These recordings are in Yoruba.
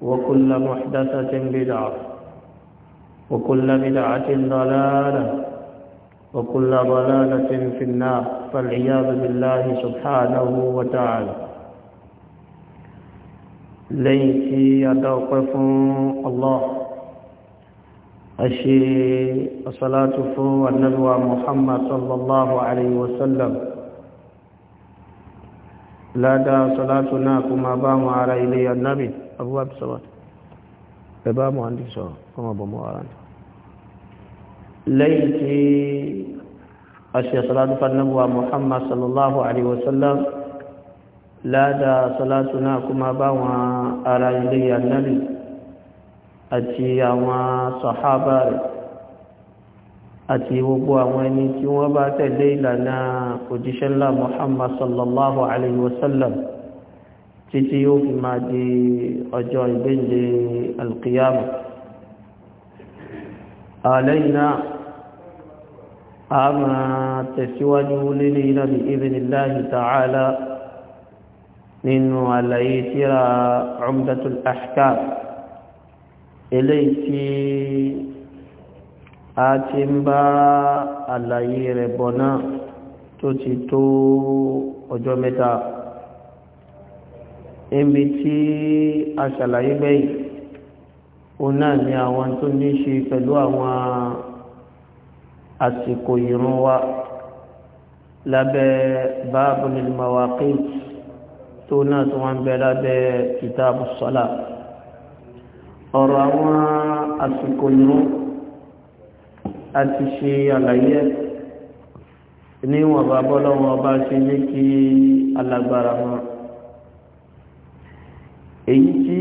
وكل محدثة بدعة وكل بدعة ضلالة وكل ضلالة في النار فالعياذ بالله سبحانه وتعالى ليس يتوقف الله أشي الصلاة فو النبوة محمد صلى الله عليه وسلم لا دا صلاتنا كما بام على إلي النبي abúwá bí sọ́wọ́ ẹ̀bá mọ̀hándì sọ̀rọ̀ ọmọ ọ̀bọ̀ mọ́wàá lẹ́yìn tí a ṣe salatu fannabuwa muhammad sallallahu alaihi wasallam ládá salatu náà kuma bá wọn ara ilé annabi àti àwọn sahaba rẹ̀ àti gbogbo àwọn ẹni tí wọ́n bá tẹ̀lé ìlànà òjíṣẹ́ ńlá sallallahu alaihi títí yóò fi máa di ọjọ́ ìgbéǹde alkiyama àlẹ́yìnà a máa tẹ̀síwájú lílé iná bí ibnillahi ta'ala nínú àlàyé tíra umdatul ahkam eléyìí tí a ti ń bá àlàyé rẹ̀ bọ̀ náà tó ti tó ọjọ́ mẹ́ta ibi tí a ṣàlàyé bẹ́yìn òun náà ni àwọn tó ní ṣe pẹ̀lú àwọn àsìkò ìrun wa lábẹ́ báàbù nil mawaqit tó náà tó wọ́n ń bẹ lábẹ́ kìtàbù sọ́là ọ̀rọ̀ àwọn àsìkò ìrun a ti ṣe àlàyé níwọ̀n bá bọ́lọ́wọ́ bá ṣe ní kí alágbára wọn èyí tí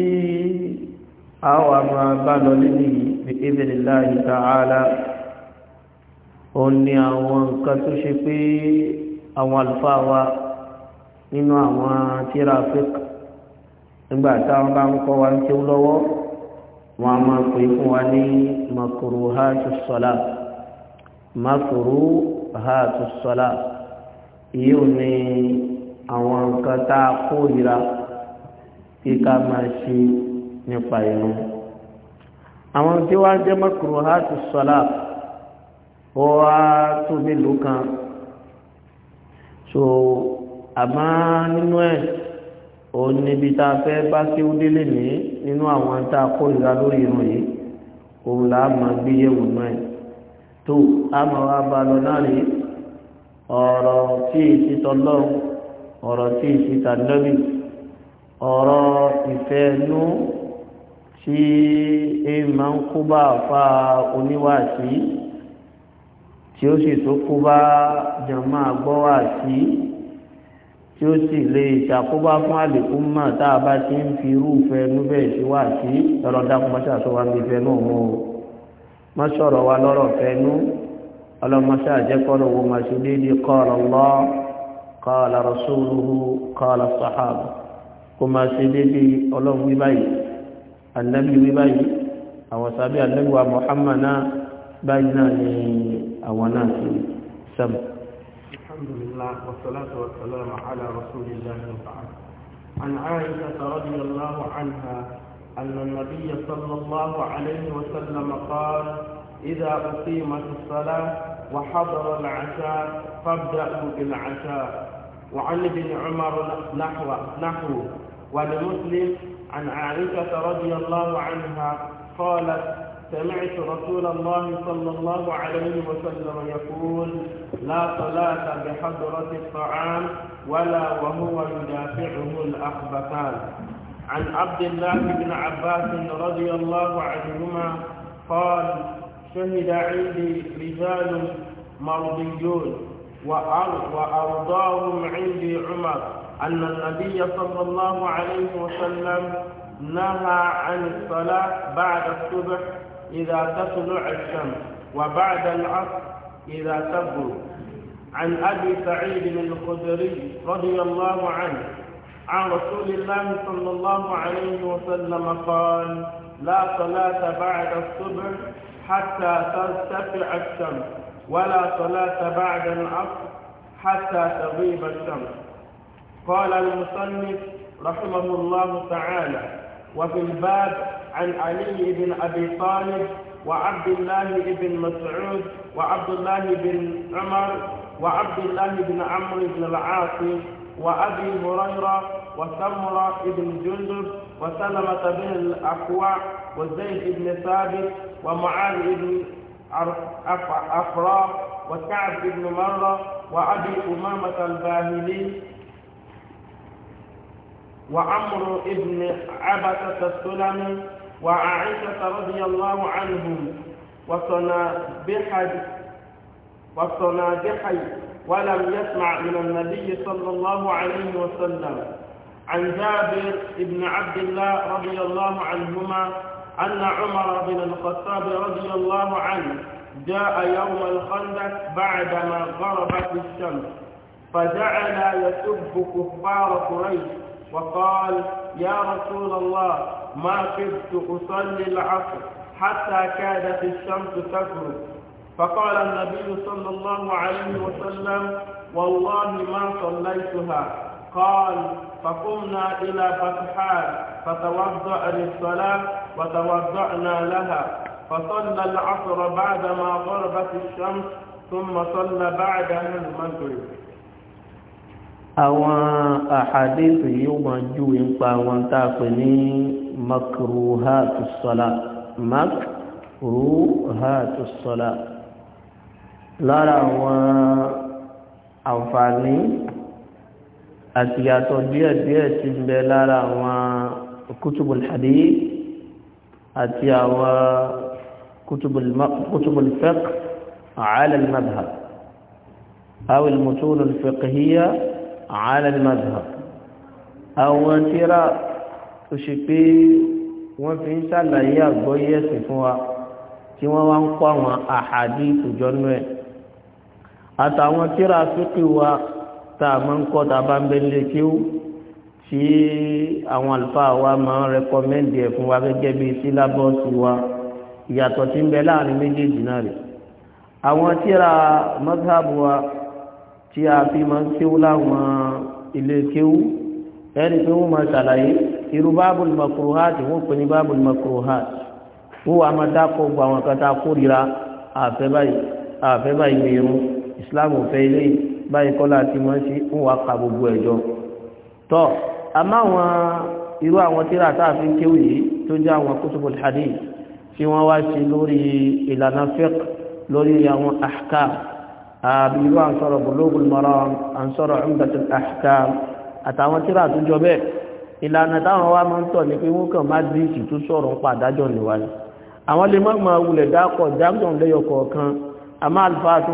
a wà máa bá lọ lẹ́nu yìí bí idhnillahi ta'ala ó ní àwọn nǹkan tó ṣe pé àwọn àlùfáà wa nínú àwọn tíra fẹ́kà nígbà táwọn bá ń kọ́ wa ń tí ó lọ́wọ́ wọn a máa pè fún wa ní makruhatu ssalah makruhatu ssalah èyí ò ní àwọn nǹkan tá a kórìíra kí ká máa ṣe nípa irun àwọn tí wọ́n jẹ́ mọ́kùrù ha ti sọ́lá ó wá tó mélòó kan so àmọ́ nínú ẹ̀ òun níbi tá a fẹ́ bá kí ó délé ní nínú àwọn tá a kó ìlà lórí irun yìí òun là á máa gbé yẹ̀wò náà ẹ̀ tó a máa wá lọ náà rí ọ̀rọ̀ tí ì ti tọ́lọ́ ọ̀rọ̀ tí ì ti tàdọ́bì ọ̀rọ̀ ìfẹ́ inú tí e máa ń kó bá fa oníwàásí tí ó sì tó kó bá jàmá gbọ́wàásí tí ó sì lè ṣàkóbá fún àlékún mọ̀ tá a bá ti ń fi irúfẹ́ inú bẹ́ẹ̀ sí dákun mọ́ṣá sọ ní ìfẹ́ náà o má sọ̀rọ̀ wa lọ́rọ̀ fẹ́nu ọlọ́mọṣá àjẹkọ́rọ̀ wo máa ṣe déédéé qala Allah qala rasuluhu qala sahaba kó máa ṣe dédé ọlọ́run wí báyìí ànábì wí báyìí àwọn sàbí ànábì wa Muhammad náà báyìí náà ni àwọn náà ti sẹ́mu. alhamdulillah wa salatu wa salamu ala rasulillah عن عائشة رضي الله عنها أن النبي صلى الله عليه وسلم قال إذا أقيمت الصلاة وحضر العشاء فابدأوا بالعشاء وعن ابن عمر نحو نحو ولمسلم عن عائشة رضي الله عنها قالت سمعت رسول الله صلى الله عليه وسلم يقول لا صلاة بحضرة الطعام ولا وهو يدافعه الأخبثان عن عبد الله بن عباس رضي الله عنهما قال شهد عندي رجال مرضيون وأرضاهم عندي عمر أن النبي صلى الله عليه وسلم نهى عن الصلاة بعد الصبح إذا تطلع الشمس وبعد العصر إذا تغرب عن أبي سعيد الخدري رضي الله عنه عن رسول الله صلى الله عليه وسلم قال لا صلاة بعد الصبح حتى ترتفع الشمس ولا صلاة بعد العصر حتى تغيب الشمس قال المصنف رحمه الله تعالى وفي الباب عن علي بن أبي طالب وعبد الله بن مسعود وعبد الله بن عمر وعبد الله بن عمرو بن العاص وأبي هريرة وسمرة بن جندب وسلمة بن الأكوع وزيد بن ثابت ومعاذ بن أفراء وكعب بن مرة وأبي أمامة الباهلي وعمرو بن عبسة السلمي وعائشة رضي الله عنهم وصنا بحي ولم يسمع من النبي صلى الله عليه وسلم عن جابر بن عبد الله رضي الله عنهما أن عمر بن الخطاب رضي الله عنه جاء يوم الخندق بعدما غربت الشمس فجعل يسب كفار قريش وقال يا رسول الله ما كدت أصلي العصر حتى كادت الشمس تغرب فقال النبي صلى الله عليه وسلم والله ما صليتها قال فقمنا إلى فتحان فتوضأ للصلاة وتوضأنا لها فصلى العصر بعدما غربت الشمس ثم صلى بعدها المغرب àwọn àhàdìsì yóò máa júwe ń pa wọn tá a pè ní makruhatus salat makruhatus salat lára àwọn àǹfààní àti yàtọ̀ díẹ̀díẹ̀ ti ń bẹ lára àwọn kútùbùl àti àwọn kútùbùl fiqh ala al-madhhab aw ala al-mazhab àwọn tíra tó ṣe pé wọ́n fi ń ṣàlàyé àgbọ́yé ẹ̀sìn fún wa tí wọ́n wá ń kọ́ àwọn àhàdí ìtòjọ́nú ẹ̀ àtàwọn tíra fíkì wa tá a máa ń kọ́ tá a bá ń bẹ nílé kíw tí àwọn àlùfáà wa máa ń rẹkọmẹ́ndì ẹ̀ fún wa gẹ́gẹ́ bíi sílábọ́ọ̀sì wa ìyàtọ̀ tí ń bẹ láàrin méjèèjì náà rẹ̀ àwọn tíra mọ́sáàbù wa tí a fi máa ń kéwú láwọn ilé kéwú ẹni pé wọ́n máa ṣàlàyé irú báàbùl makruhat wọ́n pè ní báàbùl makruhat wọ́n wà máa dákọ̀ gbọ́ àwọn kan tá a kórìíra àfẹ́ báyìí àfẹ́ báyìí ní irun islam ò fẹ́ ilé báyìí kọ́lá àti máa ń ṣe wọ́n wà ka gbogbo ẹ̀jọ́ tọ́ àmọ́ àwọn irú àwọn tíra tá a fi ń kéwú yìí tó jẹ́ àwọn kutubul tí wọ́n wá sí lórí ìlànà fiqh lórí àwọn ahkam àbílú à ń sọ̀rọ̀ bulugul maram à ń sọ̀rọ̀ umdatul ahkam àtàwọn tíra tó jọ bẹ́ẹ̀ ìlànà táwọn wá máa ń tọ̀ ní pé wọ́n kàn má dí ìsì tó sọ̀rọ̀ ń pa àdájọ́ níwáyé àwọn lè má máa wulẹ̀ dákọ̀ dámdọ̀n lẹ́yọ kọ̀ọ̀kan àmọ́ àlùfáà tó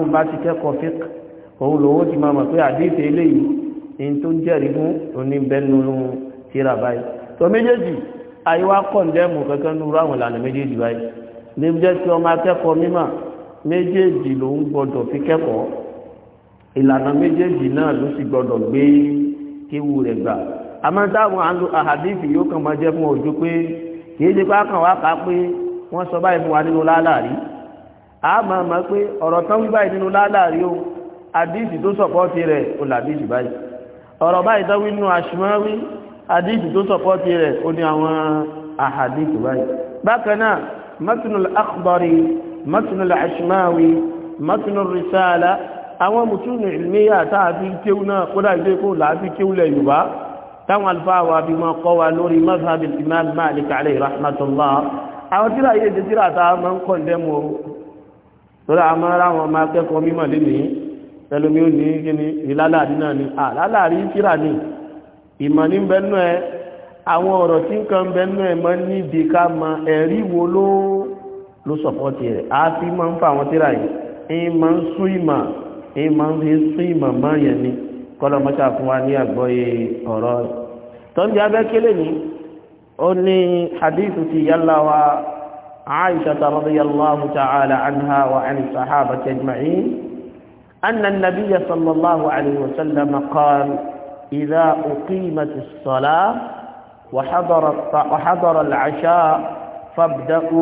ń bá méjèèjì ló ń gbọdọ̀ fi kẹ́kọ̀ọ́ ìlànà méjèèjì náà ló sì gbọdọ̀ gbé kéwu rẹ̀ gbà àmọ́ táwọn àhàdífì yóò kàn máa jẹ́ fún ojú pé kìí ṣe pé àkànwá kà á pé wọ́n sọ báyìí fún wa nínú láàlárí a máa mọ̀ pé ọ̀rọ̀ tán wí báyìí nínú láàlárí o àdíìsì tó sọ̀pọ́ọ̀tì rẹ̀ ó làdíìsì báyìí ọ̀rọ̀ báyìí tán wí nínú àṣùmọ́wí àdíìsì tó sọ̀pọ́ọ̀tì rẹ̀ ó ní àwọn àhàdíìsì báyìí bákan náà mẹ́tùnú al matnu al-ashmawi matnu risala àwọn mùtúnù ìlmíyà tààfi kéwú náà kódà ilé kó láàfi kéwú lẹ̀ yorùbá táwọn alfáwà bí wọn kọ́ wa lórí mazhabil imam malik alayhi rahmatullah àwọn tíra yìí ti tíra ta ma ń kọ̀ndẹ́mù o lórí àmọ́ ara wọn máa kẹ́kọ̀ọ́ mímọ̀ lónìí ẹlòmí ò ní kí ni ìlàláàrí náà ni àlàláàrí tíra ni ìmọ̀ ní bẹ́ẹ̀ náà àwọn ọ̀rọ̀ tí nǹkan bẹ́ẹ̀ náà mọ́ níbi ká mọ ẹ̀rí wo lóó ló sọ̀pọ̀tì rẹ̀ a ti máa ń fa àwọn tíra yìí in máa ń sún ìmọ̀ in máa ń fi sún ìmọ̀ mọ́yàn ni kọ́lọ̀ mọ́ṣà fún wa ní àgbọ́yé ọ̀rọ̀ rẹ̀ tọ́ndì abẹ́kélé ni ó ní hadith ti yálà wa aisha radiyallahu ta'ala anha wa an sahaba tajma'in anna nabiyya sallallahu alaihi wa sallam qala idha uqimat as-salah wa hadara al-'asha' fábídákú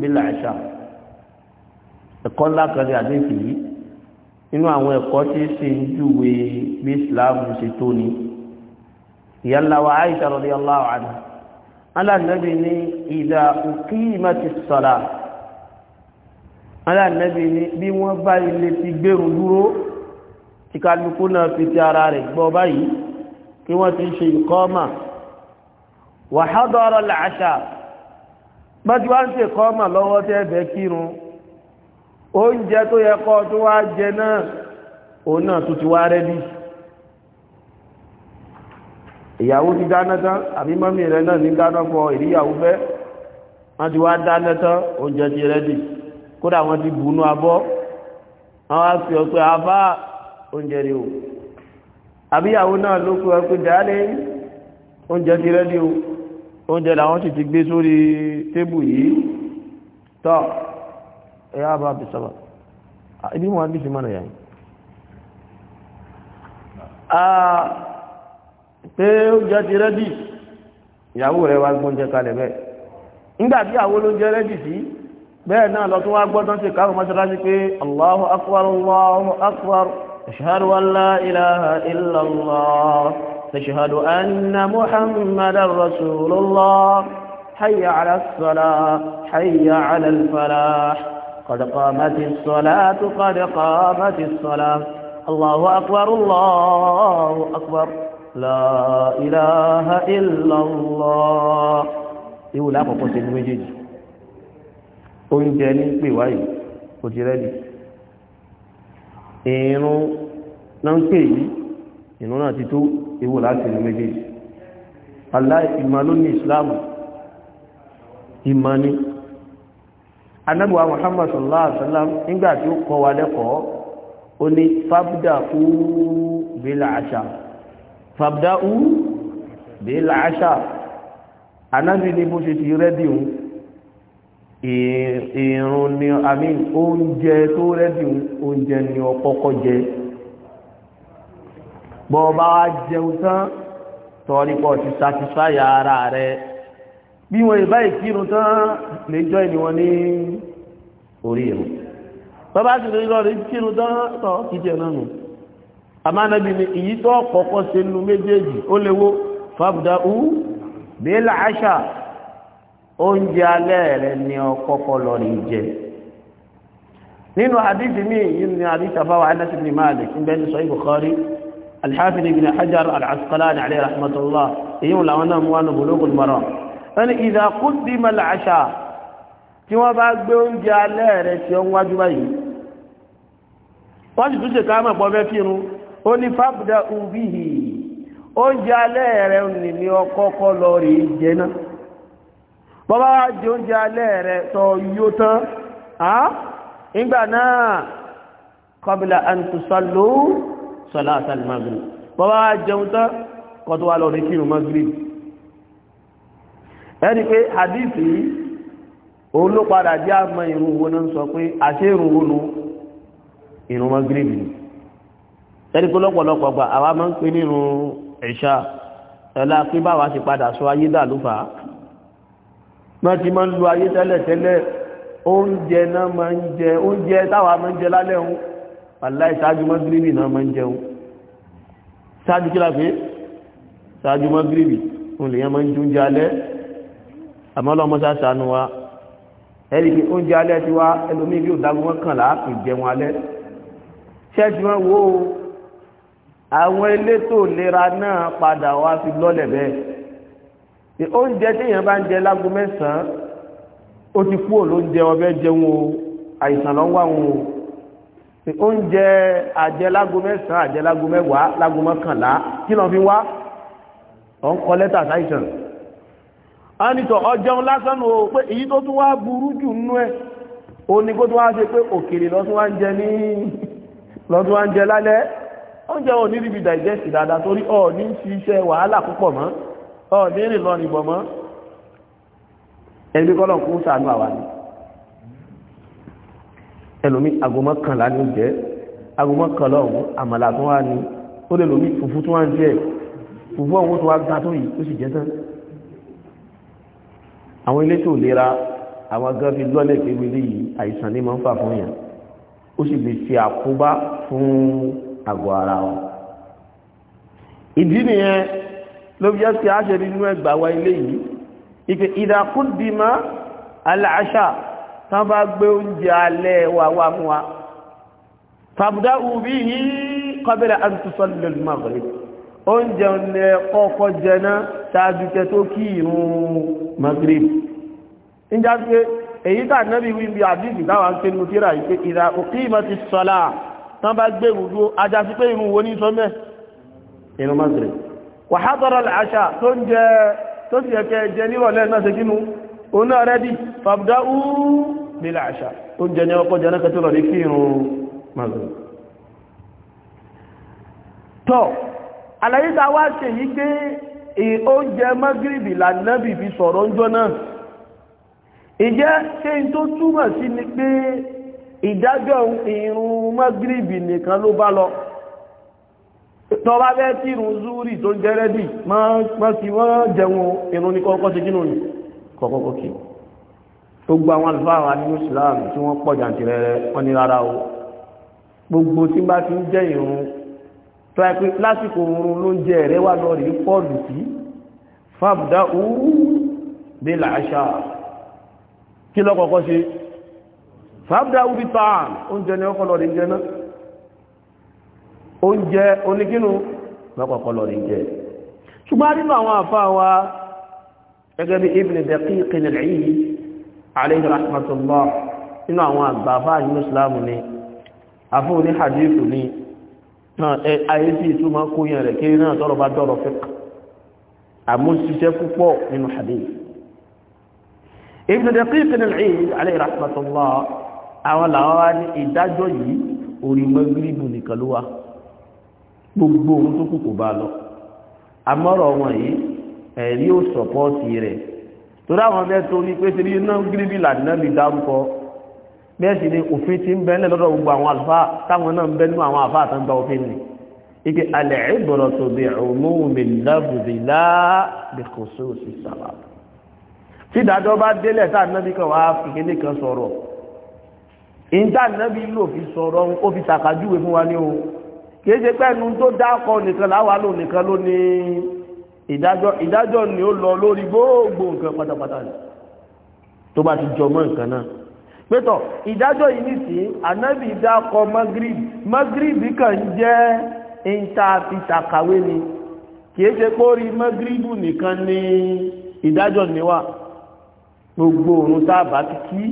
bílà àṣà ẹ̀kọ́ ńlá kan ní àdéhùn yìí nínú àwọn ẹ̀kọ́ tí ó sì ń júwe bí ìsìláàmù ṣe tó ni ìyá ńlá wa Aisha radiyallahu anha ní ìdá uqimati ssalah alánàbí ní bí wọ́n bá ilé ti gbèrú dúró tí kálukú náà fi ti ara rẹ̀ gbọ́ báyìí kí wọ́n ti ṣe ìkọ́mà wa hadara al bájú wá ń ṣe kọ́ mà lọ́wọ́ tẹ́ ẹ̀bẹ̀ kírun oúnjẹ tó yẹ kọ́ tó wá jẹ náà òun náà tó ti wá ìyàwó ti dáná tán àbí mọ́mí rẹ náà ní dáná fọ ìríyàwó fẹ́ wọ́n ti wá dáná tán oúnjẹ ti kódà wọ́n ti bùnú abọ́ wọ́n ọ pé oúnjẹ o náà ló ọ pé dáálé oúnjẹ ti o oúnjẹ làwọn sì ti gbé sórí tébù yìí tọ́ ẹ̀yà bá bẹ̀ sọ́bà ibi wọn bí sí mọ́nà yà pé oúnjẹ ti rẹ́dì ìyàwó rẹ̀ wá gbóúnjẹ kalẹ̀ bẹ́ẹ̀ nígbàtí àwọn olóúnjẹ rẹ́dì sí bẹ́ẹ̀ náà lọ tún wá gbọ́dọ̀ sí káàkiri mọ́sálásí pé Allahu akbar Allahu akbar ashhadu ilaha illallah تشهد أن محمد رسول الله حي على الصلاة حي على الفلاح قد قامت الصلاة قد قامت الصلاة الله أكبر الله أكبر لا إله إلا الله ìwò lápapọ̀ sí méjèèjì oúnjẹ ní pè wáyé kò ti rẹ́dì ìrún ewu láti inú méjèèjì aláì ìmọ̀ ló ní ìsìláàmù ìmọ̀ ni anábùwà Muhammad sallallahu alaihi wasallam nígbà tí ó kọ́ wa lẹ́kọ̀ọ́ ó ní fábúdà ú bílà àṣà fábúdà ú bílà ní bó ṣe ti rẹ́dì òun ìrún ni àmì oúnjẹ tó rẹ́dì òun oúnjẹ ni ọkọ́kọ́ jẹ bọ́ọ̀bá wá jẹun tán tọ́rí pọ̀ ti satisfy ara rẹ̀ bí wọ́n ìbá ìkírun tán lè jọ ìníwọ̀n ní orí ìrùn bọ́bá sì lórí lọ́rí kírun tán tọ́ kí jẹ náà nù àmánábi ni èyí tó kọ́kọ́ ṣe nu méjèèjì ó léwó fàbùdá ú bẹ́ẹ̀lá àṣà oúnjẹ alẹ́ rẹ̀ ni ọkọ́kọ́ lọ́rí jẹ nínú àdíjì míì yìí ni àdíjì àbáwá Anas ibn Malik ń bẹ́ẹ̀ ní sọ Bukhari الحافظ ابن حجر العسقلان عليه رحمة الله يقول لو أنه موان بلوغ المرام أن إذا قدم العشاء كما بعد بيون جعله رسيون واجبه واجب تسي كاما بمفينو أني فابدأوا به oúnjẹ alẹ́ rẹ̀ ní ní ọkọ́kọ́ lọ rí jẹ náà bọ́bá jẹ oúnjẹ alẹ́ rẹ̀ tọ yóò sọlá àtàlì maghrib bọ́bá wá jẹun tán kọ́ tó wá lọ rí kírun maghrib ẹni pé hadithi òun ló padà jẹ́ àmọ́ ìrun wo náà sọ pé àṣẹ ìrun wo nu ìrun maghrib ni ẹni pé lọ́pọ̀lọpọ̀ gbà àwa máa ń pè nírun ìṣá ẹ̀la pé báwa ti padà sọ ayé dà ló fà á wọ́n ti máa ń lo ayé tẹ́lẹ̀tẹ́lẹ̀ oúnjẹ náà máa ń jẹ oúnjẹ táwa máa ń jẹ lálẹ́ òun aláì sáájú mọ́gírìbì náà máa ń jẹun sáájú kí láfẹ́ sáájú mọ́gírìbì olèyàn máa ń jẹ oúnjẹ alẹ́ àmọ́lọ́mọ́sá sànú wa ẹ̀rí pé oúnjẹ alẹ́ ti wá ẹlòmíì bí òdágbó mọ́kànlá kò jẹun alẹ́ ṣẹ́jú wọn wo àwọn elétò ìlera náà padà wá fi lọ́lẹ̀ bẹ́ẹ̀ oúnjẹ téèyàn bá ń jẹ lágbo mẹ́sàn-án ó ti kúrò lóúnjẹ ọbẹ̀ jẹun o àìsàn lọ́wọ́ àwọn o oúnjẹ àjẹlágo mẹ́sàn-án àjẹlágo mẹ́wàá lágo mọ́kànlá kí lọ́n fi wá ọ̀n kọ lẹ́tà sáìsàn a nìtọ̀ ọjọ́un lásán o pé èyí tó tún wá burú jù nú ẹ̀ o ní kó tún wá ṣe pé òkèlè lọ́tún wá ń jẹ ní lọ́tún wá ń jẹ lálẹ́ oúnjẹ ò ní ríbi digest dáadáa torí ọ̀ ní fi iṣẹ́ wàhálà púpọ̀ mọ́ ọ̀ ní rìn lọ nìbọ̀ mọ́ ẹgbẹ́ kọ́lọ̀ kún sàánú àwa ni ẹlòmí agomọ́kànlá ní jẹ́ agomọ́kànlá ọ̀hún àmàlà tó wá ní ó lè lòmí fùfú tó wá ń jẹ́ fùfú ọ̀hún tó wá gbá tó yìí ó sì jẹ́ tán àwọn ilé tó lera àwọn agáfi lọ́lẹ̀ pẹ̀lú ilé yìí àìsàn ní máa ń fà fún yàn ó sì lè ṣe àkóbá fún àgọ́ ara wọn ìdí nìyẹn ló fi jẹ́ àṣẹ nínú ẹgbàá wa ilé yìí ìfẹ́ ìdàkúndìmá aláṣà tán bá gbé oúnjẹ alẹ́ wa wá mú wa fàbùdá òbí yìí kọ́bẹ̀rẹ̀ àtúntúsọ́lẹ̀ maghrib oúnjẹ ọ̀nà kọ́kọ́ jẹná ṣáájú kẹ tó kí ìrun maghrib níjà pé èyí tà náà bí wí bí àdìsí táwa ń kéwú kíra yìí ìrà òkè ìmọ̀ ti sọ́lá tán bá gbé ìrùdó ajá sí pé ìrun wo ní sọ́mẹ́ ìrun maghrib wàhádọ́rọ̀ làṣà tó ń jẹ tó sì yẹ kẹ jẹ nírọ̀lẹ́ náà ṣe kínú òun náà rẹ́dì fàbdá úú nílà àṣà oúnjẹ ni ọkọ̀ jẹ́nà kẹtọ́ lọ́rí kí irun mazun tọ́ àlàyé tá wá ṣe yí pé oúnjẹ magribi lànàbì fi sọ̀rọ̀ ńjọ́ náà ìjẹ́ ṣe tó túmọ̀ sí ni pé ìdájọ́ irun magribi nìkan ló bá lọ tọ́ bá fẹ́ kírun zúrì tó ń jẹ́rẹ́dì má sí wọ́n jẹun irun ní kọ́kọ́ ṣe kínú yìí kọ́kọ́kọ́ kì í gbogbo àwọn àlùfáà wa ní Islam tí wọ́n pọ̀ jàǹtìrẹ wọn ní rárá o gbogbo tí bá ti ń jẹ́ ìrun tó yẹ pé lásìkò oorun ló ń jẹ rẹ wà lọ rí pọ́ọ̀lù sí fàbùdá òwú bí làáṣà kí lọ́kọ̀ọ́kọ́ ṣe fàbùdá òwú bí tàn oúnjẹ ni ọkọ̀ lọ rí jẹ náà oúnjẹ oníkínú lọ́kọ̀ọ́kọ́ lọ rí jẹ ṣùgbọ́n nínú gẹ́gẹ́ bí ibn daqiq al-Eid alayhi rahmatullah nínú àwọn àgbàfà ní islam ni afún ní hadith ni ayé sí ìtumọ̀ kóyàn rẹ̀ kiri náà tọ́rọ bá dọ́rọ̀ fiqh àmúṣiṣẹ́ púpọ̀ nínú hadith ibn daqiq al-Eid alayhi rahmatullah àwọn làwọn wá ẹ̀rí ò sọ̀pọ́ọ̀tì rẹ̀ torí àwọn ọmọ ẹ̀tọ́ ní pé ti rí iná gírígì làdínà lè dárúkọ bẹ́ẹ̀ sì ni òfin ti ń bẹ ńlẹ̀ lọ́dọ̀ gbogbo àwọn àlùfáà táwọn náà ń bẹ nínú àwọn àlùfáà tó òfin nì ike alẹ́ ìbọ̀rọ̀ tó bẹ òmùmí lábùbí láàbì òsì sábà tí ìdájọ́ bá délẹ̀ tá ànábì kan wàá fi kéde kan sọ̀rọ̀ ìdá ànábì ló fi sọ̀rọ̀ ó fi ṣàkàjúwe fún wa ní o kì í ṣe pẹ́ẹ́nu tó dákọ̀ nìkan láwa lò nìkan lónìí ìdájọ́ ìdájọ́ ni ó lọ lórí gbogbo nǹkan pátápátá ni tó bá ti jọ mọ́ nǹkan náà pétọ̀ ìdájọ́ yìí nìsí anábì dákọ magrib magrib kàn jẹ́ intafisakawé ni kìí ṣe pórí magrib nìkan ni ìdájọ́ níwà gbogbo òun tábà ti kí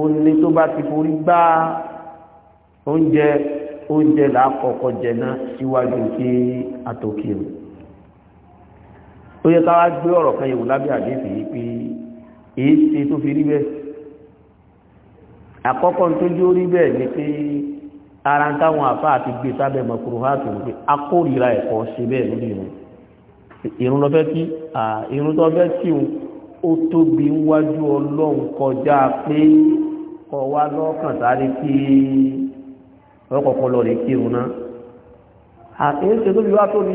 òní tó bá ti forí gbá oúnjẹ oúnjẹ làákọ̀ọ́kọ́ jẹ náà síwájú kí àtòkè rẹ̀ ó yẹ káwá gbé ọ̀rọ̀ kan yẹ̀wò lábẹ́ àdéhùn yìí pé èyí ṣe tó fi rí bẹ́ẹ̀ àkọ́kọ́ tó jó rí bẹ́ẹ̀ ni pé ara táwọn àfa àti gbé sábẹ́ mọ̀kúrú háàtì wípé akórira ẹ̀kọ́ ṣe bẹ́ẹ̀ lórí wọn irun lọ fẹ́ kí irun tó fẹ́ kí wọn ó tóbi wájú ọlọ́run kọjá pé kọ wá lọ́kàn sáré kí ọkọ̀ọ̀kan lọ rè kírun náà àti ń ṣe tóbi wá tóbi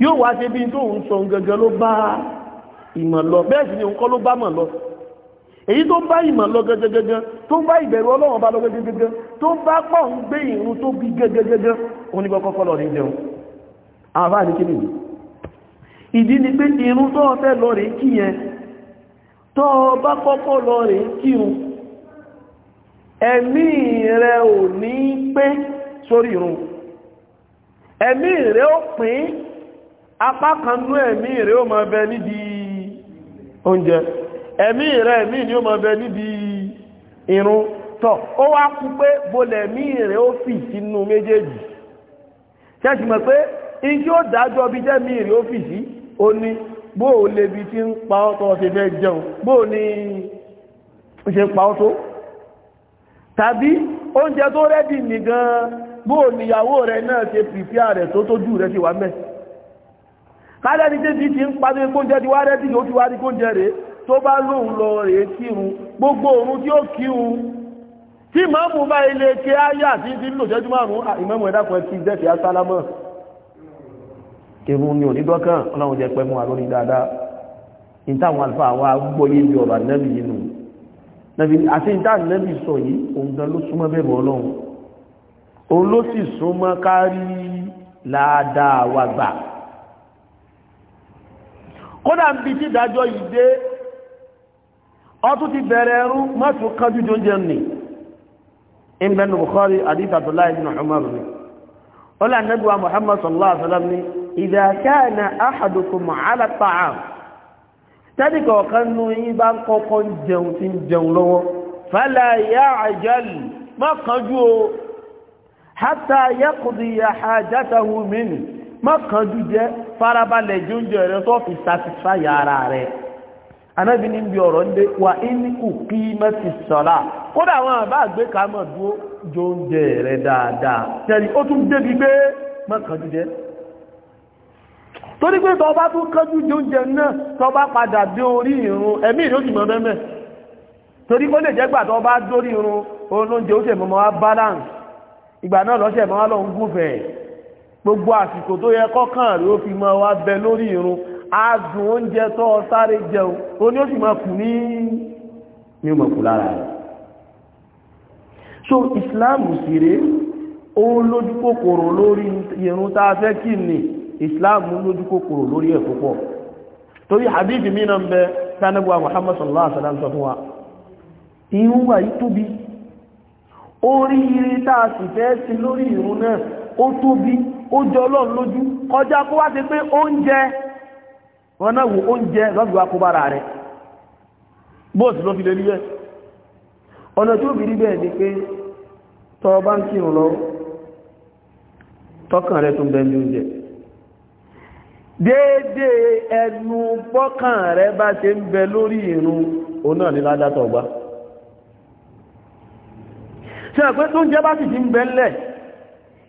yóò wá ṣe bí tó ń sọ gangan ló bá ìmọ̀ lọ bẹ́ẹ̀ sì ni òun kọ́ ló bá mọ̀ lọ èyí tó bá ìmọ̀ lọ gangan tó bá ìbẹ̀rù ọlọ́run bá lọ gangan tó bá pọ̀ ń gbé ìrun tó bí gangan òun ní kọ́kọ́ fọ́lọ̀ ní jẹun àwọn àti kí nìyí ìdí ni pé ìrun tó ọ̀fẹ́ lọ rèé kí yẹn tó bá kọ́kọ́ lọ rèé kírun ẹ̀mí rẹ̀ ò ní pé sórí ìrun ẹ̀mí rẹ̀ ó pín apá kan nú ẹ̀mí rẹ̀ ó máa bẹ níbi oúnjẹ ẹ̀mí rẹ̀ ẹ̀mí ni ó máa bẹ níbi irun tọ̀ ó wá kú pé bolẹ̀ ẹ̀mí rẹ̀ ó fi sínú méjèèjì ṣẹ́sì mọ̀ pé iṣẹ́ ó dájọ́ bí jẹ́mí rẹ̀ ó fi sí ó ní bó o lè bi tí ń pa ọ́ tó fẹ́ jẹun bó o ní ṣe pa ọ́ tàbí oúnjẹ tó rẹ́dì nìgan bó o níyàwó rẹ̀ náà ṣe pìpíà rẹ̀ tó tójú rẹ̀ ṣe wà mẹ́ẹ̀ kálẹ̀ ní tẹ́sí ti ń padà kóúnjẹ ti wá rẹ́dí ó ti wá rí kóúnjẹ rẹ̀ tó bá lóun lọ rẹ̀ kírun gbogbo òun tí ó kírun tí mọ́mù bá ilé kí á yà sí ti lò jẹ́jú márùn-ún ẹ̀dàkùn ẹ̀ ti jẹ́ kí á kírun ni onídọ́kàn ọlọ́run jẹ́ pẹ́ mú wa lórí dáadáa ní táwọn alfa wa gbóyé bí ọ̀rọ̀ ànábì yìí nù àti ìdá ànábì sọ yìí òun gan ló súnmọ́ bẹ̀rù ọlọ́run kódà ń bi tí ìdájọ́ yìí dé ọtún ti bẹ̀rẹ̀ ẹrú mọ́tò kájú tó ń jẹun nì ìbẹ̀nu Bukhari hadith Abdullahi bin Umar ni ó là nẹ́bí wa Muhammad sallallahu alaihi wa sallam ni idha kana ahadukum ala ta'am o hatta yaqdi hajatahu min má kánjú jẹ́ farabalẹ̀ jóúnjẹ rẹ tó fi satisfy ara rẹ anábì ní bí ọ̀rọ̀ ndé wà íníkù kí mẹ́tì sọ̀lá kódà àwọn àbá àgbé ká mọ̀ dúró jóúnjẹ rẹ dáadáa tẹ̀lé ó tún débi pé mọ́kànjú jẹ́ torí pé tọba tún kánjú jóúnjẹ náà tọba padà dé orí ìrun ẹ̀mí ìrìn ó sì mọ́ mẹ́mẹ́ torí kó lè jẹ́gbà tọba dórí ìrun olóúnjẹ ó sì mọ́ balance ìgbà náà lọ́sẹ̀ mọ́ wá lọ́n gbogbo àsìkò tó yẹ kọ́kàn rí ó fi máa wá bẹ lórí irun adùn oúnjẹ tó ọ sáré jẹun ó ní ó sì máa kù ní ní so islam sì o ó lójú kòkòrò lórí irun tá a fẹ́ kí ni islam lójú kòkòrò lórí ẹ̀ púpọ̀ torí hadith mi náà ń bẹ muhammad sallallahu wa tá a sì fẹ́ sí ó tóbi ó jọ ọlọ́run lójú kọjá kó wá ṣe pé oúnjẹ wọn náà wò oúnjẹ lọ́dún wa kó bára rẹ̀ bóòsì fi lè rí bẹ́ẹ̀ ọ̀nà tí ó fi rí bẹ́ẹ̀ ni pé tọ́ bá lọ tọ́kàn tó ń bẹ ní oúnjẹ déédé ẹnu rẹ bá lórí náà ládátọ̀ gbá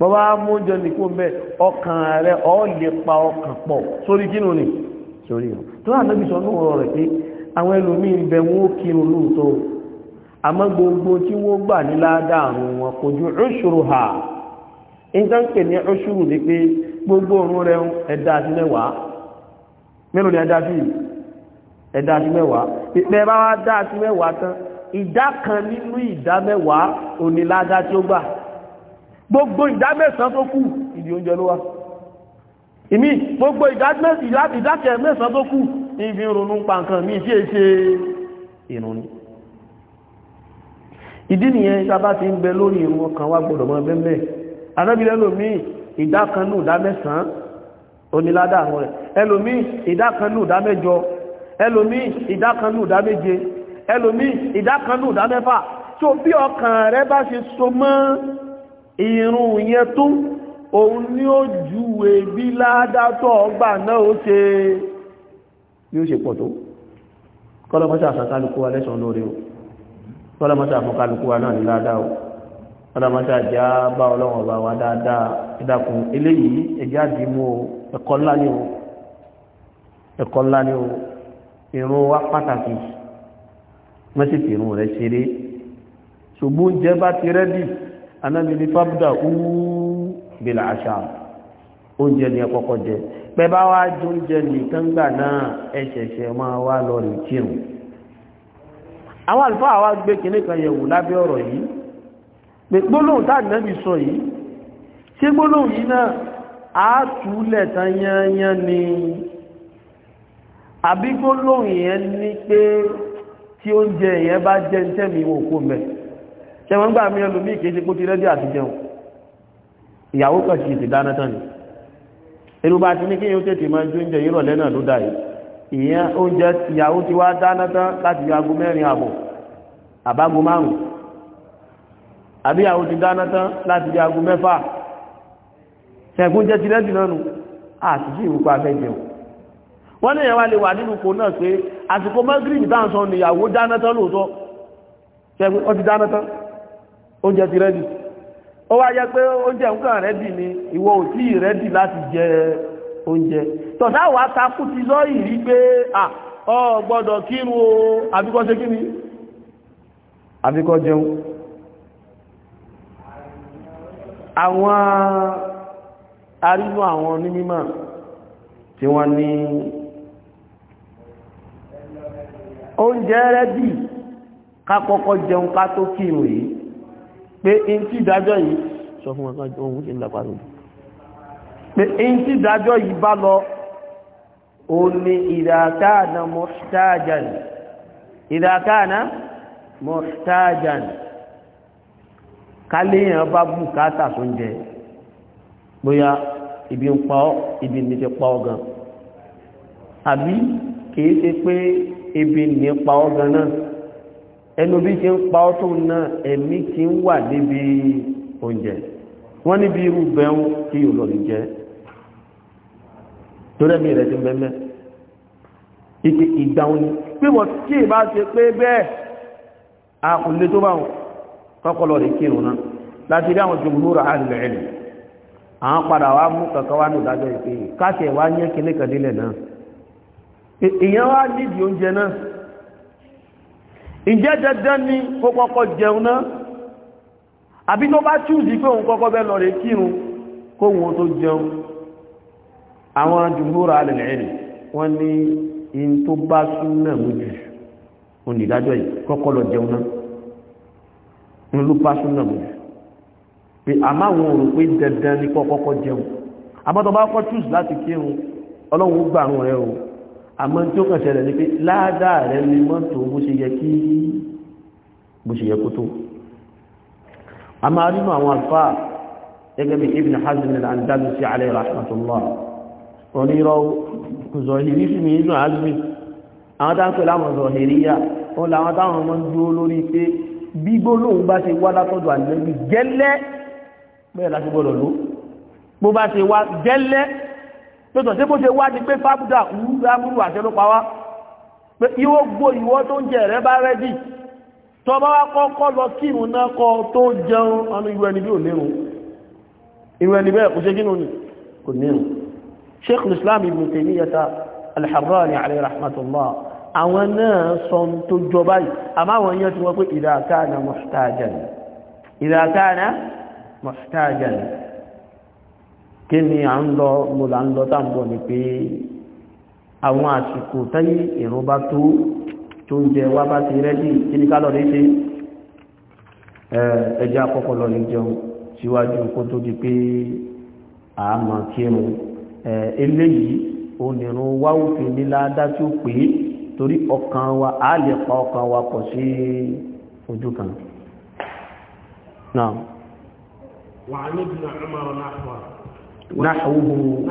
bọ́bá mújọ nìkó bẹ́ ọkàn rẹ̀ ọ lè pa ọkàn pọ̀ sórí kínú ni sórí ọ̀ tó ànábì sọ ní ọ̀rọ̀ rẹ̀ pé àwọn ẹlòmíì ń bẹ wọn ó kírun lóòótọ́ àmọ́ gbogbo tí wọ́n gbà ní ládàrún wọn kò ju ọṣùrù hà nǹkan pè ní ọṣùrù ni pé gbogbo òun rẹ̀ ẹ̀dá ìdá mẹ́wàá òní ládá tí ó gbà gbogbo ìdámẹ́sàn tó kù ìdí oúnjẹ ló wá ìmí gbogbo ìdákẹ̀ mẹ́sàn tó kù ìfi ronú pa nǹkan mi tí è ṣe ìrun ni ìdí nìyẹn sábà ti ń bẹ lórí ìrun ọkàn wa gbọdọ̀ mọ́ bẹ́ẹ̀ anábìlẹ̀ lómi ìdá kan nù ìdá mẹ́sàn oníládà àwọn rẹ̀ ẹlòmí ìdá kan nù ìdá mẹ́jọ ẹlòmí ìdá kan nù ìdá méje ẹlòmí ìdá kan nù ìdá mẹ́fà tó bí ọkàn rẹ bá ṣe so mọ́ irun yẹn tó òun ni ó júwe bí ládàtọ̀ ọgbà náà ó ṣe bí ó ṣe pọ̀ tó kọ́lọ́mọ́sá àfẹ́kálukú wa lẹ́sàn lórí o kọ́lọ́mọ́sá àfẹ́kálukú wa náà ní ládàá o kọ́lọ́mọ́sá àjá bá ọlọ́wọ̀n bá wa dáadáa ìdàkùn eléyìí ẹjá dìímú ẹ̀kọ́ ńlá ni o ẹ̀kọ́ ńlá ni o ìrun wa pàtàkì mẹ́sìkì ìrun rẹ̀ ṣeré ṣùgbọ́n jẹ́ bá ti rẹ́dì anábi ní fábúdà úú bèlà àṣà oúnjẹ ni ẹ kọ́kọ́ jẹ pẹ bá wá jẹ oúnjẹ nìkan gbà náà ẹ ṣẹ̀ṣẹ̀ máa wá lọ rìn kírun àwọn àlùfáà wá gbé kinní kan yẹ̀wò lábẹ́ ọ̀rọ̀ yìí pé gbólóhùn tá ànábì sọ yìí ṣé gbólóhùn yìí náà á túlẹ̀ tán yányán ni àbí gbólóhùn yẹn ní pé tí oúnjẹ yẹn bá jẹ́ ń tẹ̀mí wọn mẹ́rin tẹ́wọ́n gbà mí ẹlòmíì kìí ṣe kó ti rẹ́dí àti jẹun ìyàwó kan sì ti dáná tán ni ẹnu bá ti ní kí yóò tètè máa jóúnjẹ ìrọ̀lẹ́ náà ló dà yìí ìyẹn oúnjẹ ìyàwó ti wá dáná tán láti yọ aago mẹ́rin àbọ̀ àbágo márùn àbí ìyàwó ti dáná tán láti yọ aago mẹ́fà ṣẹ̀kún jẹ́ ti rẹ́dí náà nù àtijọ́ ìwúpa fẹ́ jẹun wọ́n ní ìyẹn wá wà nínú ko náà pé àsìkò mọ́gírìbì táwọn sọ nìyàwó dáná tán lóòótọ́ ṣẹ̀kún ọ ti dáná tán oúnjẹ ti rẹ́dì ó wá yẹ pé oúnjẹ nǹkan rẹ́dì ni ìwọ ò rẹ́dì láti jẹ oúnjẹ lọ ìrí pé à ọ gbọ́dọ̀ kírun o àbíkọ́ ṣe kí àbíkọ́ jẹun àwọn arínú àwọn onímọ̀ tí wọ́n ní oúnjẹ rẹ́dì ká jẹun ká tó pé in tí ìdájọ́ yìí sọ fún ọkọ̀ ohun ṣe lápá lójú pé in tí ìdájọ́ yìí bá lọ o ní ìdàkáàna mọ́ṣtáàjàn ìdàkáàna mọ́ṣtáàjàn káléèyàn bá bùkátà tó ń jẹ bóyá ibi ń pa ọ́ ibi ní ti pa ọ́ gan àbí kìí ṣe pé ibi ní pa ọ́ gan náà ẹnu bí ti ń pa ọ́ tó náà ẹ̀mí ti ń wà níbi oúnjẹ wọ́n níbi irú bẹ́ẹ̀ kí yóò lọ lè jẹ́ torí ẹ̀mí rẹ̀ ti ń bẹ́ẹ̀ ike ìdáhùn ni pé wọ́n tí ì bá ṣe pé bẹ́ẹ̀ àkùnlé tó bá wọn kọ́kọ́ lọ lè kírun náà láti rí àwọn jùmúrà alẹ́ẹ̀lì àwọn padà wá mú kankan wá ní ìdájọ́ ìpè káàkiri wá ní ẹ̀kínlẹ̀ kan nílẹ̀ náà èèyàn wá nídìí oúnjẹ náà ǹjẹ́ dandan ni kó kọ́kọ́ jẹun náà àbí tó bá túùsì pé òun kọ́kọ́ bẹ́ lọ rẹ̀ kírun kó wọn tó jẹun àwọn jùmúra alẹ́lẹ́rì wọ́n ní in tó bá súnmọ̀ mójú onídájọ́ yìí kọ́kọ́ lọ jẹun náà ń ló bá súnmọ̀ mójú pé àmá àwọn òrò pé dandan ni kọ́kọ́ jẹun àbọ́tọ̀ bá kọ́ túùsì láti ọlọ́run gbà rẹ̀ o àmọ́ tí ó kàn ṣẹlẹ̀ ní pé ládàá rẹ̀ ní mọ́tò bó ṣe yẹ kí bó ṣe yẹ kó tó a máa rí mọ́ àwọn alfa gẹ́gẹ́ bí ibn hazm al-andalusi alayhi rahmatullah onírọ̀ zọ̀hìrí sí mi inú azmi àwọn tá ń pẹ̀tọ̀ tí bó ṣe wá ní pé fábúdà wú lámúrù àṣẹ ló pa wá pé ìwọ gbó ìwọ tó ń jẹ rẹ bá rẹ́dì tó bá wá kọ́kọ́ lọ kírun náà kọ tó jẹun ọnà irú ẹni bí ò lérun irú ẹni bẹ́ẹ̀ kò ṣe kínú ni kò nírun sheikh islam ibn taymiyata al-harrani alayhi rahmatullah àwọn náà sọ tó jọ báyìí àmọ́ àwọn yẹn ti wọ́n pé idha kana kí ni à ń lọ mo là ń lọ tá à ń bọ̀ ni pé àwọn àsìkò táyé ìrún bá tó tó ń jẹ wá bá ti rẹ́dì kí ni ká lọ rí ṣe ẹjẹ́ àkọ́kọ́ lọ ní jẹun síwájú kó tó di pé eléyìí onírun wá òfin nílá dá tí ó pé torí ọkàn wa á lè pa ọkàn wa pọ̀ sí ojú kan. نحوه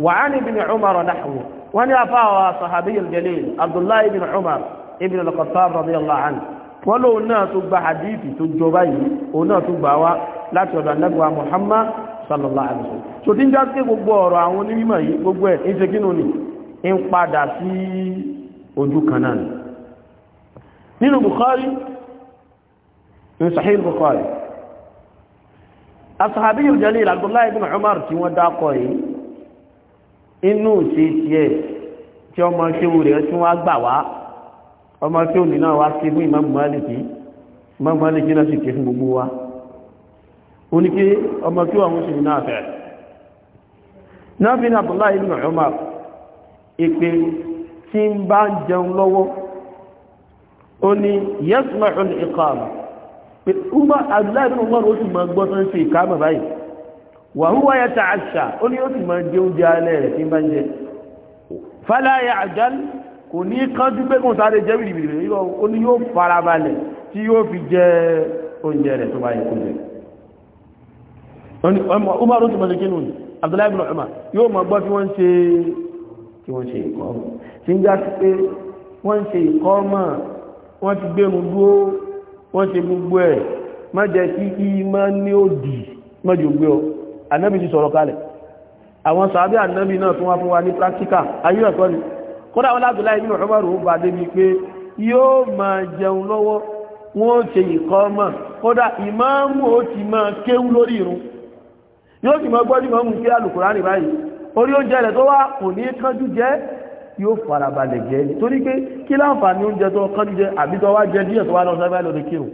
وعن ابن عمر نحوه وعن أفاوى صحابي الجليل عبد الله بن عمر ابن الخطاب رضي الله عنه ولو الناس بحديث تجبي وناس بوا لا تقول نبوى محمد صلى الله عليه وسلم so tin ja ke gbogbo ọ̀rọ̀ àwọn onímọ̀ yìí gbogbo ẹ̀ ń ṣe kínú ni ń padà sí ojú kan náà Bukhari ní Sahih Bukhari asahabi jalil abdullahi ibn umar tí wọ́n dákọ̀ yìí inú ṣe tiẹ̀ tí ọmọ ṣéwù rẹ̀ tí wọ́n gbà wá ọmọ ṣéwù nínú wa ṣe fún imam maliki imam maliki náà sì ké fún gbogbo wa ó ní pé ọmọ ṣéwù àwọn ṣe nínú àfẹ́ náà fi ní abdullahi ibn umar ìpè tí ń bá jẹun lọ́wọ́ ó ní al-iqama abdullahi bin umar ó sì máa gbọ́ tó ń ṣe ìkámà báyìí wa huwa yata'asha ó ní ó sì máa jẹ oúnjẹ alẹ́ rẹ̀ tí ń bá ń jẹ fala ya'jal kò ní kánjú pé kò sáré jẹ́ bìrìbìrì ó ní yóò farabalẹ̀ tí yóò fi jẹ oúnjẹ rẹ̀ tó bá yẹ kó jẹ umar ó sì máa jẹ kí nù abdullahi bin umar yóò máa gbọ́ tí wọ́n ṣe tí tí ń já sí pé wọ́n ṣe ìkọ́ wọ́n ti gbẹ́rùn dúró wọ́n ṣe gbogbo ẹ̀ má jẹ́ kí ìmá ní òdì mọ́jọ gbé ọ anábì ti sọ̀rọ̀ kalẹ̀ àwọn sàábẹ́ anábì náà tún wá fún wa ní pírákíkà ayé ẹ̀kọ́ ni kódà wọn láti láì nínú ọmọ ròó bá débi pé yóò máa jẹun lọ́wọ́ wọ́n ṣe ìkọ́ mọ̀ kódà ìmáàmù ó ti máa kéwú lórí irun yóò sì máa gbọ́ yóò farabalẹ̀ jẹ́ torí pé kí láǹfààní oúnjẹ tó kọ́ jẹ àbí tó wá jẹ díẹ̀ tó wá lọ sáré lórí kírù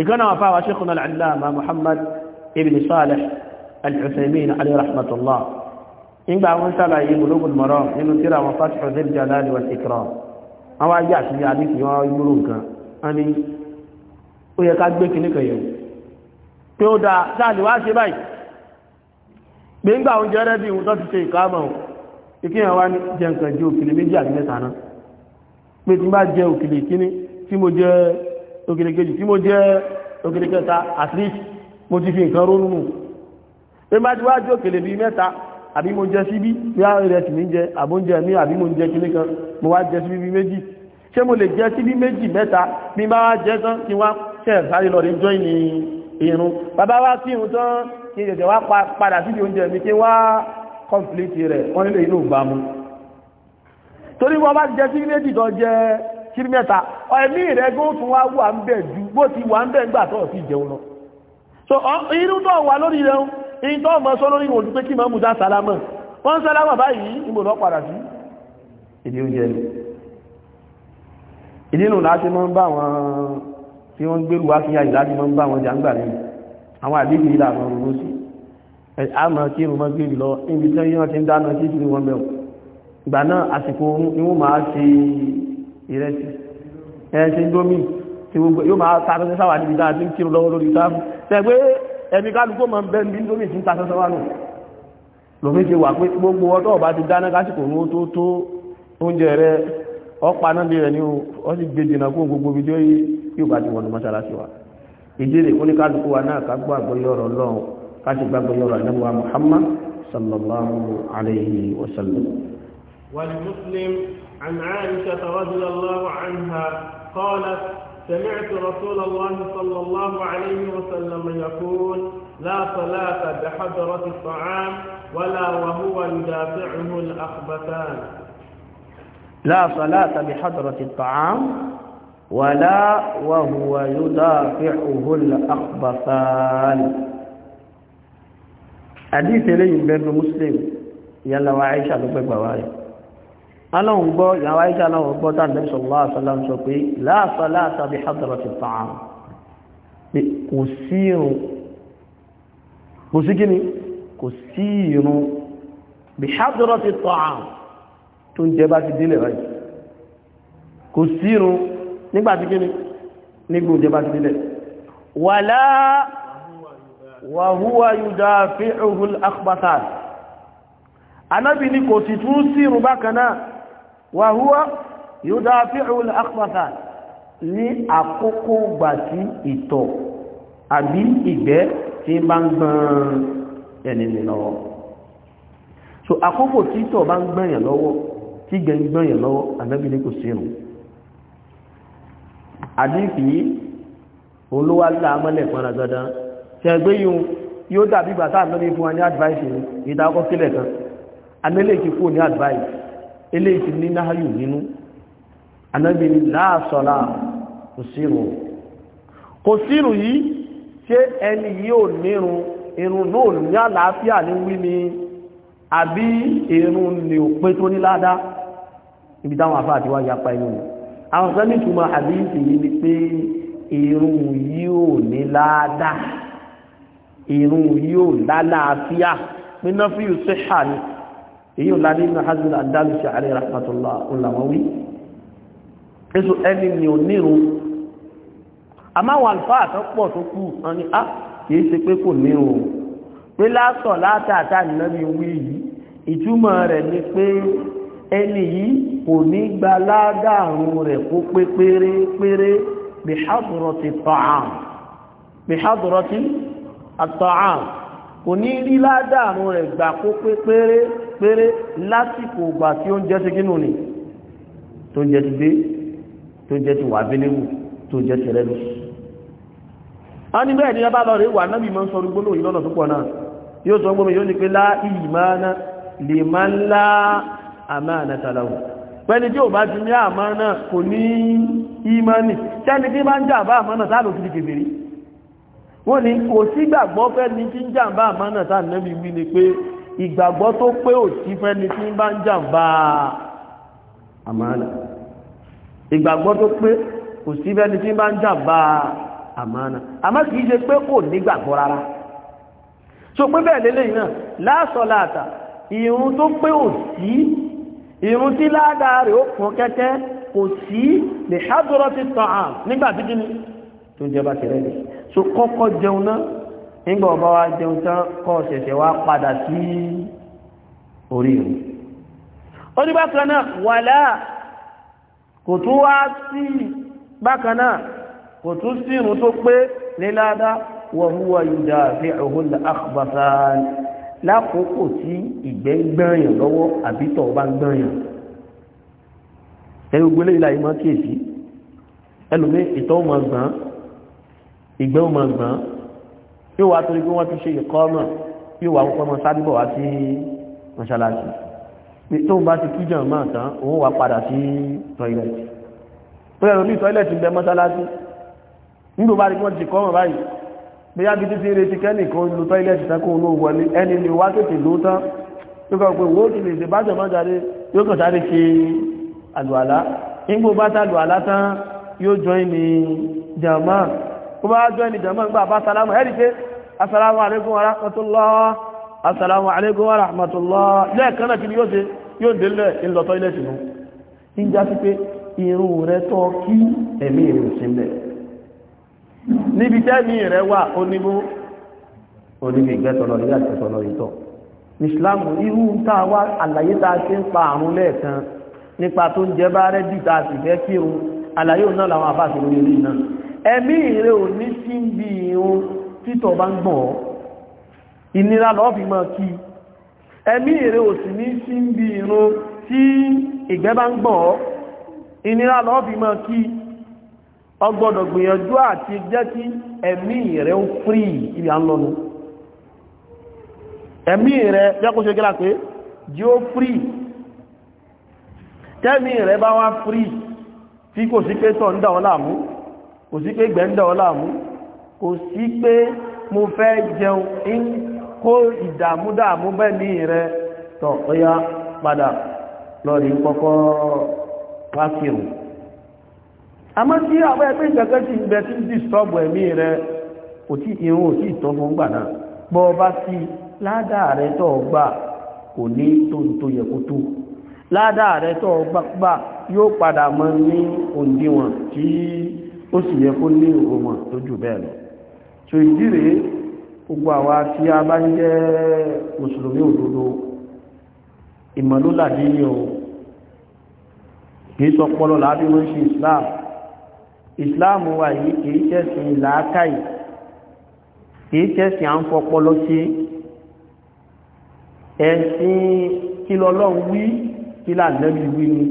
ìkánà wà fáwà Sheikhuna al-Allama Muhammad ibn Salih al-Uthaymin alayhi rahmatullah ìgbà wọn sálàyé Bulughul Maram nínú tíra wọn Fathu Dhil Jalali wal Ikram àwọn kí èèyàn wá jẹ nǹkan jẹ òkèlè méjì àti mẹ́ta náà pé tí bá jẹ òkèlè kíní tí mo jẹ òkèlè kejì tí mo jẹ òkèlè kẹta at least mo ti fi nǹkan rónú nù pé bá ti wá jẹ òkèlè bíi mẹ́ta àbí mo jẹ síbí bí á rẹ̀ sì ní jẹ àbóúnjẹ mi àbí mo jẹ kíní kan mo wá jẹ síbí bíi méjì ṣé mo lè jẹ síbí méjì mẹ́ta bí bá wá jẹ tán kí wá ṣẹ̀ sáré lọ rí jọ́ìn ní irun bàbá wá kírun tán kí ìjẹ̀jẹ̀ wá padà síbi oúnjẹ mi kí wá kọ́ǹpìlìtì rẹ̀ wọ́n nílé inú ìbámu torí wọ́n bá ti jẹ́ sírímẹ́tì tó jẹ́ sírímẹ́ta ẹ̀mí rẹ̀ gó tún wá wà ń bẹ̀ ju bó ti wà ń bẹ̀ ńgbà tó ti jẹun lọ so irú tó wà lórí rẹ̀ ń tó mọ́ sọ lórí ìwòjú pé kí mọ́ mú dá sálámọ̀ wọ́n sálámọ̀ báyìí ìmọ̀ lọ padà sí ìdí oúnjẹ ni ìdí nù láti mọ́ ń bá wọn tí wọ́n gbérù wá kíyà ìlàdí mọ́ ń bá wọn jàǹgbà ní àwọn àdíjì ìlànà òrùn sí àmọ́ kí irun mọ́ gbé lọ níbi tí wọ́n ti ń dáná sí ìṣúrí wọn mẹ́wọ̀ ìgbà náà àsìkò ni wọ́n máa ṣe ìrẹsì ẹ̀ṣẹ́ lómi tí gbogbo yóò máa ta sọ́sẹ́ sáwà níbi dáa tí ń kírun lọ́wọ́ lórí sáà tẹ́gbé ẹ̀mí kálukú máa ń bẹ́ níbi lómi tí ń ta sọ́sẹ́ wà nù lómi ti wà pé gbogbo ọtọ́ ọba ti dáná lásìkò ní ó tó tó oúnjẹ rẹ ọ̀pá náà lè rẹ̀ ní ó sì gbé dènà kó gbogbo ibi tí yóò bá ti wọ̀nù mọ́ṣáláṣí wa ìdílé oníkálukú wa náà ká gbọ́ àgbọ́yé ọ̀rọ̀ Ọlọ́run láti باب yọrọ ànábùwà Muhammad sallallahu الله wa وسلم والمسلم عن عائشة رضي الله عنها قالت سمعت رسول الله صلى الله عليه وسلم يقول لا صلاة بحضرة الطعام ولا وهو يدافعه الأخبثان لا صلاة بحضرة الطعام ولا وهو يدافعه الأخبثان àdíṣe lẹ́yìn bẹnu muslim ìyàlàwà aisha ló pẹ́gbà wá rẹ̀ aláwọn gbọ́ ìyàwó aisha náà gbọ́ tá àdé sọ̀rọ̀ àṣọlá ń sọ pé láàṣọ láàṣà bí hàtàrà ti tàn án pé kò sí irun kò sí kíni irun bí hàtàrà ti tàn án tó ń jẹ bá ti délẹ̀ báyìí kò sí irun nígbà tí kíni nígbà wà húwà yúdá fi ọ̀hùn akpata anábì ni kò sì tún sírù bákanáà wà húwà yúdá fi ọ̀hùn akpata ní àkókò gbà sí ìtọ̀ àbí ìgbẹ́ tí bá ń gbọ́n ẹni lọ́wọ́ so àkókò tí ìtọ̀ bá ń gbọ́n yẹn lọ́wọ́ tí gbẹ̀ ń gbọ́n yẹn lọ́wọ́ anábì ni kò sírù àdínkì tẹ̀gbẹ́ yìí yóò dàbí ìgbà tá àmì fún wa ní advice ni ìdákọ́ sílẹ̀ kan amẹ́lẹ̀ ti fún ní advice eléyìí ti ní náhàyù nínú anábì ní láàsọ̀lá kò sírù kò sírù yìí ṣé ẹni yìí nírun irun náà ní àlàáfíà ní wí ni àbí irun ni ò pé tó ní ládàá ibi táwọn àfáà ti wá yapa inú àwọn kan ní àbí ìsìn yìí ni pé irun yìí ní ládàá irun yóò lálàáfíà nínú fi yóò sẹ́ṣà ni èyí ò lálé inú hajjúlá dáàbìsì ààrẹ rahmatulá olàmọ́wí èso ẹni ni ò nírun a máa wà nípa àtọ́pọ̀ tó kú wọn ni a ah, kìí ṣe pé kò nírun pé lásọ̀ látàtà nínú wí yìí ìtumọ̀ rẹ̀ ni pé ẹni yìí kò ní gba ládàrún rẹ̀ kó pé pérépéré bí hádùrọ̀ ti àtọ̀hàn kò ní rí ládàánú rẹ̀ gbà kó pé péré péré lásìkò ìgbà tí ó ń jẹ́ ti kínú ni tó ń jẹ́ ti dé tó ń jẹ́ ti wà abẹ́lẹ́wù tó ń jẹ́ ti rẹ́lù a ní bẹ́ẹ̀ ni ẹ bá lọ rí wà nábì máa sọ gbóló yìí tó pọ̀ náà pẹ́ni tí ò bá ti ní àmáàna kò ní ìmáni tẹ́ni tí máa ń jà bá àmáàna táàlù òfin kèfèrí wọ́n ní kò sí ìgbàgbọ́ fẹ́ni tí ń jàǹbá àmánà tá ànábì wí ni pé ìgbàgbọ́ tó pé ò sí fẹ́ni tí ń bá ń jàǹbá àmánà ìgbàgbọ́ tó pé kò sí fẹ́ni tí ń bá ń jàǹbá àmánà àmọ́ kìí ṣe pé kò nígbàgbọ́ rárá so pé bẹ́ẹ̀ lélẹ́yìn náà lásọ̀lá àtà ìrun tó pé ò sí ìrun tí ládàá rẹ̀ ó pọn kẹ́kẹ́ kò sí lè ṣàdúrọ́ ti tàn án nígbà tí kí ni tó ń jẹ tẹ̀lé so kọ́kọ́ jẹun náà nígbà ọba wa jẹun tán kọ́ ṣẹ̀ṣẹ̀ wá padà sí orí ìrun ó ní bákan náà wàlá kò tún wá sí bákan náà kò tún sí ìrun tó pé léláadá wa huwa yudafi'uhu al-akhbathan lákòókò tí ìgbẹ́ gbẹ̀yàn lọ́wọ́ àbítọ̀ bá gbẹ̀yàn ẹgbẹ́gbẹ́lẹ́ ìlà ìmọ̀ kíyèsí ẹlòmí ìtọ́ mọ̀ gbọ́n ìgbẹ́ ò máa gbọ́n yóò wá torí pé wọ́n ti ṣe ìkọ́mà yóò wá kọ́kọ́ mọ́ sádìbọ̀ wá sí mọ́ṣáláṣí tó bá ti kíjàn máa tán òun wá padà sí tọ́ìlẹ̀tì tó yẹ̀rọ bí tọ́ìlẹ̀tì bẹ mọ́ṣáláṣí nígbò bá rí wọ́n ti kọ́mà báyìí bóyá bí títí retí kẹ́nì kan lu tọ́ìlẹ̀tì tán kó ń wọlé ẹni ni wá tètè ló tán tó kọ́ pé wọ́n ti lè ṣe bájọ̀ máa jáde yóò kàn sáré ṣe àlùàlá tá àlùàlá tán yóò kó máa jọ ẹni jọmọ́ nígbà bá salamu ẹ̀rí pé asalamu alaikum wa rahmatullah asalamu alaikum wa rahmatullah lẹ́ẹ̀kan náà kí ni yóò ṣe yóò délẹ̀ ìlọ tọ́ilẹ̀tì nù ń já sí pé irun rẹ tọ́ kí ẹ̀mí ìrìn sílẹ̀ níbi tẹ́mi rẹ wà oníbó oníbi ìgbẹ́tọ̀lọ́ ilé àtẹ̀tọ̀lọ́ ìtọ̀ ìsìláàmù irú tá wá àlàyé tá a ń pa àrùn lẹ́ẹ̀kan nípa tó ń jẹ bá rẹ́dì tá sì fẹ́ kírun àlàyé òun náà làwọn àbá ẹ̀mí rẹ ò ní sí ń bí irun títọ̀ bá ń gbọ̀n ìnira lọ́ọ̀fì kí ẹ̀mí rẹ ò sì ní sí ń bí irun tí ìgbẹ́ bá ń gbọ̀n ìnira kí o gbìyànjú àti jẹ́ kí ẹ̀mí ó fírí ibi lọ́nu ẹ̀mí rẹ jẹ́ ṣe pé jí ó fírí tẹ́mí bá wá fírí tí kò sí pé kò sí pé gbẹ̀ndọ̀ ọláàmú kò sí pé mo fẹ́ jẹun ń kó ìdàmúdàmú bẹ́ẹ̀ni rẹ tọ̀ ọya padà lọ́rí kọ́kọ́ pákìrù àmọ́ tí àwọn ẹgbẹ́ ìjọkẹ́ ti bẹ̀ tí dìstọ́bù ẹ̀mí rẹ kò tí irun ò tí ìtọ́ fún gbà náà bọ́ bá sí ládàá rẹ tọ́ kò ní tó yẹ kó tó ládàá rẹ tọ́ yóò padà ní òǹdíwọ̀n tí ó sì yẹ kó ní òmò tó jù bẹ́ẹ̀ lọ so ìdí rèé gbogbo àwa tí a bá ń jẹ́ mùsùlùmí òdodo ìmọ̀ ló làdí ní o kìí sọ pọlọ láàbí wọ́n ṣe islam islam wa yìí kìí tẹ̀sìn làákàyè kìí tẹ̀sìn à ń fọpọlọ sí ẹ̀sìn kí lọ́lọ́run wí kí làdẹ́bí wí ni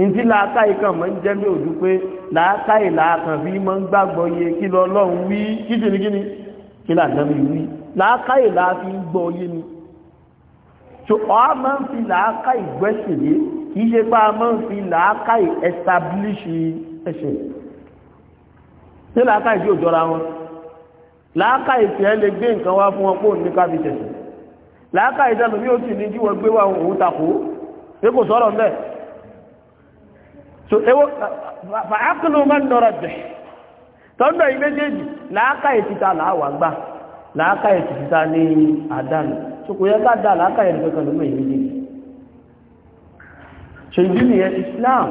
ntí làákàyè kan máa ń jẹ́ ní òdu pé làákàyè làákàn fi máa ń gbàgbọ́ yé kí lọ ọlọ́run wí kí sì ní kí ni kí làdánù wí làákàyè làáfi ń gbọ́ yé ni so ọ́ máa ń fi làákàyè gbẹ́sìn yé kì í ṣe pé a máa ń fi làákàyè establish ẹsẹ̀ ṣé làákàyè tí ò jọra wọn làákàyè tí ẹ lè gbé nǹkan wá fún wọn kó ní kábi tẹ̀sán làákàyè dànù bí ó sì ní kí wọ́n gbé wá òun takò é kò sọ̀rọ̀ bẹ́ẹ̀ so ewo fa aqlu man nurajjih tọ́ndọ̀ yìí méjèèjì làákà na aka gbà làákà ìtìta ní àdánù so da yẹ aka dá làákà ka kankan lómọ yìí méjèèjì so ìdí nìyẹn Islam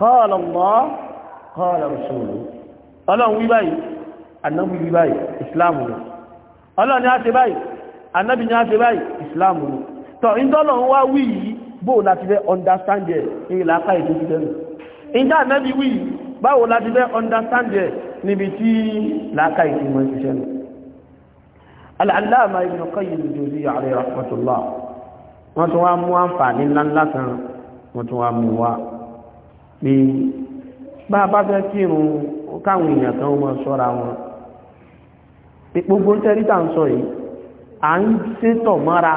qala Allah qala Rasulu ọlọ́run wí báyìí anábì Islam ni ọlọ́run ni a ṣe báyìí anábì ni a Islam ni tọ́ ìdọ́lọ́run bóò láti fẹ́ understand ẹ̀ ní ìlàkà ètò ti tẹ́lù ìdá mẹ́bí wí báwo láti fẹ́ understand ẹ̀ níbi tí ìlàkà ètò mọ́ ti tẹ́lù Al-Allama Ibn Qayyim al-Jawziyya alayhi rahmatullah wọ́n tún wá mú àǹfààní ńláńlá kan wọ́n tún wá mú wá pé bá a bá fẹ́ kírun káwọn à ń ṣètọ̀ mọ́ra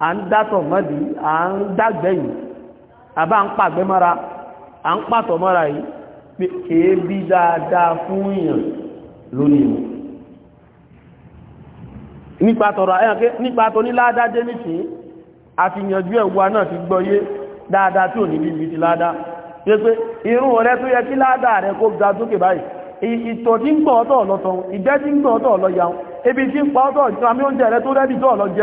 à ń dátọ̀ mọ́dí à ń dágbẹ́ yìí àbá ń pàgbẹ́ mọ́ra à ń pàtọ̀ mọ́ra yìí pé èébí dáadáa fún èèyàn lónìí mọ̀ nípa tọ̀rọ̀ ẹ̀yàn pé nípa tó ní ládájé nìsín àti ìyànjú ẹ̀wà náà ti gbọ́yé dáadáa tí ò ní bíbi ti ládá pé pé irú rẹ tó yẹ kí ládá rẹ kó ga sókè báyìí ìtọ̀ tí ń gbọ́ ọ̀tọ̀ ọ̀lọ́tọ̀ ìgbẹ́ tí ń gbọ́ ọ̀tọ̀ ọ̀lọ́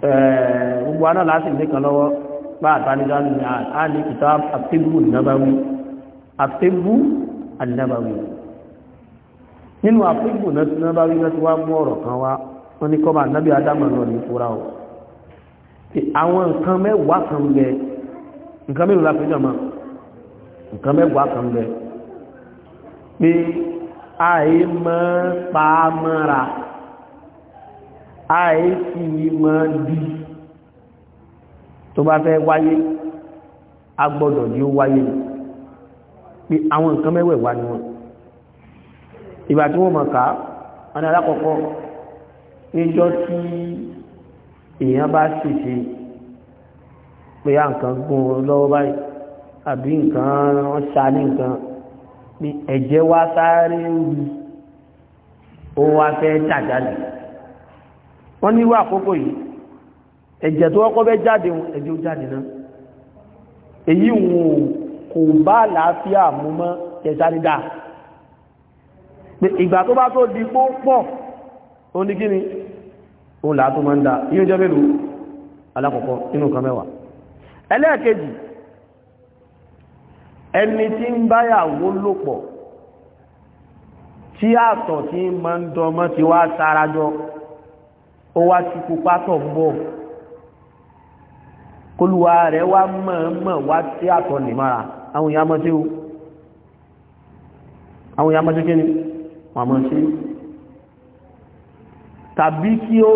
Eh, gbogbo aná láti ní kan lọ́wọ́ bá àtàlẹ́dáàlù ní àlè kìtà àtẹ́bù nàbàwí àtẹ́bù ànàbàwí nínú àtẹ́bù nàbàwí náà ti wá mú ọ̀rọ̀ kan wá wọ́n ní kọ́ bá nábì ádámà náà ní fúra o àwọn nǹkan mẹ́wàá kan bẹ nǹkan mélòó la péjọ nǹkan mẹ́wàá kan bẹ pé àìmọ́ pa mọ́ra àìsí mọ́ bí tó bá fẹ́ wáyé agbọ́dọ̀ ni ó wáyé pé àwọn nǹkan mẹ́wẹ̀ wá ní wọn ìgbà tí wọ́n mọ̀ ká wọn alákọ̀ọ́kọ́ níjọ́ tí èèyàn bá ṣèṣe pé a nǹkan gún lọ́wọ́ báyìí àbí nǹkan wọ́n ṣá ní nǹkan ní ẹ̀jẹ̀ wá sáré rú ó wá fẹ́ jàjálẹ̀ wọ́n ní irú àkókò yìí ẹ̀jẹ̀ tó kọ́kọ́ bẹ́ jáde ẹ̀jẹ̀ ó jáde náà èyí wọn kò bá àlàáfíà mú mọ́ ẹ̀sánídà ìgbà tó bá tó di pó pọ̀ ó ní kíni ó làá tó máa ń da yíò jẹ́ mélòó alákọ̀ọ́kọ́ inú kan mẹ́wàá ẹlẹ́ẹ̀kejì ẹni tí ń báyàwó lòpọ̀ tí àtọ̀ tí máa ń dọmọ́ ti wá sarajọ́ ó wá ti pupa tọ̀ ń bọ̀ kólúwa rẹ̀ wá mọ̀ọ́mọ̀ wá sí àtọ̀ lè mara àwọn èèyàn mọ́ sí o àwọn èèyàn mọ́ sí kíni wọ́n mọ́ sí tàbí kí ó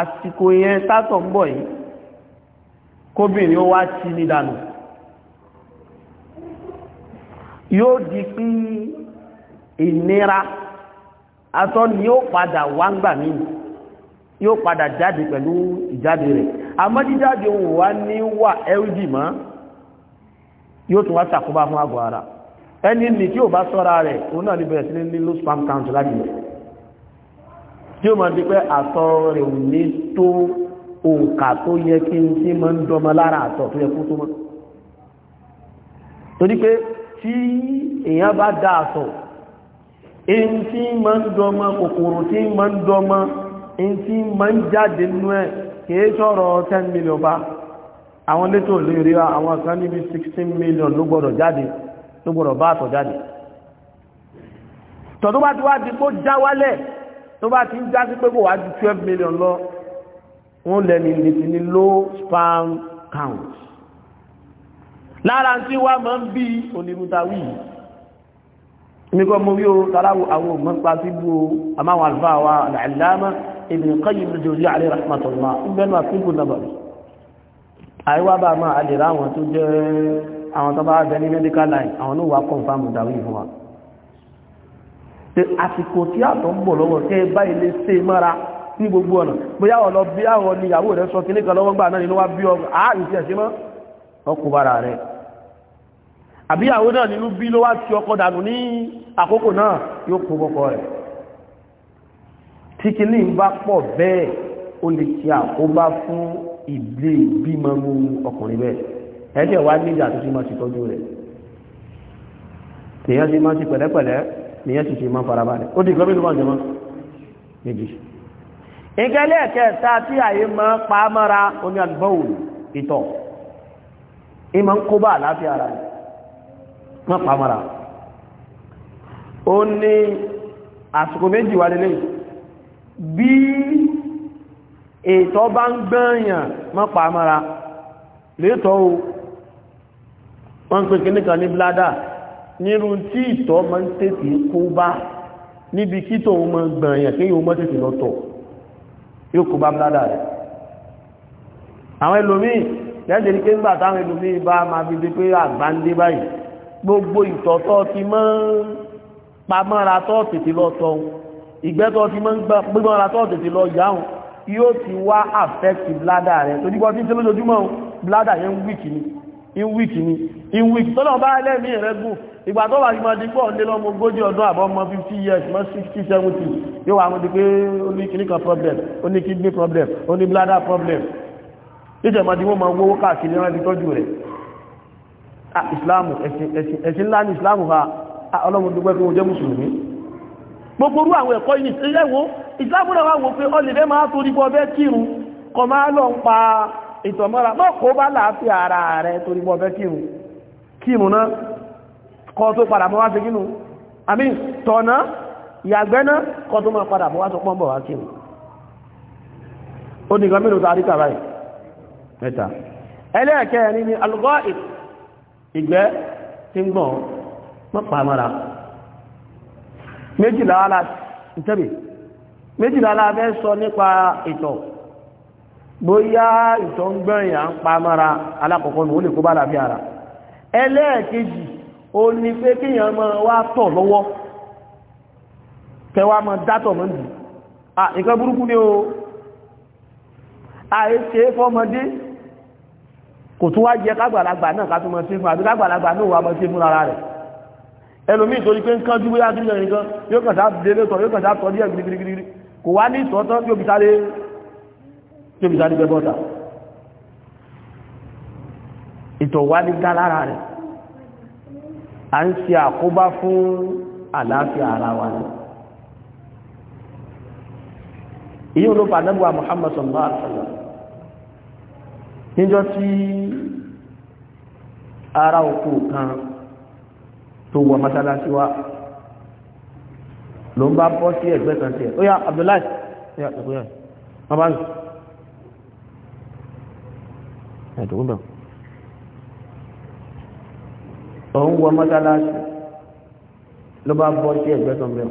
àsìkò yẹn sátọ̀ ń bọ̀ yìí kóbìnrin ó wá ti ní dànù yóò di pí ìnira atọ́ ni ó padà wá ń gbà míì yóò padà jáde pẹ̀lú ìjáde rẹ̀ àmọ́ jíjáde òun wá ní wà ẹ́rùjì mọ́ yóò tún wá sàkóbá fún àgọ́ ara ẹni nì tí ò bá sọ́ra rẹ̀ òun náà ní bẹ̀rẹ̀ sí ní low spam count láti rẹ̀ tí ó máa di pé àtọ̀ rẹ̀ ò ní tó òǹkà tó yẹ kí n tí máa ń dọmọ lára àtọ̀ tó yẹ kó tó mọ́ torí pé tí èèyàn bá dá àtọ̀ èyí tí máa ń dọmọ kòkòrò tí máa ń dọmọ tí ma ń jáde nínú ẹ̀ kìí sọ̀rọ̀ 10 million bá àwọn létò lérí àwọn kan níbi 16 million ló gbọ́dọ̀ jáde ló gbọ́dọ̀ bá àtọ̀ jáde tọ̀ tó bá ti wá di kó já wálẹ̀ tó bá ti ń já sí pé kò wá ju 12 million lọ wọ́n lẹ́ni lèti ní low spam count lára tí wá máa ń bí onírúntawí nígbà mo rí o tàràwọ̀ àwọn òmọ́ pa síbú àmáwọn àlùfáà wa àlàámá Ibn Qayyim al-Jawziyya alayhi rahmatullah ìgbẹ́nu àfíkù nàbàbí àríwá bá máa àdìrá àwọn tó jẹ́ àwọn tó bá bẹ ní medical line àwọn náà wà kọ̀nfàmù dàwí fún wa àsìkò tí àtọ̀ ń bọ̀ lọ́wọ́ tẹ́ bá ilé ṣe mára ní gbogbo ọ̀nà bóyá ọ̀lọ́ bí àwọn ni ìyàwó rẹ̀ sọ kíníkan lọ́wọ́ gbà náà tí kìíní bá pọ̀ bẹ́ẹ̀ ó lè ṣe àkóbá fún ìdílé ìbímọ ọkùnrin bẹ́ẹ̀ ẹ̀ṣẹ̀ wá nígbà tó ti máa ṣètọ́jú rẹ̀ nìyẹn ti máa ṣe pẹ̀lẹ́pẹ̀lẹ́ nìyẹn ti ṣe máa farabalẹ̀ ó di ìgbẹ́ mélòó máa jẹ mọ́ méjì ìkẹlẹ̀ ẹ̀kẹta tí àyè máa pa mọ́ra oní àdúgbò ìtọ̀ ìmọ̀ ń kó àláfíà ara rẹ̀ máa pa mọ́ra ó ní àsìkò méjì wà lélẹ́yìn bí ètò bá ń gbẹ́yàn mọ́pa mọ́ra létọ́ o wọ́n pè kí nìkan ní bládà nírú tí ìtọ̀ mọ́ ń tètè kó bá níbi kí tó mọ́ gbẹ̀yàn kí yíò mọ́ tètè lọ́tọ̀ yóò kó bá bládà rẹ̀ àwọn ẹlòmíì lẹ́jẹ̀ ní pé ń bà táwọn ẹlòmíì bá máa fi di pé àgbà báyìí gbogbo ìtọ̀ ti mọ́ pamọ́ra tọ́ tètè lọ́tọ̀ ìgbẹ́tọ̀ ti mọ́ ń gbígbọ́n ara tó tètè lọ yáhùn yóò ti wá affect bladder rẹ̀ tó dípọ́ tí tí lójoojúmọ́ bladder yẹn ń wíkì ni in wíkì ni in wíkì tọ́lọ̀ bá ẹlẹ́mí rẹ̀ gùn ìgbà tó wà ìmọ̀ dípọ̀ ń lé lọ́mọ ogójì ọdún àbọ̀ ọmọ 50 years mọ́ 60 70 yóò wà mú di pé ó ní kìíní problem ó ní kidney problem ó ní bladder problem níjẹ̀ mọ́ di wọ́n mọ́ owó káàkiri rán ti tọ́jú rẹ̀ ìsìláàmù ah, ẹ̀sìn ńlá ní ìsìláàmù ha ọlọ́mọdúgbẹ́ fún oúnjẹ gbogbo orú àwọn ẹ̀kọ́ yìí ṣe yẹ́wò ìsìláàmù náà wà wò pé ọlẹ́fẹ́ máa torí bọ́ bẹ́ kírun kọ máa lọ ń pa ìtọ̀mọ́ra mọ́ kó bá láàáfíà ara rẹ̀ torí bọ́ bẹ́ kírun kírun náà kọ́ tó padà mọ́ wá sí kínú àmì tọ̀nà ìyàgbẹ́ náà kọ́ tó máa padà mọ́ wá tó pọ́nbọ̀ wá kírun ó ní nǹkan mélòó tàrí kàrá ì méjìlá la fẹ́ sọ nípa ìtọ̀ bóyá ìtọ̀ ń gbẹ̀yìn à ń pa mára alákọ̀ọ́kọ́ ní ó lè kó bá làbí ara ẹlẹ́ẹ̀kejì ó ní pé kíyàn mọ́ wá tọ̀ lọ́wọ́ kẹwàá mọ́ dátọ̀ mọ́ nì à nǹkan burúkú ni ẹlòmíì torí pé ń kánjú bóyá kí nìyẹn nìkan yóò kàn sáà délé tọ̀ yóò kàn sáà tọ̀ díẹ̀ gbirigbirigbiri kò wá ní ìtọ́tọ́ tí òbítálé tí òbítálé bẹ́ bọ́ta ìtọ̀ wá ní dá rẹ̀ a ń ṣe àkóbá fún àlàáfíà ara wa ní èyí ló fà nẹ́bùwà Muhammad sallallahu alaihi wasallam tó wọ mọ́sálásí wa ló ń bá bọ́ sí ẹ̀gbẹ́ kan tiẹ̀ ó yá Abdullahi ó yá ìpínlẹ̀ wọ́n bá lù ẹ̀dùn bẹ̀ òun wọ mọ́sálásí ló bá bọ́ sí ẹ̀gbẹ́ kan bẹ̀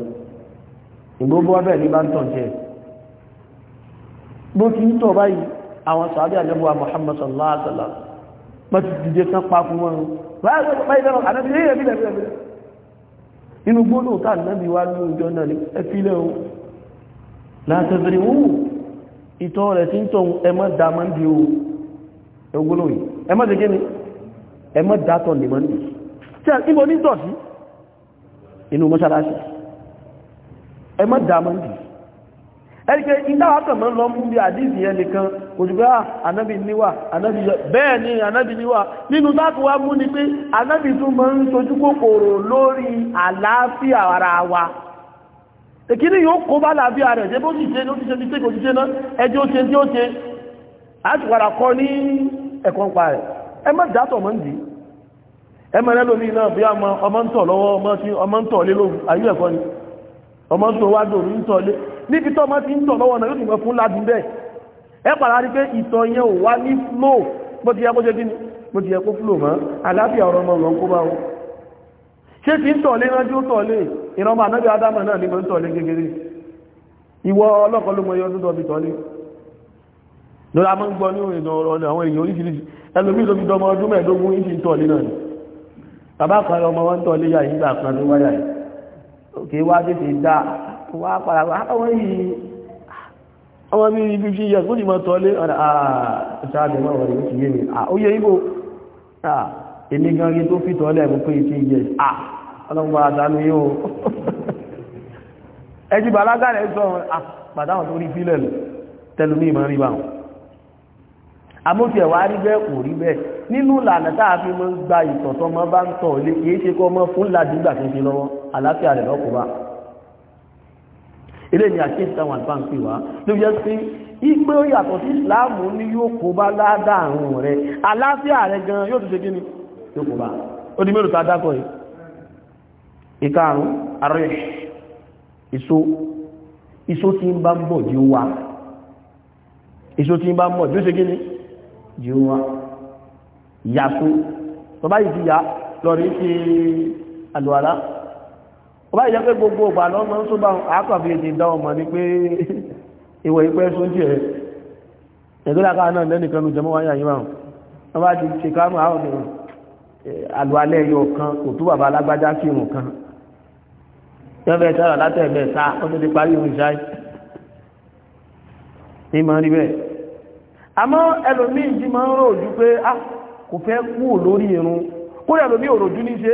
ìgbó bọ́ bẹ́ẹ̀ ní bá ń tàn tiẹ̀ bó ti ń tọ̀ báyìí àwọn sàbí àjẹ́bọ̀ Muhammad sallallahu alaihi wasallam pẹ̀tù dìde kan pa fún wọn inú gbóòlò táà náàbí wá ní ìjọ náà ní ẹfílẹ̀ ohun látẹ̀bẹ̀rẹ̀ wúwù ìtọ́ rẹ̀ tí ń tọ́ ẹmọ́ dá máa ń di ohun ẹgbóòlò yìí ẹmọ́ ti gẹ́ni ẹmọ́ dátọ̀ lè máa ń di ní tọ̀ inú mọ́ṣálásí ẹ̀ríkẹ́ ìdáwà kàmọ́ lọ mú bí àdíìsì yẹn nìkan òjùgbé ah, ànábì níwà ànábì bẹ́ẹ̀ ni ànábì níwà nínú tákùwá mú ni pé ànábì tún mọ́ ń sojú kòkòrò lórí àlàáfíà ara wa èkíní yóò kó bá làáfíà rẹ̀ jẹ́ bó ti ṣe ló ti ṣe ti tẹ́kọ̀ ṣiṣẹ́ náà ẹjẹ́ ó ṣe tí ó ṣe àtùwàrà kọ ní ẹ̀kọ́ pa rẹ̀ ẹ mọ́ dátọ̀ mọ́ ń dì ẹ mọ́ ẹlòmí náà bí ọmọ ń tọ̀ lọ́wọ́ ọmọ ń tọ̀ lé lóhun ayé ẹ̀kọ́ ni ọmọ ń tọ̀ wá dòrú ń tọ̀ lé níbi tó ọmọ ti ń tọ̀ lọ́wọ́ náà yóò tún fún ládùn bẹ́ẹ̀ ẹ pàdà rí pé ìtọ̀ yẹn ò wá ní flow bó ti yẹ kó ṣe kí ni bó ti yẹ kó flow mọ́ àlàáfíà ọ̀rọ̀ ọmọ ọ̀rọ̀ kó bá wọn ṣé ti ń tọ̀lé ránjú tọ̀lé ìrọmọ ànábì adámọ̀ náà ní mo ń tọ̀lé gẹ́gẹ́rẹ́ ìwọ ọlọ́kọ̀ ló mọ iye ọdún tọ́bi tọ́lé lọ́la mọ́ ń gbọ́ ní òyìnbó ọ̀rọ̀ àwọn èèyàn oríṣiríṣi ẹlòmíì ló fi dọmọ ọdún mẹ́ẹ̀ẹ́dógún ìṣì ń tọ̀lé náà ni bàbá kan yà yìí kan ló wáyà yìí òkè wá wá padà wọ́n yìí ọmọ bí ibi fi yẹ̀ fún ìmọ̀ tọ́lé ọ̀nà àṣáàdẹ̀ ah, mọ́ wọ̀n yóò ti yé mi àóyẹ ah, ibò ah, èmi gan rí tó fi tọ́lé ẹ̀mú pé ìfẹ́ yẹ̀ ọlọ́gbọ́n àdánú yóò ẹjí bàlágà rẹ̀ sọ pàdáwọn tó rí fílẹ̀ tẹlumí ìmọ̀ rí báwọn amófẹ́ wá rí bẹ́ẹ̀ kò rí bẹ́ẹ̀ nínú ìlànà táà fi mọ́ gba ìtọ̀tọ́ mọ́ bá ń tọ̀ lé kìí ṣe kọ́ mọ́ fún ládìgbà tó fi lọ́wọ́ àlàáfíà rẹ̀ lọ́kùnrin ilé ni àti ìsáwọn àgbà ń pè wá ló yẹ sí ìgbé yàtọ̀ sí ìsìláàmù ní yóò kó bá ládàá àrùn rẹ àlàáfíà rẹ gan yóò tún ṣe kí ni yóò kó bá ó di mélòó tá yìí ìkarùn ààrẹ ìṣó ìṣó tí ń bá ń bọ̀ jí ó wá ìṣó tí ń bá ń bọ̀ jí ó ṣe kí ni jí ó wá ìyàsó tọ́bá yìí ti yá lọ rí àlùwàlá ọba ìjẹ́ pé gbogbo ọgbà lọ́mọ ń súnbà àákàbí èdè dá ọmọ ní pé ìwọ̀ ìpẹ́ sójú ẹ̀ ẹ̀dọ́lákà náà lẹ́nìkan ló jẹmọ́ wáyà yíwá wọn bá ti ṣe káàmù àwọn àlùalẹ́ yọ kan kò tó bàbá alágbájá sí ìrùn kan yọ́nfẹ́ sára látẹ̀ẹ̀mẹ́ sá ó ti di parí ìrùn ìṣáì ní máa rí bẹ́ẹ̀ àmọ́ ẹlòmíì jí máa ń rò ojú pé ah, kò fẹ́ kú lórí irun kó ẹlòmíì òròjú ní ṣe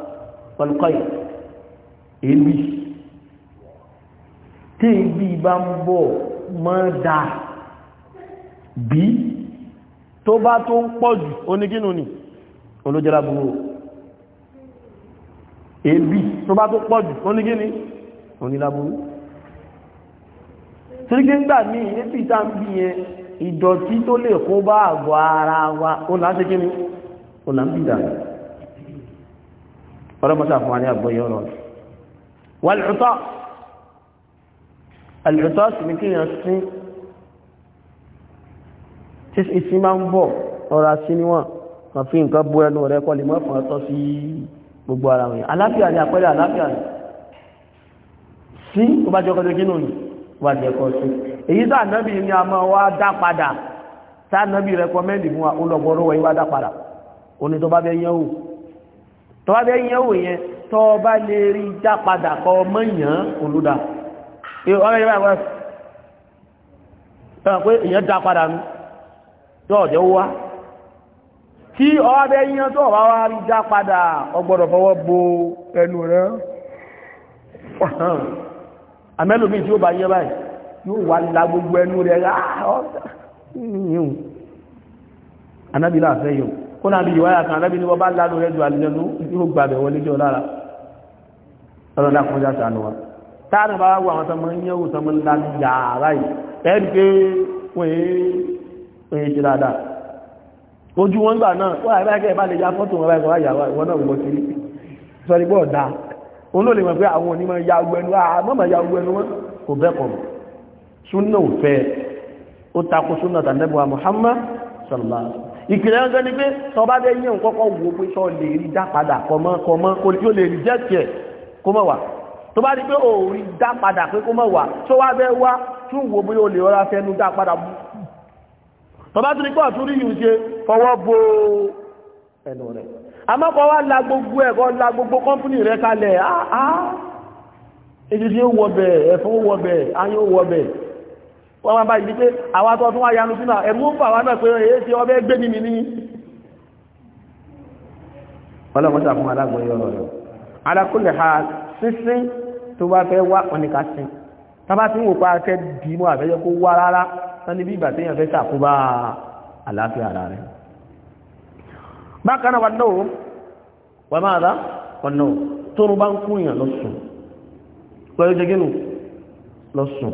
pẹ̀lúkọ́ì èébì tí èébì bá ń bọ̀ mọ́ dà bí tó bá tó ń pọ̀ jù oníkínú ni olójẹ́lá búrú èébì tó bá tó pọ̀ jù oníkíní onílábúrú tírígbéǹgbà ní èébì tá ń bí yẹn ìdọ̀tí tó lè kó bá àgọ́ ara wa ó láti kíní ó là ọlọ́mọsá fún wa ní àgbọ́yé ọ̀rọ̀ rẹ̀ wà lùtọ́ àlùtọ́ sì ní kíyàn sí tí ìsìn máa ń bọ̀ ọ̀rọ̀ sí níwọ̀n kan fi nǹkan bú ẹnu rẹ̀ kọ́ lè mọ́ fún ọtọ́ sí gbogbo ara wọn àlàáfíà ni àpẹẹrẹ àlàáfíà ni sí ó bá jẹ́ ọkọ̀ kínú ni ó jẹ́ ọkọ̀ sí èyí tá ànábì ni a máa wá dá padà tá ànábì rẹ̀ kọ́mẹ́ndì fún wa ó yí wá dá padà ó ní tó bá fẹ́ yẹ́wò tọ́wá bẹ́ yẹn wò yẹn tọ́ bá lè rí já padà kọ mọ́yàn olúdà ọ̀rẹ́ yẹn báyìí wá ẹ̀wọ̀n pé èèyàn já padà nù tọ́ ọ̀jẹ́ wá tí ọwá bẹ́ yẹn tọ́ ọ̀wá wá rí já padà ọgbọ́dọ̀ fọwọ́ bo ẹnu rẹ̀ àmẹ́lòmí tí ó bá yẹ báyìí yóò wà lá gbogbo ẹnu rẹ̀ rà ọ́ kó náà bí ìwáyà kan alábí ní wọ́n bá lálò rẹ̀ jù àlùjẹ́nu yóò gbà bẹ̀ wọlé jọ lára ọlọ́run dá kọjá sànù wa táàrin bá wà àwọn tọmọ ń yẹ́wò tọmọ ńlá ní yàrá yìí ẹ̀rí pé wọ́n ya fọ́tò wọn báyìí wáyà wọn náà wọ́n kiri sọrí pé ọ̀dà òun ló lè mọ̀ pé àwọn onímọ̀ ya ogun ẹnu àmọ́mọ̀ ya ogun ẹnu wọn kò bẹ́kọ̀ súnà òfẹ́ ó takò súnà tàbí Muhammad sallallahu alaihi ìkìlẹ̀ ọjọ́ ni pé tọba bẹ yẹn kọ́kọ́ wo pé tọ́ lè rí dá padà kọmọ́ kọmọ́ kò tí ó lè rí jẹ́ tiẹ̀ kó mọ̀ wá tó bá di pé ò rí dá padà pé kó mọ̀ wá tó wá bẹ́ wá tún wo bí ó lè rọra fẹnu dá padà bú tọba tún ní pé ọ̀tún rí yìí ṣe fọwọ́ bo ẹnu rẹ̀ àmọ́ kọ́ wá la gbogbo ẹ̀ kọ́ la gbogbo kọ́mpínì rẹ̀ kalẹ̀ áá èdè tí ó wọ bẹ̀ ẹ̀fọ́ wọ bẹ̀ ayé ó wọ bẹ̀ wọ́n máa bá ìdí pé àwọn atọ́ tún wá yanu sínú ẹ̀mú ń bà wá náà pé èyí tí ọbẹ̀ gbé mímí ní ọlọ́mọ́sà fún alágbọ̀nyọ́ rẹ̀ alákùnlẹ̀ ha sínsín tó bá fẹ́ wá ọ̀nìkà sí tàbá tí wò pa akẹ́ dìímọ̀ àfẹ́jẹ́ kó wá rárá sani bí ìgbà tí lọ́sùn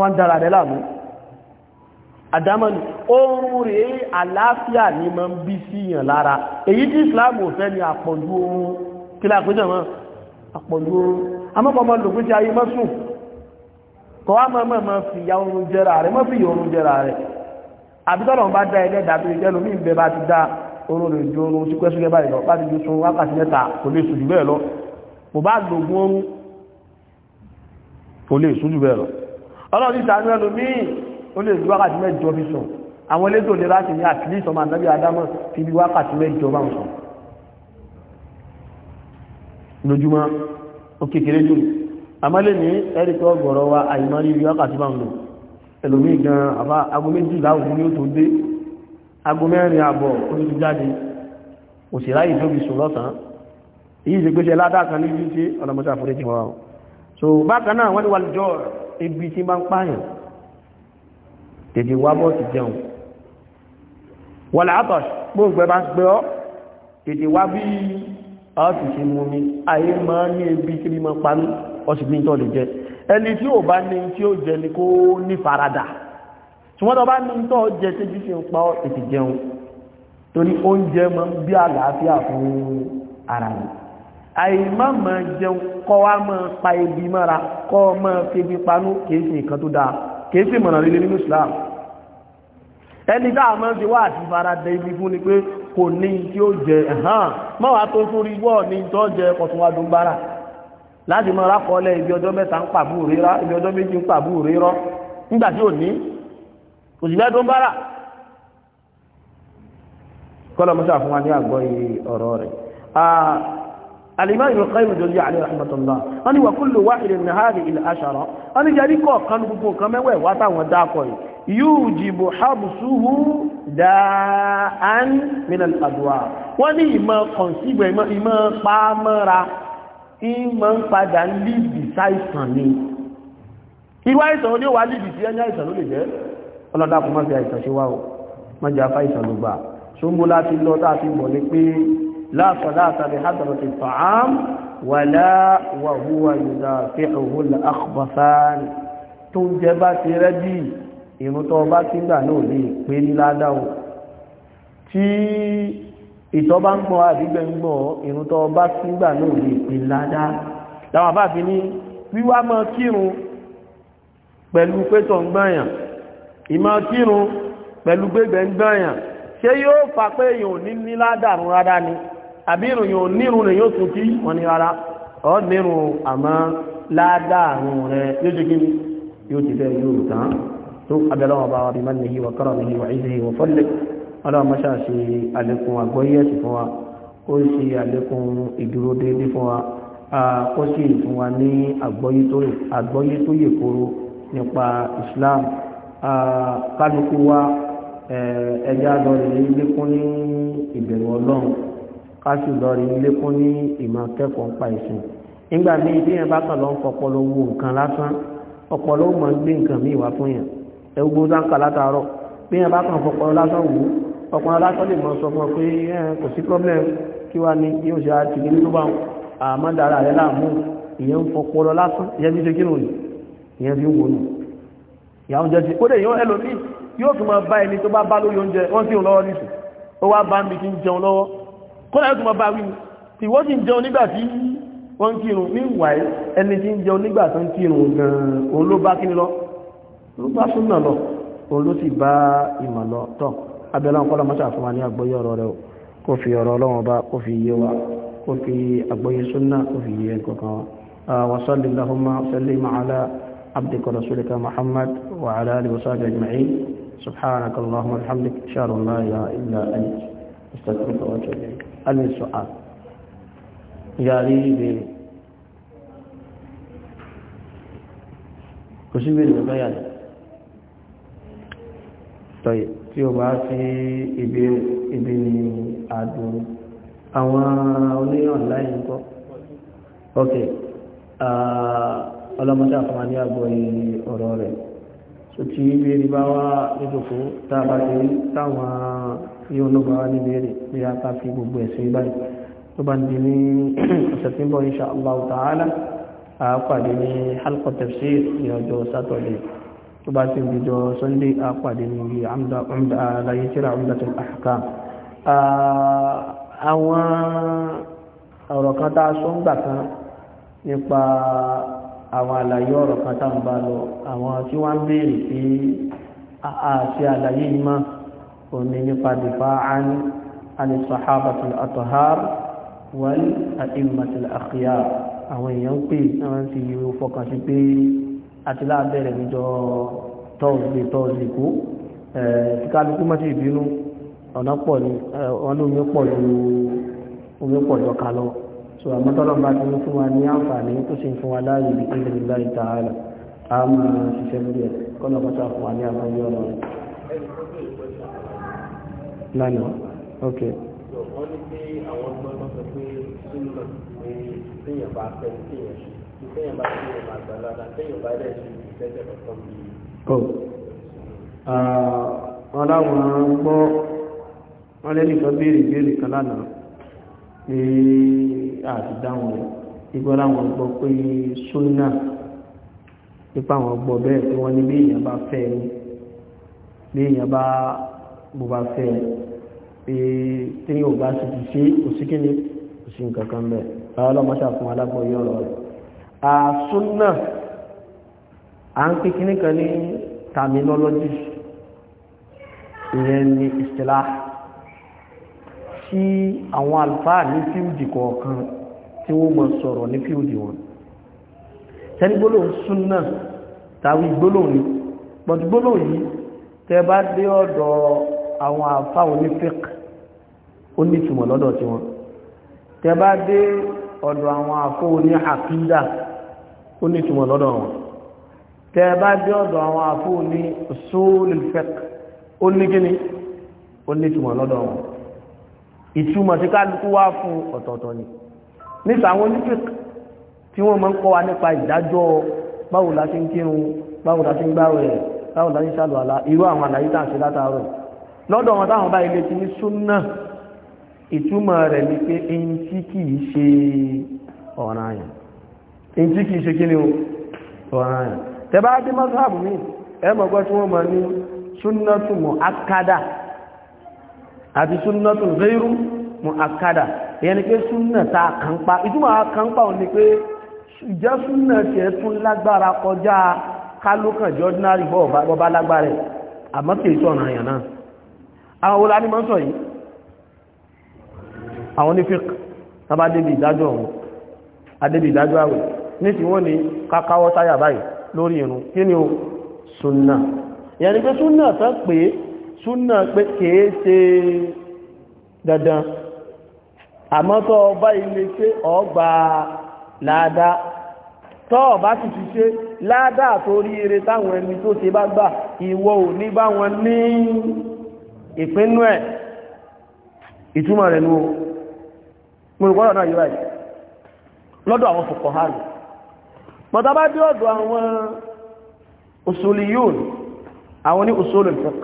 wọ́n dára rẹ̀ láàmú àdámọ́ni oorun rẹ̀ àlàáfíà ní ma ń bí sí yàn lára èyí tí Islam ò fẹ́ ni àpọ̀jú oorun kí lápẹ́jọ mọ́ àpọ̀jú oorun amọ́pọ̀mọ́ lògbé tí ayé mọ́ ya oorun jẹ́ra rẹ̀ mọ́ fi ya oorun jẹ́ra rẹ̀ àbítọ́lọ̀ bá dá ẹlẹ́ dàbí ìjẹ́lu sùn jù ọlọ́run ìsànú ẹlòmíì ó lè rí wákàtí mẹ́jọ fi sùn àwọn elétò lè láti ní àtìlí ìsọmọ ànábì adámọ̀ fi bí wákàtí mẹ́jọ bá ń sùn lójúmọ́ ó kékeré jù àmọ́ lè ní ẹ̀ríkọ́ ọgọ̀rọ̀ wa àìmọ́ rí wákàtí bá ń lò ẹlòmíì gan àbá ago méjìlá òun ni ó tó dé ago mẹ́rin àbọ̀ ó jáde òṣèlá yìí sùn lọ́sàn-án so bákan náà wọ́n ní wàlùjọ́ ibi tí bá ń pààyàn tètè wá bọ́ ti jẹun wọ́n látọ̀ gbogbo bá gbé ọ́ tètè wá bí ọ́ ti ṣe mú mi ayé máa ní ibi tí mímọ́ panú ọ̀sìn ní tọ́ lè jẹ ẹni tí ò bá ní tí ó jẹ ni kó ní faradà ṣùgbọ́n tó bá ní tọ́ jẹ tí bí ṣe ń pa ètè jẹun torí oúnjẹ máa ń bí àlàáfíà fún ara rẹ̀ àìmọ́ mọ̀ jẹun kọ́ wá mọ́ pa ebi mọ́ra kọ́ mọ́ febi panú kìí ṣe nǹkan tó dáa kìí ṣe mọ̀nà líle nínú Islam ẹni tá a máa ń ṣe wá àti fara dẹ ibi fún ni pé kò ní tí ó jẹ ẹ̀hán mọ́ wá tó sórí wọ́ ní tó jẹ kọ̀tún wa dùn bára láti mọ́ ra kọ́lẹ̀ ibi ọjọ́ mẹ́ta ń pàbú rírọ́ ibi ọjọ́ méjì ń pàbú rírọ́ nígbà tí ò ní kò sì fẹ́ dùn bára kọ́lọ̀ fún wa ní àgbọ̀ الإمام ابن القيم الجوزي عليه رحمة الله أني وكل واحد من هذه العشرة أني جاري كو كان بو كما وي واتا وداكوي يوجب حبسه داء من الأدواء واني ما قنسيب ما ما قامرا إما قد ليبي سايساني ìwà ìsàn ó ní wà lìdì tí ẹni àìsàn ló lè jẹ́ ọlọ́dákùn má fi àìsàn ṣe wá o má jẹ́ afá ìsàn ló gbà ṣó ń bó láti lọ tá a fi mọ̀ ní pé لا صلاة بحضرة الطعام ولا وهو يدافعه الأخبثان تنجبات رجي ìmútọ́ọ̀bá tí ń gbà náà lè pé ní ládáwò tí ìtọ́bá ń gbọ́ àdígbẹ́ ń gbọ́ ìmútọ́ọ̀bá tí ń gbà náà lè pé ládá láwọn àbá fi ní wíwá mọ́ kírun pẹ̀lú pétọ̀ ń gbáyàn ìmọ̀ kírun pẹ̀lú gbẹ́gbẹ̀ ń yóò fà pé èèyàn ò ní ní ládàrún rárá ni àbí ìròyìn ò nírun rẹ̀ yóò tún kí wọ́n ní rárá ọ́ nírun àmọ́ ládàárùn rẹ̀ yóò ṣe kí yóò ti fẹ́ yóò tán tó abẹ́lọ́wọ́ bá rí mẹ́rin yìí wà kọ́rọ̀ ní ìwà ìṣe ìwà fọ́lẹ̀ ọlọ́run mọ́ṣá ṣe àlékún àgbọ́yé ní àgbọ́yé ọlọ́run kásù lọ́ọ̀rì lékún ní ìmọ̀ akẹ́kọ̀ọ́ nípa ìsìn nígbà míì bí yẹn bá kàn lọ ń fọpọlọ wo nǹkan lásán ọpọlọ ó mọ̀ ń gbé nǹkan míì wá fún yẹn ẹ gbogbo sáńkà látàárọ̀ bí yẹn bá kàn fọpọlọ lásán wò ó ọpọlọ lásán lè mọ̀ sọ fún ọ pé kò sí problem kí wá ní yóò ṣe àti ní tó bá àmọ́ dára rẹ láàmú ìyẹn ń fọpọlọ lásán ìyẹn fi ṣe kí nù ìyẹn fi ń wò nù ìyàwó jẹ ti ó dẹ̀ yọ ẹlòmíì kọ́lá yóò tún máa bá wí tí wọ́n ti ń jẹun nígbà tí wọ́n ń kírun ní ìwà ẹni tí ń jẹun nígbà tó ń kírun gan-an òun ló bá kíni lọ ló bá súnà lọ òun ló sì bá ìmọ̀ lọ tọ̀ abẹ́lá ń kọ́lá mọ́ṣáà fún wa ní àgbọ́yé ọ̀rọ̀ rẹ̀ fi ọ̀rọ̀ ọlọ́run bá kó fi yé wa kó fi àgbọ́yé súnà ah, allahumma sallim anta astaghfiruka عن السؤال جاري kò sí ìbéèrè ọ̀gá yàrá si tí ó bá sí ìbéèrè àdùn àwọn oníyàn láì ń kọ́ ok ọlọ́mọdé àfọwà ní àgbọ̀ ọ̀rọ̀ rẹ̀ so tí ìbéèrè bá wá nítòkó tàbí táwọn yóò ló bá wá níbi èrè bí a ká fi gbogbo ẹ̀sìn báyìí tó bá di ní ọ̀sẹ̀ tí ń bọ̀ insha Allah ta'ala a pàdé ní halqa tafsir ní ọjọ́ sátọ̀dẹ̀ tó bá ti di jọ sunday a pàdé ní ibi àlàyé tíra Umdatul Ahkam àwọn ọ̀rọ̀ kan tá a sọ ń gbà kan nípa àwọn àlàyé ọ̀rọ̀ òní nípa dìbà án àni sàhábàtì àtọ̀hár wal àìmàtì àkíyà àwọn èèyàn pè náà ti yíò fọkàn sí pé àti láàbẹ̀rẹ̀ níjọ tọ́ọ̀sì tọ́ọ̀sì kú tí kálukú má ti bínú ọ̀nà pọ̀ ní wọn lómi pọ̀ ju omi pọ̀ jọ kalọ́ so àmọ́tọ́lọ́ bá ti ń wa ní àǹfààní tó sì ń wa láàyè bí kí lè láì tààlà a máa ṣiṣẹ́ lórí ẹ̀ kọ́lọ́ bá sá fún wa ní àbáyé ọ̀rọ̀ lánàá ok. wọ́n ní pé àwọn ọmọ náà sọ pé súnmọ́ pé téèyàn bá fẹ́ téèyàn ṣe téèyàn bá fẹ́ téèyàn máa gbà lọ́dà téèyàn bá dẹ̀ ṣe ìfẹ́sẹ̀ kọ̀ọ̀kan ó oh. ah, wọn láwọn gbọ́ wọn lẹ́nu kan béèrè ìbéèrè kan lánàá pé àti dáhùn rẹ̀ ìgbọ́ láwọn gbọ́ pé súnà nípa àwọn gbọ́ bẹ́ẹ̀ pé wọ́n ní bí èèyàn bá fẹ́ ni bí èèyàn bá bó bá fẹ́ pé tí yóò bá sì ti ṣe òsíkíní òsì nǹkan kan bẹ̀ ọlọ́mọṣà fún alágbọ̀nyọ́ ọ̀rọ̀ rẹ̀ àsúnà à ń pè kíní kan ní terminology ìyẹn ní ìṣẹ̀lá tí àwọn àlùfáà ní fíìdì kọ̀ọ̀kan tí wọ́n mọ̀ sọ̀rọ̀ ní fíìdì wọn tẹ́lí gbólóhùn súnà tàbí gbólóhùn ní pọ̀tù gbólóhùn yìí tẹ́ bá dé ọ̀dọ̀ àwọn àfá onífẹ́k ó ní ìtumọ̀ lọ́dọ̀ tí wọn tẹ bá dé ọ̀dọ̀ àwọn àfó oní àkídà ó ní ìtumọ̀ lọ́dọ̀ wọn tẹ bá dé ọ̀dọ̀ àwọn àfó oní usulul-fiqh ó lọ́dọ̀ wọn ìtumọ̀ tí kálukú wá fún ọ̀tọ̀ọ̀tọ̀ ni níta àwọn onífẹ́k tí wọ́n máa ń kọ́ wa nípa ìdájọ́ báwo la ti ń kírun báwo la ti ń gbáwẹ̀ báwo la ti ń ṣàlùwàlá irú àwọn àlàyé tàǹsí látàárọ̀ lọ́dọ̀ wọn táwọn bá ilé ti ní súnà ìtumọ̀ rẹ̀ ní pé in tí kìí ṣe ọ̀ranyàn in tí kìí ṣe kí ni ọ̀ranyàn tẹbá dí mọ́sáàbù mi ẹmọ̀gbọ́ tí wọ́n mọ̀ ní súnàtù muakkada àti ìyẹn ni pé súnà ta kànpá ìtumọ̀ kànpá ò ní pé ìjẹ́ súnà tún lágbára àwọn olá ní mọ́ sọ yìí àwọn onífíkì tàbá débi ìdájọ́ ọ̀hún adébi ìdájọ́ àwẹ̀ ní ti wọ́n ni kákáwọ́ sáyà báyìí lórí irun kí ni o súnà ìyẹn pé súnà tán pé súnà pé kìí ṣe dandan àmọ́ tó bá ilé ṣe ọgbà láàdá tó bá ti ti ṣe láàdá torí eré táwọn ẹni tó ṣe bá gbà ìwọ ò ní bá ní ìpínú ẹ̀ ìtumọ̀ rẹ̀ ní o mọ̀rùkọ́rọ̀ náà yóò ráyìí lọ́dọ̀ àwọn fòkọ̀ hàrù pọ̀tà bá dé ọ̀dọ̀ àwọn usuliyun àwọn ní usulul fiqh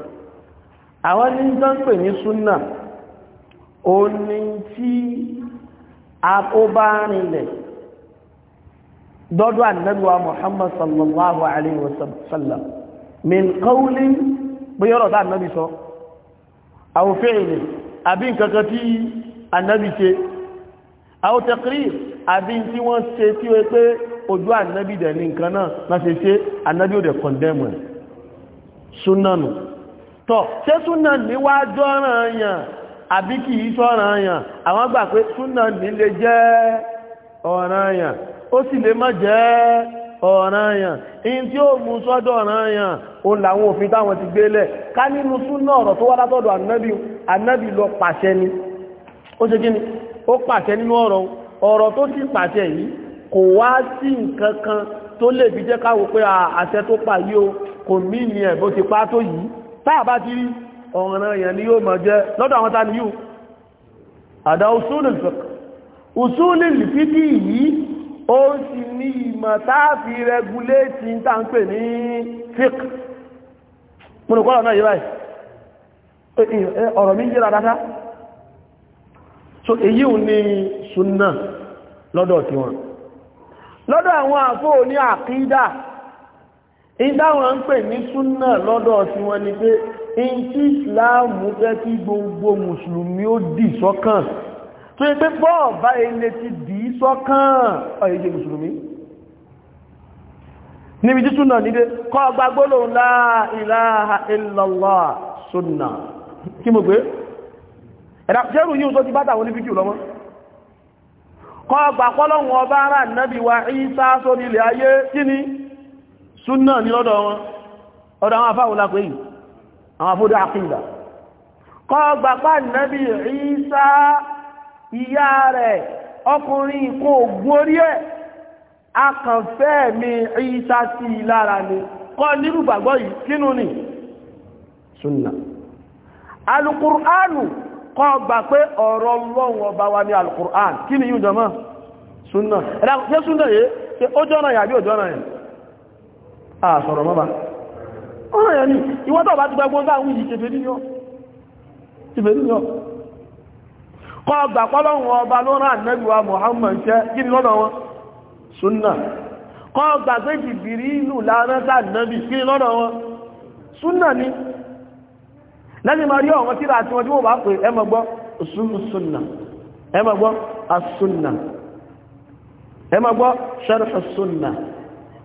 àwọn ní ń tán pè ní súnà ó ní tí akóbárinlẹ̀ dọ́dọ̀ ànẹ́gbà Muhammad sallallahu alaihi wasallam min qawlin bí yọ́rọ̀ tá aw fi'li àbí nǹkan kan tí ànábì ṣe aw taqrir àbí tí wọ́n ṣe tí ó náà má anabi o ànábì ò dẹ̀ àbí kì í sọ́ràn yàn àwọn gbà pé súnà ní jẹ́ ọ̀ràn ó sì lè má ọ̀ranyàn in tí ó mú sọ́dọ̀ ọ̀ranyàn o làwọn òfin táwọn ti gbélẹ̀ ká nínú súnà ọ̀rọ̀ tó wá látọ̀dọ̀ ànábì ànábì lọ pàṣẹ ni ó ṣe kíni ó pàṣẹ nínú ọ̀rọ̀ ọ̀rọ̀ tó sì pàṣẹ yìí kò wá sí nǹkan kan tó lè fi jẹ́ káwò pé àṣẹ tó pa yìí o kò mí ní ẹ̀ bó ti pa tó yìí táà bá ti ó sì ní ìmọ̀ táàfi rẹguléètì ń tà ń pè ní fík múnukọ́lọ̀ náà yí báyìí ọ̀rọ̀ mi yíra dáadáa so èyí ò ní súnà lọ́dọ̀ tí wọn lọ́dọ̀ àwọn àfóò ní àkídà ìdáwọn ń pè ní súnà lọ́dọ̀ tí wọn ni pé in tí ìsìláàmù fẹ́ kí gbogbo mùsùlùmí ó dì sọ́kàn tó yẹ pé bọ́ọ̀ bá ilé ti dì í sọ́kàn ọ̀yẹ́jẹ́ mùsùlùmí níbi títún náà nílé kọ́ ọgbà gbólóhùn la ilaha illallah sunna kí mo gbé ẹ̀dà jẹ́rù yíò tó ti bá tàwọn oníbíkì wa Ìsá sórí ilẹ̀ ayé kí ni sunna ní lọ́dọ̀ wọn ọ̀dọ̀ àwọn afáwọlá pé yìí àwọn afódá kọ́ ọgbà pàdánàbí Ìsá ìyá rẹ̀ ọkùnrin kò gbórí ẹ̀ akànfẹ́ mi ìṣà sí lara ni kọ́ nírú yìí kínú ni sunna alukur'anu kọ́ gbà pé ọ̀rọ̀ lọ́wọ́ ọba wa ní alukur'an kí ni yíò jọmọ́ sunna ẹ̀dá pé sunna ṣe ó jọ́nà yà bí ò jọ́nà ni kọ́ ọgbà pọ́lọ́wọ́ ọba ló rán ànẹ́gbà jẹ́ kí ni lọ́nà wọn súnà kọ́ ọgbà pé jìbìrì ìlú láránṣà nẹ́bì kí ni lọ́nà wọn súnà ni lẹ́yìn ma rí tíra àti wọn tí wọ́n bá pè ẹ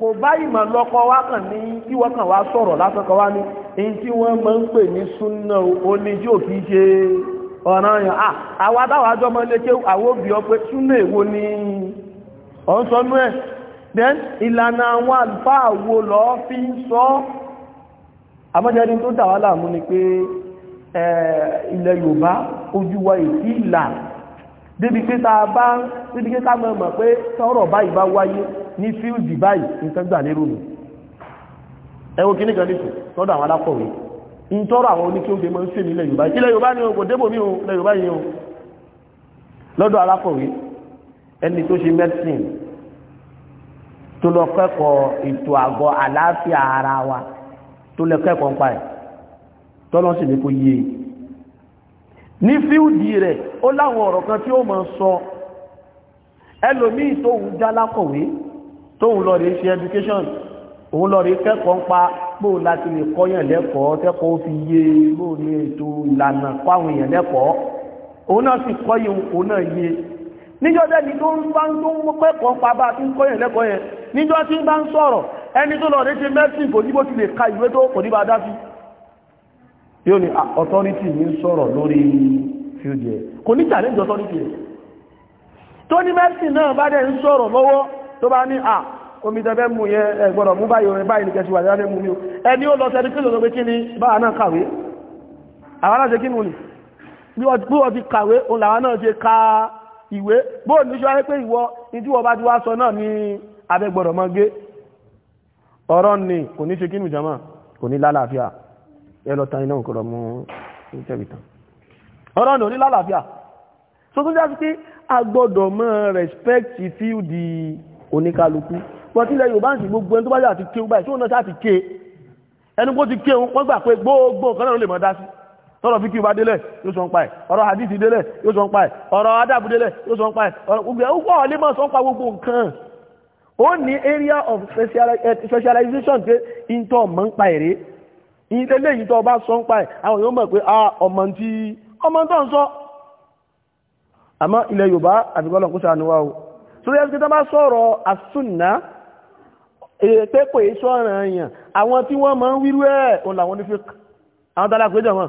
kò bá ìmọ̀ lọ́kọ wá kàn ní kí wọ́n kàn wá sọ̀rọ̀ lásọ̀kọ̀ wá ní èyí tí wọ́n máa ń pè ní súnà oníjì òkì ṣe ọ̀ràn yàn à ah, àwa táwọn àjọ ọmọ iléeṣẹ́ àwọn súnà èwo ni ọ̀ ń sọnú ẹ̀ then ìlànà àwọn àlùfáà wo lọ fi ń sọ àmọ́jẹ́ni tó dà wá láàmú ni pé eh, ilẹ̀ Yorùbá ojú wa débi pé tá a bá débi pé ká mọ̀ mọ̀ pé tọ́rọ̀ báyìí bá wáyé ní fíìlì báyìí nǹkan gbà lérò nù ẹwọ́n kí ní kan nìtù tọ́dọ̀ àwọn alákọ̀wé ń tọ́rọ̀ àwọn oníkéwòde mọ́ ń ṣe nílẹ̀ Yorùbá ilẹ̀ Yorùbá ni o kò débò mí o ilẹ̀ Yorùbá yìí o lọ́dọ̀ alákọ̀wé ẹni tó ṣe mẹ́dísìn tó lọ kẹ́kọ̀ọ́ ètò àgọ́ àlàáfíà ara wa tó lọ kẹ́kọ̀ọ́ pa ẹ̀ tọ́lọ́sìn ni kò yé e ní fíúdì rẹ̀ ó láwọn ọ̀rọ̀ kan tí ó máa sọ ẹlòmíì tóun já lákọ̀wé tóun lọ rèé ṣe education òun lọ rèé kẹ́kọ̀ọ́ ń pa bóò láti lè kọ́yàn lẹ́kọ̀ọ́ tẹ́kọ̀ọ́ fi yé e, bóò ní ètò ìlànà fáwọn èèyàn lẹ́kọ̀ọ́ òun náà sì kọ́ yìí òun náà yé e. níjọ́ dẹ́ni tó ń bá ń tó ń kẹ́kọ̀ọ́ pa bá tó ń kọ́yàn lẹ́kọ̀ọ́ yẹn níjọ́ tí ń bá ń sọ̀rọ̀ ẹni tó lọ rèé ṣe mẹ́sìn kò ní bó ti lè ka ìwé tó kò ní bá dá sí yóò ní ah, authority ní sọ̀rọ̀ lórí fíúdì ẹ̀ kò ní challenge authority ẹ̀ tó ní medicine náà bá dẹ̀ ń sọ̀rọ̀ lọ́wọ́ tó bá ní à ah, omi tẹ́fẹ́ mú yẹ ẹgbọ́dọ̀ mú báyìí orin báyìí nìkẹ́ síwájú láti mú mi o ẹni ó lọ sẹ́ni kí lọ́sọ pé kí ni báwa náà kàwé àwa náà ṣe kí nù ní bí wọ́n ti kàwé òun làwa ọ̀rọ̀ ni kò ní ṣe kí nù jama kò ní lálàáfíà ẹlọ ta iná nǹkan ọmọ ìtẹ́bìtàn ọ̀rọ̀ ní onílàlàáfíà so tó jásí pé a gbọ́dọ̀ mọ́ respect fíìdì oníkálukú wọ́n tí ilẹ̀ Yorùbá ń sì gbogbo ẹni tó bá yà ti ké báyìí tí wọ́n náà sáà ti ké ẹni kó ti ké wọ́n gbà pé gbogbo nǹkan náà ló lè mọ́ dá sí tọ́rọ̀ fíkì bá délẹ̀ yóò sọ ń pa ẹ̀ ọ̀rọ̀ hadith délẹ̀ yóò sọ ń pa ẹ̀ ọ̀rọ̀ adáàbù délẹ̀ yóò sọ ń pa ẹ̀ ọ̀rọ̀ gbogbo ẹ̀ ó sọ ń pa gbogbo nǹkan ó ní area of eh, specialization pé ìtọ̀ mọ́ ń pa èrè ìyìn eléyìí tó bá sọ ń pa ẹ̀ àwọn èèyàn mọ̀ pé ọmọ tí ọmọ tó ń sọ àmọ́ ilẹ̀ Yorùbá àbíkọ́lọ̀ kó sànú wa o sórí ẹ̀sìn tó bá sọ̀rọ̀ àsùnà pé kò é sọ̀rọ̀ èèyàn àwọn tí wọ́n máa ń wírú ẹ̀ òun làwọn onífik àwọn tàbí àpéjọ wọn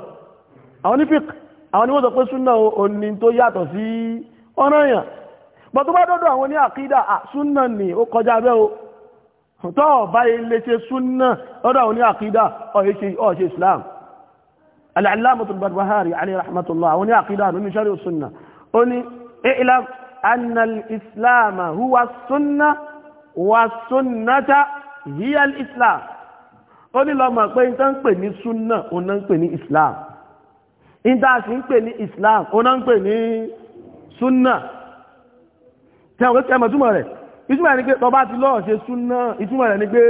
àwọn onífik àwọn ni wọ́n sọ pé súnà òní tó yàtọ̀ sí ọ̀rọ̀ èèyàn bọ̀ tó bá dọ́dọ̀ àwọn ní àkídà súnà ni ó kọjá bẹ́ẹ̀ o tó ọ̀bá ilé ṣe súnnà lọ́dọ̀ àwọn ní àkídà ọ̀ṣẹ́ islam al'alamatul barbahari alayhi rahmatullah àwọn ní àkídà nínú shari'u súnnà ó ní ilam annal islam huwa súnnà wa súnnata hiya islam ó ní lọ́mọ̀ pé in tán pè ní súnnà ọ̀nà ń pè ní islam in sì ń pè ní ìtumọ̀ ní pé tọba ti lọ́ọ̀ ṣe súnà ìtumọ̀ rẹ̀ ní pé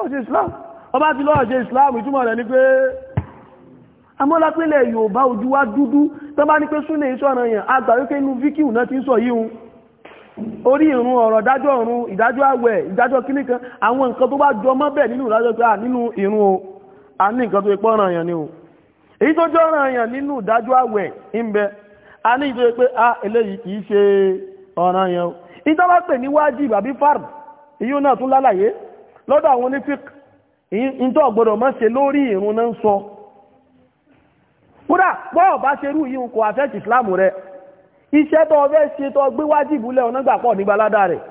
ó ṣe islam ọba ti lọ́ọ̀ ṣe islam ìtumọ̀ rẹ̀ ní pé amọ́lápínlẹ̀ Yorùbá ojú wa dúdú tó ní pé súnà ìṣọ́nà yẹn agbàríkẹ́ inú fíkíù náà ti ń sọ yíhun orí ìrún ọ̀rọ̀ dájọ́ ìrún ìdájọ́ àwẹ̀ ìdájọ́ kíní kan àwọn nǹkan tó bá jọ mọ́ bẹ̀ nínú ìdájọ́ pé à nínú ìrún o a ní nǹkan tó pọ́ ọ̀ràn yẹn ni o èyí tó jọ ọ̀ràn yẹn nínú ìdájọ́ àwẹ̀ ń bẹ a ní ìtọ́ pé a eléyìí kìí ṣe ọ̀ràn yẹn ìjọba pè ní wájìbì àbí fard èyí náà tún lálàyé lọ́dọ̀ àwọn onífík ìjọ gbọ́dọ̀ má ṣe lórí ìrun náà ń sọ kódà bọ́ọ̀ bá ṣerú yìí kò àfẹ́ẹ̀tì ìsìláàmù rẹ̀ iṣẹ́ tó ọfẹ́ ṣe tó gbé wájìbù lẹ̀ ọ̀nà gbà pọ̀ nígbà ládàá rẹ̀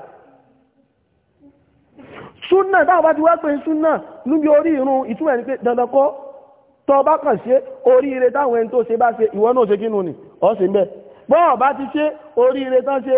súnà táwọn bá ti wá pé súnà níbi orí ìrun ìtumọ̀ ní pé dandan kọ́ tó bá kàn ṣe oríire táwọn ẹni ti ṣe oríire tán ṣe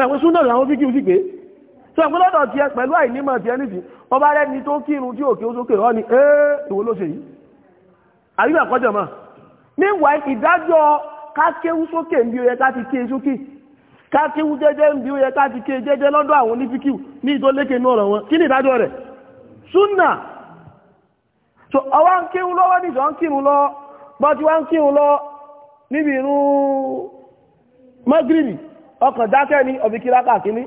pẹ̀lú súnà làwọn fíkì sí pé tó ẹ̀kọ́ lọ́dọ̀ ti ẹ pẹ̀lú àìnímọ̀ ti ẹni sí ọba rẹni tó kírun tí òkè oṣókè rọ́ ni ẹ́ẹ́ ìwò ló ṣe yìí àríwá ẹ̀kọ́jọ̀ mọ́ níwàá ìdájọ́ kákéwú sókè ń bí ó yẹ ká ti ké e sókè kákéwú jẹ́jẹ́ ń bí ó yẹ ká ti ké e níbi ìrún mọ́gírìbì ọkàn dákẹ́ ni ọbí kíráka kìíní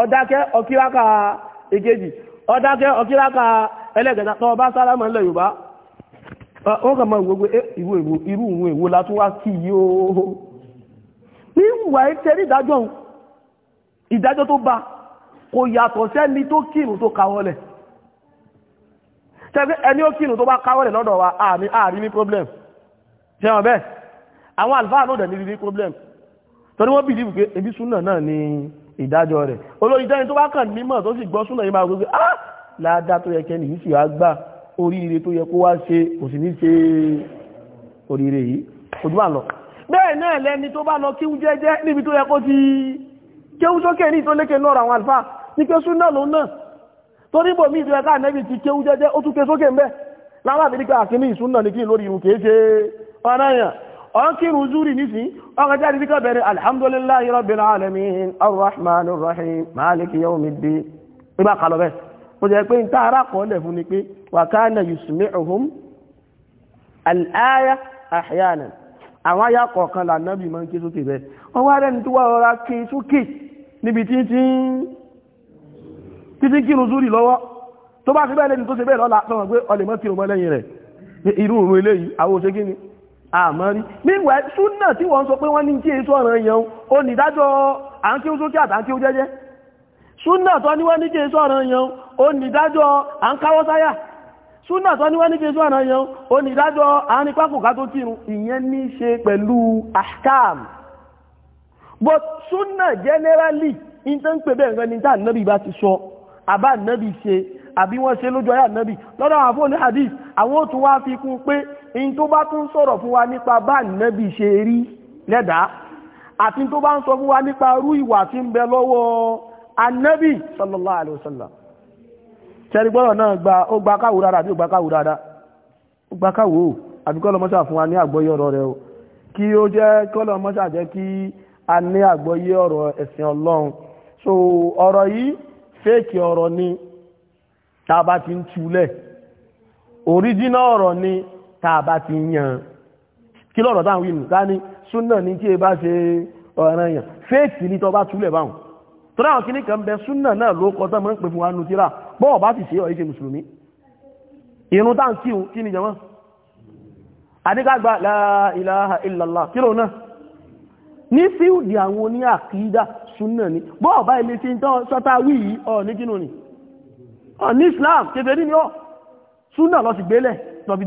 ọdákẹ́ ọkíráka èkejì ọdákẹ́ ọkíráka ẹlẹ́gẹ̀ta tó ọba sálámà ilẹ̀ yorùbá wọ́n kàn máa gbogbo ìwò ìwò irú ìwò ìwò látún wá kí yí ooo ní ìwà ìtẹ́rí ìdájọ́ ìdájọ́ tó ba, kò yàtọ̀ sẹ́ni tó kírun tó kawọ́lẹ̀ tẹ́gbẹ́ ẹni ó kírun tó bá kawọ́lẹ̀ lọ́dọ̀ wa ààrí ní problem ṣe hàn bẹ́ẹ̀ àwọn àlùfáà ló dẹ̀ ní problem torí wọ́n bìlíìfù pé ebi súnà náà ni ìdájọ́ rẹ̀ olórí dẹ́ni tó bá kàn nímọ̀ tó sì gbọ́ súnà yìí máa gbogbo ah láàdá tó yẹ kẹ́ni yìí sì wá gbà oríire tó yẹ kó wá ṣe kò sì ní ṣe oríire yìí ojú bá lọ bẹ́ẹ̀ náà lẹ́ni tó bá lọ kíwú jẹ́jẹ́ níbi tó yẹ kó ti kéwú sókè ní ìtólékè lọ́rọ̀ àwọn àlùfáà ní pé súnà lòun náà torí bò mí ìdílé káà nẹ́bi ti kéwú jẹ́jẹ́ ó tún ké sókè ń bẹ́ láwọn àbíríkà àkíní ìsúnà ní kí lórí irun kìí ọ̀nà yàn ọ̀n kí rùzúrì nísìn ọkà jáde díkà bẹ̀rẹ̀ alhamdulillahi rabbil alamin arrahman arrahim maliki yawmiddin nígbà kalọ̀ bẹ́ẹ̀ mo jẹ́ pé níta ara kọ́ lẹ̀ fún ni pé wa kana yusmi'uhum al-aya ahyanan àwọn ayá kọ̀ọ̀kan là nábì máa ń ké sókè bẹ́ẹ̀ wọ́n wá rẹ́ni tó wá rọra ké sókè tí wọ́n pé àmọ́rí níwẹ̀ súnà tí wọ́n sọ pé wọ́n ní tí èso ọ̀ràn èèyàn ó ní dájọ́ àǹkí ó sókè àtàǹkí ó jẹ́jẹ́ súnà tó ní wọ́n ní tí èso ọ̀ràn èèyàn ó ní dájọ́ àǹkáwọ́ sáyà súnà tó ní wọ́n ní tí èso ọ̀ràn èèyàn ó ní dájọ́ àárín pápùká tó kírun ìyẹn ní ṣe pẹ̀lú ahkam but súnà generally in tó ń pè bẹ́ẹ̀ nǹkan in tó bá tún sọ̀rọ̀ fún wa nípa bá nẹ́bí ṣe rí lẹ́dàá àti tó bá ń sọ fún wa nípa rú ìwà tí ń bẹ lọ́wọ́ anẹ́bí sallallahu alaihi wasallam tẹ́rí gbọ́rọ̀ náà gba ó gba káwò rárá àbí ó gba káwò rárá ó gba káwò àbí kọ́lọ̀ mọ́sà fún wa ní àgbọ́yé ọ̀rọ̀ so ọ̀rọ̀ yìí fẹ́ẹ̀kì ọ̀rọ̀ ni tá a ọ̀rọ̀ ni tá a bá ti yàn kí lọ́rọ̀ táwọn wínú ká ní súnà ní kí e bá ṣe ọ̀ràn yàn fèèkì ní tọba túlẹ̀ báhùn tó dáwọn kí ní kan bẹ súnà náà ló kọ tán mọ́ ń pè fún wa nù tíra bọ́ọ̀ bá ti ṣe ọ̀ ìṣe mùsùlùmí irun tá ń kí kí ni jama adígbàgbà la ilaha illallah kí lóun náà ní fíìdì àwọn oní àkídà súnà ní bọ́ọ̀ bá ilé tí ń lọ sì gbélẹ̀ lọ bí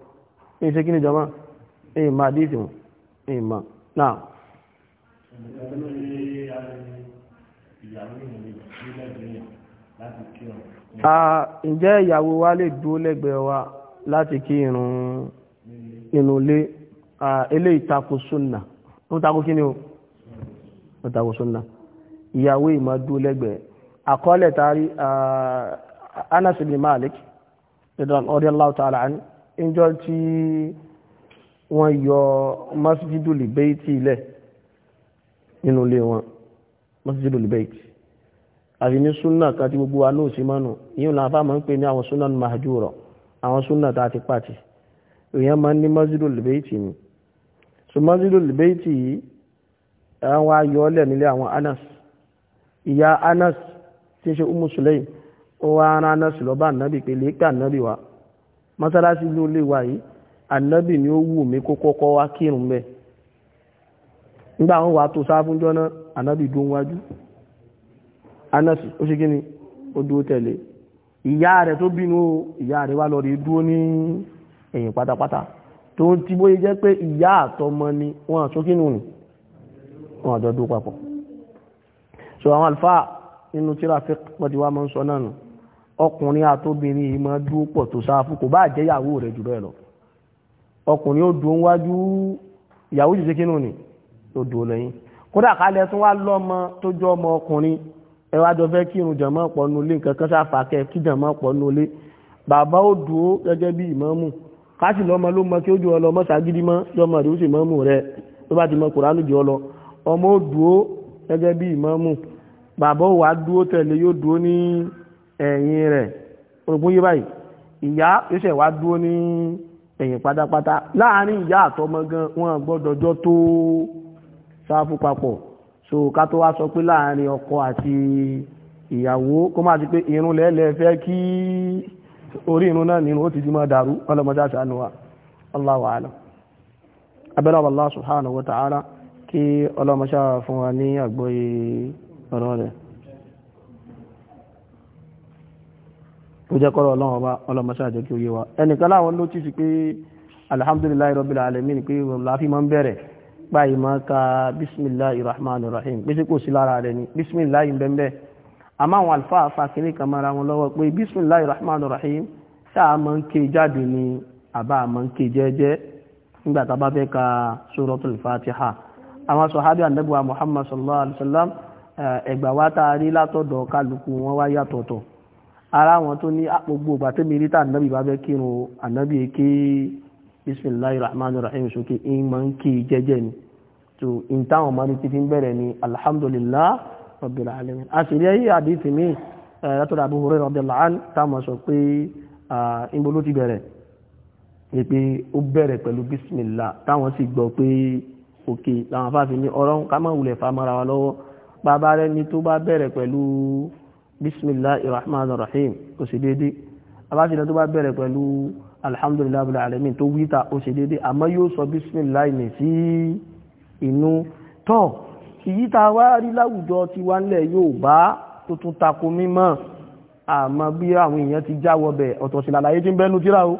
ní ṣe kí ni jọmọ́ ní ìmá àdíṣì mú ní ìmá náà ǹjẹ́ ìyàwó wa lè dúó lẹ́gbẹ̀ẹ́ wa láti kí irun inú ilé ilé ìtakò súnà ó takò kí ni ó ó takò súnà ìyàwó ìmá dúó lẹ́gbẹ̀ẹ́ àkọọ́lẹ̀ tari Anas ibn Malik radiyallahu ta'ala anhu níjọ́ tí wọ́n yọ masjidu libeiti ilẹ̀ nínú ilé wọn masjidu libeiti àti ní súnà kan tí gbogbo wa náà sí mọ́nà yíò náà fáwọn ń pè ní àwọn súnà mahjura àwọn súnà tá ti pàtì èèyàn máa ń ní masjidu libeiti ni so masjidu libeiti yìí ẹ̀wọ̀n wa yọ ọ́lẹ̀ nílé àwọn anas ìyá anas tí ń ṣe umu sulaim ó wá rán anas lọ́ba ànábì pé lè kà ànábì wa mọ́sálásí ló lè wà yìí ànábì ni ó wù mí kó kọ́kọ́ wá kírun bẹ́ẹ̀ nígbà wọn wà tó sáfúnjọ́ náà ànábì dún wájú anasi ó ṣe kíni ó dúró tẹ̀lé ìyá rẹ̀ tó bínú ìyá rẹ̀ wá lọ rí dúró ní ẹ̀yìn pátápátá tó ń ti bóyé jẹ́ pé ìyá àtọmọ ni wọ́n àsókínú nì wọ́n àjọ dó papọ̀ so àwọn àlùfáà nínú tíra fẹ́ pọ̀ máa ń sọ náà nù ọkùnrin àtobìnrin yìí máa dúró pọ̀ tó sáfù kò bá jẹ́ ìyàwó rẹ̀ jù bẹ́ẹ̀ lọ ọkùnrin ó dúró wájú ìyàwó jù sí kínú ni ó dúró lẹ́yìn kódà kálẹ̀ tún wá lọ́mọ tó jọ ọmọ ọkùnrin ẹ wá jọ fẹ́ kírun jàmọ́ pọ̀ nulẹ̀ nǹkan kan sáfà kẹ́ kí jàmọ́ pọ̀ nulẹ̀ bàbá ó dúró gẹ́gẹ́ bí ìmámù kásì lọ́mọ ló mọ kí ó ju ọ lọ mọ́ ságídí mọ́ lọ́mọ rẹ̀ ó sì mọ́mù rẹ̀ tó bá ti mọ kùránù jù ọ lọ ọmọ ó dúró gẹ́gẹ́ bí ìmámù bàbá ó wá dúró tẹ̀lé yóò dúró ní ẹ̀yìn rẹ̀ orogún yé báyìí ìyá yóò ṣẹ̀ wá dúró ní ẹ̀yìn pátápátá láàárín ìyá àtọmọ gan wọn gbọ́dọ̀ jọ tó sáfù papọ̀ so ká tó wá sọ pé láàárín ọkọ àti ìyàwó kó má ti pé irun lẹ́lẹ́ fẹ́ kí orí irun náà nínú ó ti di máa dàrú ọlọ́mọdé àṣánú kí fún wa ní ọ̀rọ̀ rẹ̀ kó jẹ́ kọ́rọ̀ ọlọ́run ọba ọlọ́mọṣẹ́ àjọ kí ó yé wa ẹnìkan láwọn ló tíṣu pé alhamdulilayi rabbil alamin pé láàfin máa ń bẹ̀rẹ̀ báyìí máa ka bisimilayi rahman rahim pèsè kò sí lára rẹ̀ ni bisimilayi bẹ́ẹ̀ àmọ́ àwọn àlùfáà fàkínní kan mara wọn lọ́wọ́ pé bisimilayi rahman rahim sáà máa ń ké jáde ní àbá máa ń ké jẹ́jẹ́ nígbà tá a bá fẹ́ ka suratul látọ̀dọ̀ kálukú wọn wá yàtọ̀tọ̀ ara wọn tó ní ah, gbogbo ìgbà tó mìírítà ànábì bá fẹ́ kírun ànábì èké bisimilahi rahman rahim sókè in ń kí jẹ́jẹ́ ni tó in táwọn máa ní títí ń bẹ̀rẹ̀ ni alhamdulillah rabbil alamin a sì rí ayé àdìsí mi látọ̀dọ̀ Abu Hurairah radiyallahu anhu táwọn sọ pé ìbò ló ti bẹ̀rẹ̀ ni pé ó bẹ̀rẹ̀ pẹ̀lú bisimilah táwọn sì gbọ́ pé òkè làwọn fáfin ní ọ̀rọ̀ ká má wulẹ̀ fa mara wa lọ́wọ́ ni tó bá bẹ̀rẹ̀ bisimilahi rahman rahim ó ṣe déédé abáṣẹlẹ tó bá bẹ̀rẹ̀ pẹ̀lú alhamdulilayi abu alamin tó wíta ó ṣe déédé àmọ́ yóò sọ bisimilahi ní sí inú tọ́ èyí tá a wá rí láwùjọ tí wá nílẹ̀ yóò bá tó tún tako mímọ́ àmọ́ bí àwọn èèyàn ti jáwọ́ bẹ̀ ọ̀tọ̀ sí làlàyé tí ń bẹ́nu o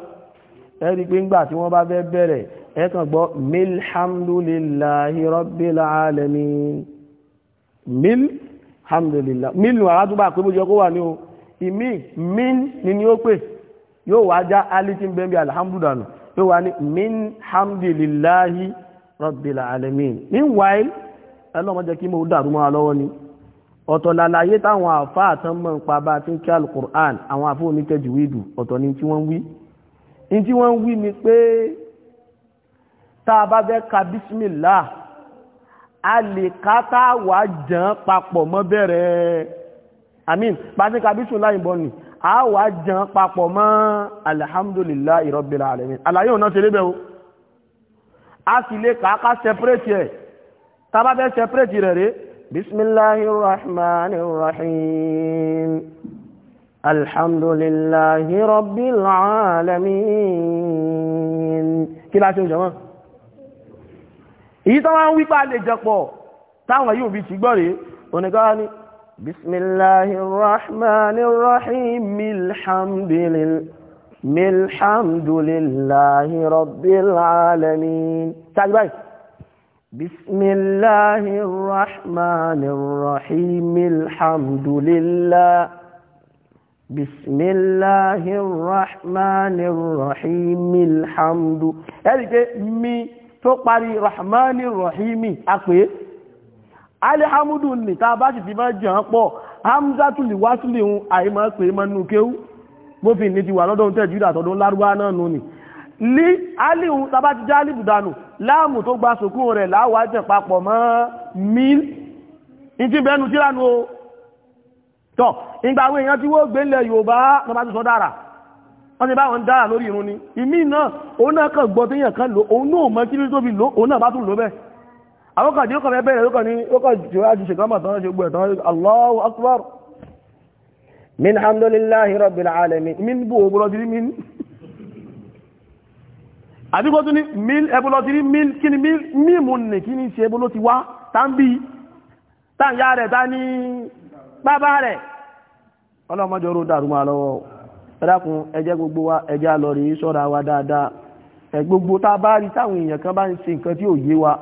ẹ rí i pé ńgbà tí wọ́n bá fẹ́ bẹ̀rẹ̀ ẹ kàn milhamdulilahi rabbil alamin mil alhamdulillah mílùú àádúgbà pé bójú ọkọ̀ wà ní o imi min ni ni ó pè yóò wá já alítí bẹ́ẹ̀bí alhamdulillah yóò wá ní min hamdulillahi rabbil alamin meanwhile ẹlọ́mọdé kí mo dàrú mọ́ lọ́wọ́ ni ọ̀tọ̀ lálàyé táwọn àfá àtọ́mọ̀ ń pa bá ti ń kí alukur'an àwọn àfó onítẹ̀jùwìdù ọ̀tọ̀ ni tí wọ́n wí in tí wọ́n wí ni pé tá a bá fẹ́ ka bismillah a lè kátà wà jàn papọ̀ mọ́ bẹ̀rẹ̀ amin pàtíkà bíṣù láìbọn ni a wà jàn papọ̀ mọ́ alhamdulillah rabbil alamin àlàyé ọ̀nà ṣe lébẹ̀ o a sì lè kàákà separate ẹ̀ tàbábẹ́ separate rẹ̀ rí bismillahirrahmanirrahim alhamdulillahi rabbil alamin kí láti ń èyí tó wá ń wípé a lè jọpọ̀ táwọn yóò fi ti gbọ́ rèé oníkan ní bisimilahi rahmani rahim milhamdulilahi rabbil alamin tàbí báyìí bisimilahi rahmani rahim milhamdulilah bisimilahi rahmani rahim milhamdu ẹ̀rí pé tó parí rahmani rahimi apé alihamudu ní ta bá sì ti máa jẹ́ pọ̀ hamzatu lè wá sílé ohun àìmọ́ pé mọ́nú kéwú bófin ní ti wà lọ́dọ̀ tẹ́ jùlọ àtọ́dún lárúbá náà nù ní lí alihun ta bá ti já alìbùdánù láàmù tó gba sòkún rẹ̀ láwájẹ̀ mil ìtí bẹnu tíránu o tọ́ ìgbàwó èèyàn tí wó gbé ilẹ̀ Yorùbá wọ́n ti bá wọn dára lórí irun ni ìmí náà òun náà kàn gbọ́ téèyàn kan lò òun náà mọ́ kí ló tóbi lò òun náà bá tún lò bẹ́ẹ̀ àwọn kàdé ó kàn fẹ́ bẹ̀rẹ̀ ó kàn ní ó kàn jù ájú ṣe kámà tán ṣe gbọ́ ẹ̀tàn Allahu akbar min hamdulillahi rabbil alamin min bú ogbọ́lọ́ ti rí min àdúgbò tún ní mil ẹ̀dàkùn ẹjẹ́ gbogbo wa ẹjẹ́ lọ rí sọ́ra wa dáadáa ẹ̀ gbogbo tá a bá rí táwọn èèyàn kan bá ń ṣe nǹkan tí ò yé wa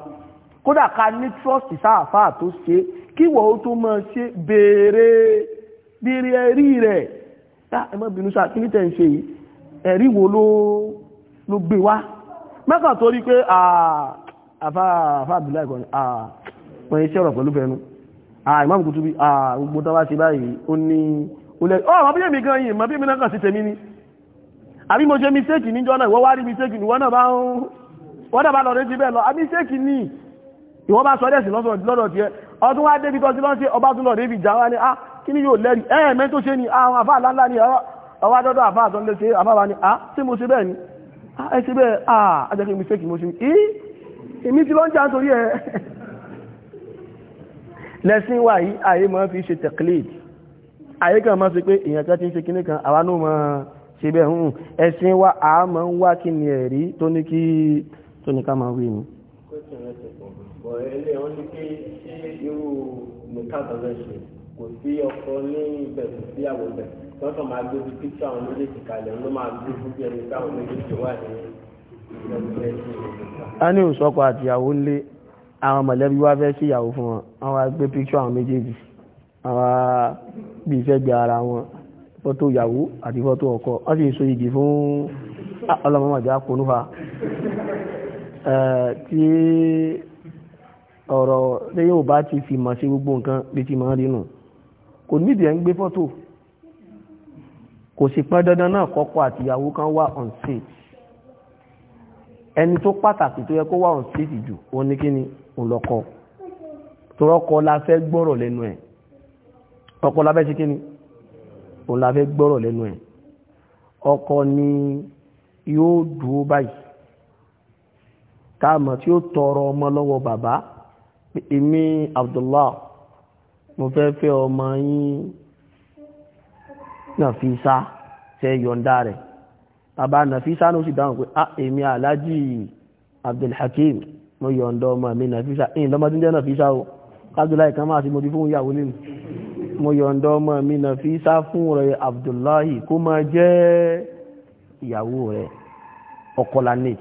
kódà ká ní trust sáàfáà tó ṣe kí wọ́n ó tó máa ṣe béèrè bírí ẹ̀rí rẹ̀ tá ẹ má bínú sáà kí ní tẹ̀ ń ṣe yìí ẹ̀rí wo ló ló gbé wá mẹ́kàn torí pé àfáà àbílẹ̀ ìkọ̀ni wọ́n ṣe ọ̀rọ̀ pẹ̀lú fẹ́nu àìmọ́ olè ọ́ oh, ma bí èmi gan yìí ma bí èmi náà kàn sí tèmi ni àbí mo ṣe mistake níjọ́ náà ìwọ́n wá rí mistake ni wọ́n náà bá ń wọ́n náà bá lọ rétí bẹ́ẹ̀ lọ a mistake ni ìwọ́n bá sọ dẹ̀sì lọ́sọ̀ lọ́dọ̀ tiẹ̀ ọdún wá débi kan sí lọ́sẹ̀ ọba tún lọ débi jà wá ní ah kí ni yóò lẹ́rìí eh, ẹ̀ mẹ́ tó ṣe ni ah, àwọn àfáà lálá ni ọwọ́ adọ́dọ̀ àfáà tó ń lé ṣe àfáà ni ah ṣé mo ṣe ah, ah, a jẹ́ kí mistake mo ṣe ni ih èmi ti lọ ń jà nítorí ẹ lẹ́sìn wà yìí àyè máa fi àyíkàn máa ṣe pé èèyàn kan ti ń ṣe kinní kan àwa náà máa ṣe bẹ́ẹ̀ hùn ẹ̀sìn wa a máa ń wá kí ni ẹ̀rí tó ní kí tó ní ká máa wí ni. kò sí ọkọ ní ibẹ̀ kò sí àwọn ibẹ̀ wọ́n kàn máa gbé bí píkṣọ àwọn méjèèjì kalẹ̀ ló máa gbé fún a ní òṣọ́kọ àtìyàwó lé àwọn mọ̀lẹ́bí wá fẹ́ síyàwó fún wọn wọ́n wá gbé àwọn méjèèjì àwọn bí iṣẹ́ gba ara wọn fọ́tò ìyàwó àti fọ́tò ọkọ wọ́n sì so igi fún ah, ọlọ́mọmọ̀já kónúfà tí ọ̀rọ̀ tí yóò bá ti fi mọ̀ sí gbogbo nǹkan bí ti máa rínú kò nídìí ẹ̀ ń gbé fọ́tò kò sì pẹ́ dandan náà kọ́kọ àti ìyàwó kan wà on stage ẹni tó pàtàkì tó yẹ kó wà on stage jù òun ní kíni òun lọ́kọ tó rọ́kọ la fẹ́ gbọ́rọ̀ lẹ́nu ẹ̀ ọkọ lábẹ́ sí kíni òun la fẹ́ gbọ́rọ̀ lẹ́nu ẹ̀ ọkọ ni yóò dúró báyìí táàmà tí ó tọrọ ọmọ lọ́wọ́ bàbá èmi Abdullah mo fẹ́ fẹ́ ọmọ yín Nàfísà ṣe yọ̀ǹda rẹ̀ bàbá Nàfísà ló sì dáhùn pé a ah, èmi Aláàjì Abdulhakeem mo yọ̀ǹda ọmọ mi Nàfísà ìyìn lọ́mọdé jẹ́ Nàfísà o kájúláì kan máa ti mo ti fún ìyàwó nínú mo yọ̀ǹda ọmọ mi Nafisa fún rẹ̀ Abdullahi kó máa jẹ́ ìyàwó rẹ̀ ọkọlani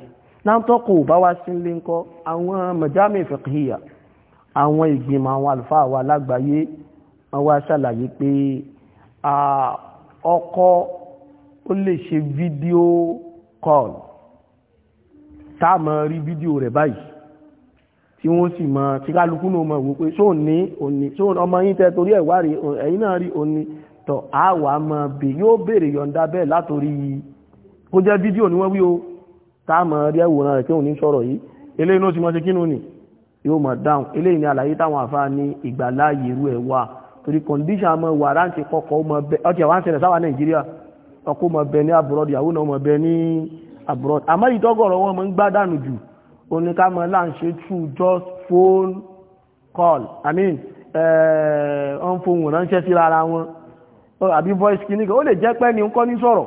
láńtọ́kù bá wá sílé ńkọ́ àwọn mẹjámì fìkìyà àwọn ìgbìmọ̀ àwọn àlùfáà wa lágbàáyé wọ́n wá ṣàlàyé pé ọkọ ó lè ṣe fídíò kọ́ọ̀lù táà rí fídíò rẹ̀ báyìí tí wọ́n sì mọ tí kálukú náà mọ̀ wò pé sóò ní òní sóò ọmọ yín tẹ torí ẹ̀ wárí ẹ̀yin náà rí òní tọ̀ á wà á yóò béèrè yọ̀ǹda bẹ́ẹ̀ látòrí kó jẹ́ fídíò ni wọ́n wí o tá a mọ̀ rí ẹ̀wòrán rẹ̀ tí òun ní sọ̀rọ̀ yìí eléyìí náà ti mọ̀ ni àlàyé táwọn àfa ní ìgbàláàyè irú ẹ̀ wà torí kọ̀ǹdíṣàn mọ̀ wà ráǹtì kọkọ̀ ó mọ bẹ ọtí àwọn àṣẹlẹ̀ sáwà abroad ìyàwó náà mọ̀ bẹ abroad àmọ́ ìtọ́gọ̀rọ̀ wọn mọ̀ ń gbádànù jù oníkàmọ́ là ń ṣe true just phone call i mean eh, ọ̀n fohùn ránṣẹ́ sí ara wọn àbí voice clinic ó lè jẹ́ pẹ́ ni ń kọ́ ní sọ̀rọ̀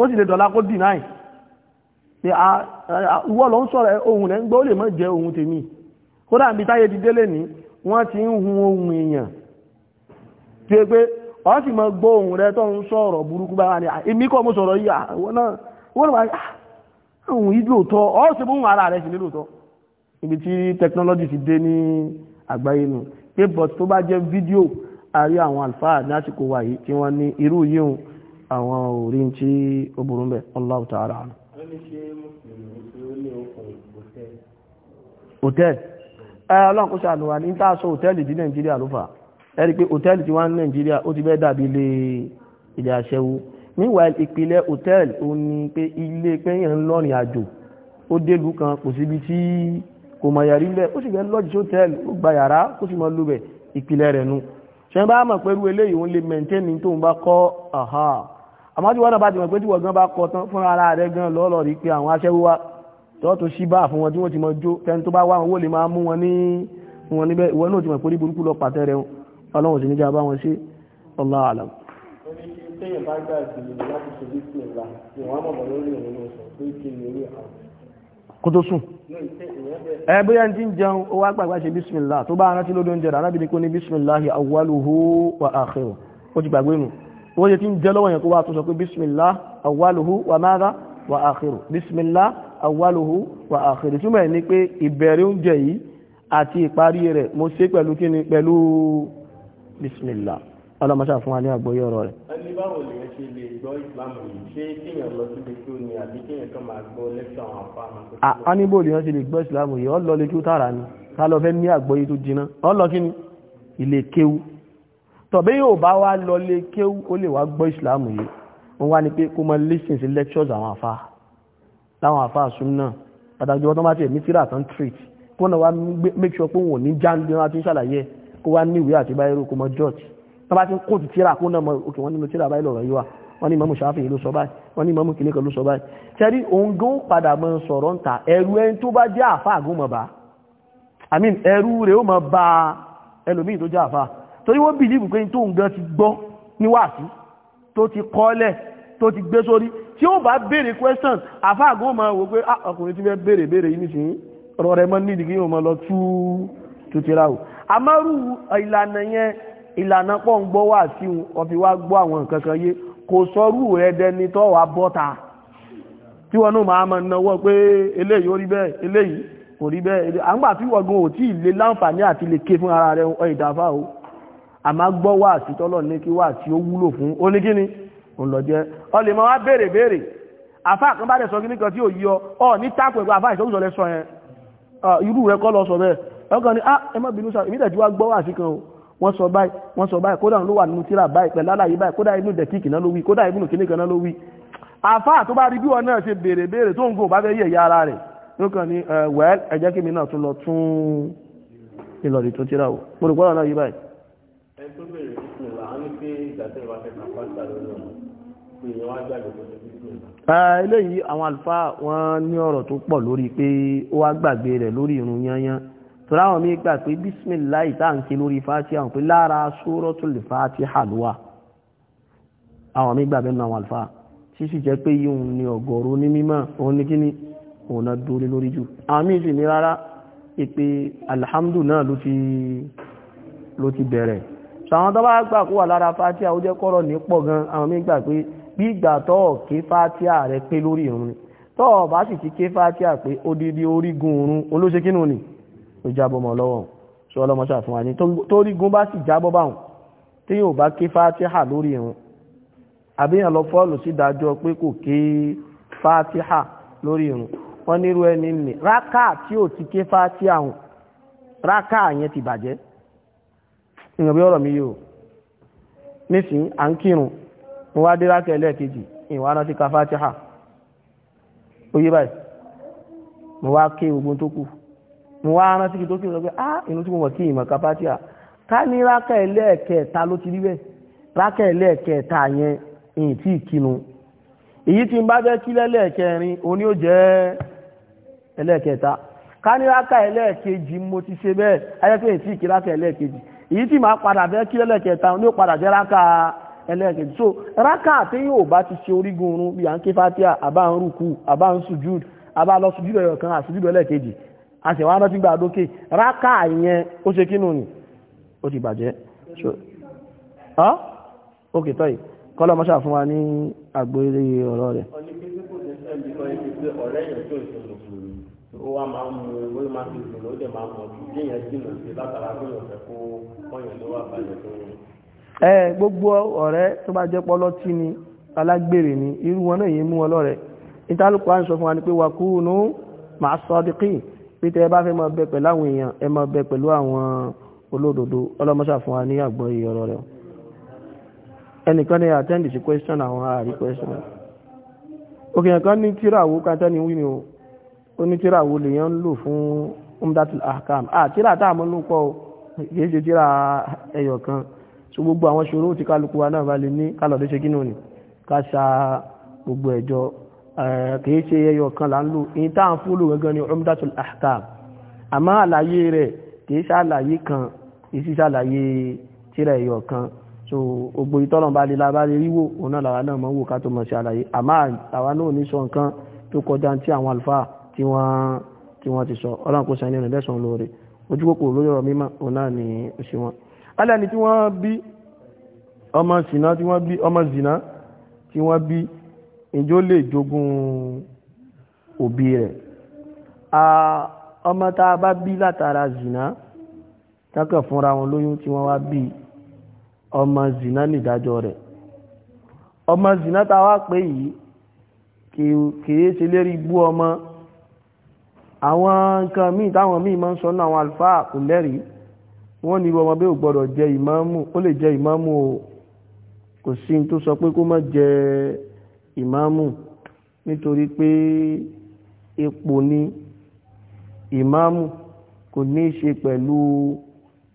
ó sì lè dọ̀la kó deny pé ah, ah, ah, ìwọ ló ń sọ̀rọ̀ ohun rẹ̀ ń gbọ́ ó lè má jẹ́ ohun tèmi kódà níbi táyé ti délé ní wọ́n ti ń hun ohun èèyàn tí ó pé ọ sì mọ gbọ́ ohun rẹ̀ tó ń sọ̀rọ̀ burúkú báwa ni èmi kọ́ mo sọ̀rọ̀ yìí àwọn náà wọ́n lè máa òun yìí lóòótọ́ ọ́ ṣe bóun ara rẹ̀ sì ní ibi tí technology ti dé ní àgbáyé nù pé but tó bá jẹ́ fídíò àrí àwọn àlùfáà ní àsìkò wa yìí tí wọ́n ní irú yíhun àwọn òrí tí ó burú bẹ̀ Allahu ta'ala. hòtẹ́ẹ̀lì ọlọ́run kó ṣàlùwà ní tàṣọ hòtẹ́ẹ̀lì tí Nàìjíríà ló fà ẹ́ rí i pé hòtẹ́ẹ̀lì tí wọ́n ní Nàìjíríà ó ti bẹ́ẹ̀ dàbí ilé àṣẹ́wó meanwhile ìpìlẹ̀ hotel ó ní pé ilé pẹ́yàn ń lọ́rin àjò ó délùú kan kò síbi tí kò mọ̀ yàrí bẹ́ẹ̀ ó sì fẹ́ lọ́jì hòtẹ́ẹ̀lì ó gba yàrá kó sì mọ́ lóbẹ̀ ìpìlẹ̀ rẹ̀ nu ṣe bá mọ̀ pẹ̀lú eléyìí òun lè maintain tó ń bá kọ́ àmọ́ tí wọ́n náà bá ti mọ̀ pé tí wọ́n gan bá kọ tán fúnra ara rẹ̀ gan lọ́lọ́ rí pé àwọn aṣẹ́wó wa tó tó sí bá fún wọn tí wọ́n ti mọ̀ jó tẹni tó bá wá owó lè máa mú wọn ní wọn níbẹ̀ ìwọ náà ti mọ̀ pé orí burúkú lọ pàtẹ́ rẹ̀ ọlọ́run sì níjà bá wọn ṣe Allahu alam téèyàn bá gbà gbìyànjú láti ṣe bí sí ìlà ni wọ́n á mọ̀ bọ̀ lórí ìrìn oṣù pé kí ni orí àwọn. kó tó sùn. ẹ bóyá ní ti ń jẹun ó wá gbàgbà ṣe bísímìlá tó bá arántí lódó ń jẹ rà arábìnrin kò ní bísímìláhi awwaluhu wa akhiruhu ó ti gbàgbé nù ó yẹ ti ń jẹ lọ́wọ́ yẹn kó wá tó sọ pé bísímìlá awwaluhu wa madha wa akhiruhu bísímìlá awwaluhu wa akhiruhu túmọ̀ ní pé ìbẹ̀rẹ̀ oúnjẹ yìí àti ìparí rẹ̀ mo ṣe pẹ̀lú kíni pẹ̀lú bísímìlá ọlọ́mọṣà fún wa ní àgbóyé ọ̀rọ̀ rẹ̀. ẹni báwo lè ṣe lè gbọ́ ìsìlámù yìí ṣé kéèyàn lọ síbi tí ó ní àbí kéèyàn kan máa gbọ́ lẹ́kṣọ̀ àwọn afá àmọ́. a ní bó lè ṣe lè gbọ́ ìsìlámù yìí ọ lọ lè kíw tààrà ni ká lọ fẹ́ ní àgbóyé tó jiná ọ lọ kí ni ilé kéw tọ̀bí yóò bá wá lọ lè kéw ó lè wá gbọ́ ìsìlámù yìí wọ́n wá ní pé kó máa listen sí lectures àwọn afá láwọn afá tó bá ti ń kóòtù tíra kó náà mọ̀ òkè wọ́n nínú tíra báyìí lọ̀rọ̀ yìí wà wọ́n ní mọ́mù ṣáfì ló sọ báyìí wọ́n ní mọ́mù kìnníkan ló sọ báyìí tẹ́rí òun gan padà mọ́ sọ̀rọ̀ ń ta ẹ̀rù ẹni tó bá jẹ́ àfà àgún mọ̀ bá i mean ẹ̀rù rẹ̀ ó mọ̀ bá ẹlòmíì tó jẹ́ àfà torí wọ́n bìlíìfù pé tó ń gan ti gbọ́ níwàásí tó ti kọ́lẹ̀ tó ti gbé sórí tí ó bá béèrè question àfà àgún wò pé ah, ọkùnrin ti fẹ́ béèrè béèrè yìí nìsín ọ̀rọ̀ mọ́ nídìí kí yóò mọ̀ lọ tú tutira o àmọ́rù ìlànà yẹn ìlànà pọ̀ ń gbọ́ wà sí ọ̀fi wá gbọ́ àwọn nǹkan kan yé kò sọ́rú rẹ̀ dẹni tọ́ wà bọ́ta tí wọ́n náà máa mọ̀ náwọ́ pé eléyìí ó rí bẹ́ẹ̀ eléyìí kò rí bẹ́ẹ̀ àgbà tí wọ̀gbọ̀n ò tí ì lè láǹfààní àti lè ké fún ara rẹ̀ ọ ìdáfà o àmá gbọ́ wà sí tọ́lọ̀ ní kí wà tí ó wúlò fún ó ní kíni ò yí ọ ọ ah ẹ má bínú sa èmi tẹ̀ tí wọ́n sọ báyìí wọ́n sọ báyìí kódà ló wà nínú tíra báyìí pẹ̀lú àlàyé báyìí kódà ibùn dẹ̀kíkì náà ló wí kódà ibùn kíní kan náà ló wí àfáà tó bá rí bí wọn náà ṣe béèrè béèrè tó ń gò bá fẹ́ yẹ̀ ya ara rẹ̀ ló kàn ní wẹ́ẹ́l ẹ jẹ́ kí mi náà tún lọ tún ìlọ̀rí tó tíra o mo rò pọ́nà náà yí báyìí. ẹ tó béèrè bísímìlà á ní pé ìgbà tẹ́ ìwà fẹ́ kàn fásitì lónìí pé ìyẹn wá gbàgbé tó tọ́lá àwọn mi gbà pé bísímìláì tá à ń ké lórí fatiha pé lára suratul fatiha ló wà àwọn mi gbà bẹ́ẹ̀ nù àwọn àlùfáà ṣíṣì jẹ́ pé yíò ní ọ̀gọ̀rọ̀ ní mímọ̀ òun ní kíní òun náà dúró lórí jù àwọn mi sì ní rárá ìpè alhamdu náà ló ti ló ti bẹ̀rẹ̀ ṣàwọn tó bá gbà kó wà lára fatiha ó jẹ́ kọ́rọ̀ ní pọ̀ gan àwọn mi gbà pé bí ìgbà tọ́ọ̀ ké fatiha rẹ pé lórí ìrun ni tọ́ọ̀ bá sì ti ké fatiha pé odidi orígun òrun olóṣèkínú ni ó jábọ́ mọ́ lọ́wọ́ ṣọ́ ọlọ́mọṣà fún wa torí gún bá sì jábọ́ tí yóò bá ké fátíhà lórí ìrun àbíyàn lọ fọ́ọ̀lù sí dájọ́ pé kò ké fátíhà lórí wọ́n nírú ẹni nì tí ò ti ké fátíhà hùn rákà yẹn ti bàjẹ́ ìyàn bí ọ̀rọ̀ mi yóò à ń kírun mo wá dé rákà ẹlẹ́ẹ̀kejì ìwà ka ó yé báyìí mo wá ké ogun tó kù mo wá rántí kí tó kí n sọ pé ah inú tí mo wọ̀ kí ìmọ̀ kápátíà ká ní rákà ẹlẹ́ẹ̀kẹta ló ti rí bẹ́ẹ̀ rákà ẹlẹ́ẹ̀kẹta yẹn tí èyí tí n bá fẹ́ kí lẹ́lẹ́ẹ̀kẹrin òní ó jẹ́ ẹlẹ́ẹ̀kẹta ká ní rákà ẹlẹ́ẹ̀kejì mo ti ṣe bẹ́ẹ̀ ayé pé ìkí rákà ẹlẹ́ẹ̀kejì èyí tí màá padà fẹ́ kí lẹ́lẹ́ẹ̀kẹta òní ó padà jẹ́ rákà ẹlẹ́ẹ̀kejì so ti ṣe orígun oorun à ń ké fatia àbá a sì wá rántí gbà dókè rákà yẹn ó ṣe kínú ni ó ti bàjẹ́ ókè tọ́yì kọ́lọ̀ mọ́ṣà fún wa ní àgbóyé ọ̀rọ̀ rẹ̀ ó wá máa ń mu ó máa fi gbogbo ọ̀rẹ́ tó bá jẹ́ pọ́lọ́tì ni alágbèrè ni irú wọn náà yìí mú wọn ìtàlùkọ́ à fún wa ni pé wàkúùnù màá sọ ọ́ dìkì pé tẹ́ ẹ bá fẹ́ máa bẹ pẹ̀lú àwọn èèyàn ẹ máa bẹ pẹ̀lú àwọn olódodo ọlọ́mọṣà fún wa ní àgbọ́yé ọ̀rọ̀ rẹ̀ ẹnìkan ni attend sí question àwọn ààrí question òkè ẹ̀kan ní tíràwó kátẹ́ni wí ni o ó ní tíràwó lèèyàn ń lò fún umdatul ahkam ah tírà tá a mọ́ ló pọ̀ o kìí ṣe tírà ẹyọ kan so gbogbo àwọn ṣòro tí kálukú wa náà bá lè ní kálọ̀dé ṣe kí ni ká Eh, kìí ṣe ẹyọ kan là ń lò èyí tá à ń fúlò gẹ́gẹ́ ní umdatul ahkam àmọ́ àlàyé rẹ̀ kìí ṣàlàyé kan ìsí ṣàlàyé tíra ẹyọ kan so gbogbo ìtọ́nà bá lè la bá lè ríwò òun náà làwa náà mọ̀ ń wò ká tó mọ̀ ṣe àlàyé àmọ́ àwa náà ní sọ nǹkan tó kọjá tí àwọn àlùfáà tí wọ́n ti sọ ọlọ́run kò sàn nínú ẹ̀dẹ́sàn lóore ojú kòkò lórí ọ̀rọ̀ mímọ́ òun náà ni ó ṣe wọn. alẹ́ ni tí wọ́n bí ọmọ zina tí wọ́n bí ọmọ zina tí wọ́n bí ìjó lè jogún òbí rẹ̀ ọmọ tá a bá bí látara zina tákàn fúnra wọn lóyún tí wọ́n wá bí ọmọ zina nìdájọ́ rẹ̀ ọmọ zina tá a wá pé yìí kìí ṣe lérí bú ọmọ àwọn nǹkan míì táwọn míì máa ń sọ náà àwọn àlùfáà kò lẹ́rìí wọ́n ní ọmọ bí ò gbọ́dọ̀ jẹ ìmáàmù ó lè jẹ ìmáàmù o kò sí tó sọ pé kó má jẹ ìmáàmù nítorí pé ipò ni ìmáàmù kò ní í ṣe pẹ̀lú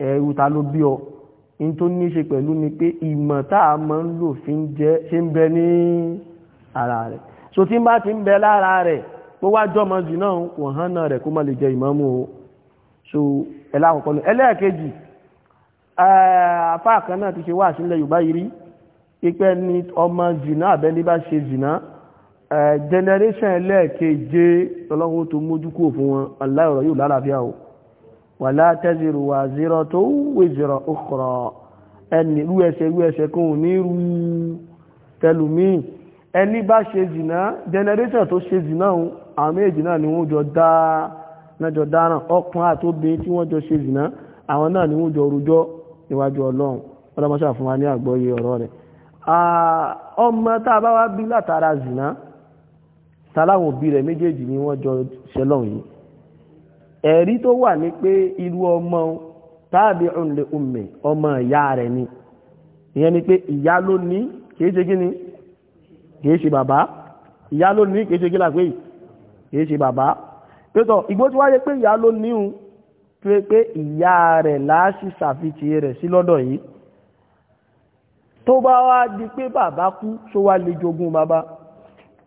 ẹ̀rù ta ló bí ọ ní tó ní ṣe pẹ̀lú ni pé ìmọ̀ tá a máa ń lò fi jẹ́ ṣe ń bẹ ní ara rẹ̀ so tí n bá ti ń bẹ lára rẹ̀ pé wá jọmọ jù náà kò hàn náà rẹ̀ kó má lè jẹ ìmáàmù o so ẹlẹ́kọ̀ọ́kọ́ ni ẹlẹ́ẹ̀kejì àfáà kan náà ti ṣe wá sílẹ̀ Yorùbá yìí ipẹ́ ni ọmọ zina àbẹ́ni bá ṣe zina generation ẹlẹ́ẹ̀keje lọ́lọ́wọ́ tó mójú kúrò fún wọn aláìrọ̀ yóò lálàáfíà o wà látẹ́zìrò wà zero tó wè zero ukhra ẹni rú ẹsẹ̀ rú ẹsẹ̀ ní rú tẹlùmí ẹni bá ṣe zina generation tó ṣe zina o àwọn méjì náà ni wọ́n jọ dá nájọ dáràn ọkùnrin àtóbìnrin tí wọ́n jọ ṣe zina àwọn náà ni wọ́n jọ rújọ́ níwájú ọlọ́run ọlọ́mọṣà fún wa ní àgbọ́yé ọ̀rọ̀ rẹ̀ ọmọ tá a bá wá bí látara zìnà tàláwọn òbí rẹ̀ méjèèjì ni wọ́n jọ ṣẹlọ́n yìí ẹ̀rí tó wà ní pé irú ọmọ tàbí ọ̀nlẹ̀ ọmọ ọmọ ìyá rẹ̀ ni ìyẹn ni pé ìyá ló ní kìí ṣe kí ni kìí ṣe bàbá ìyá ló ní kìí ṣe kí làpé kìí ṣe bàbá pétọ̀ ìgbó tí wáyé pé ìyá ló ní un pé ìyá rẹ̀ láásì ṣàfitì rẹ̀ sí lọ́dọ̀ yìí tó bá wá di pé bàbá kú só wá lè jogún bàbá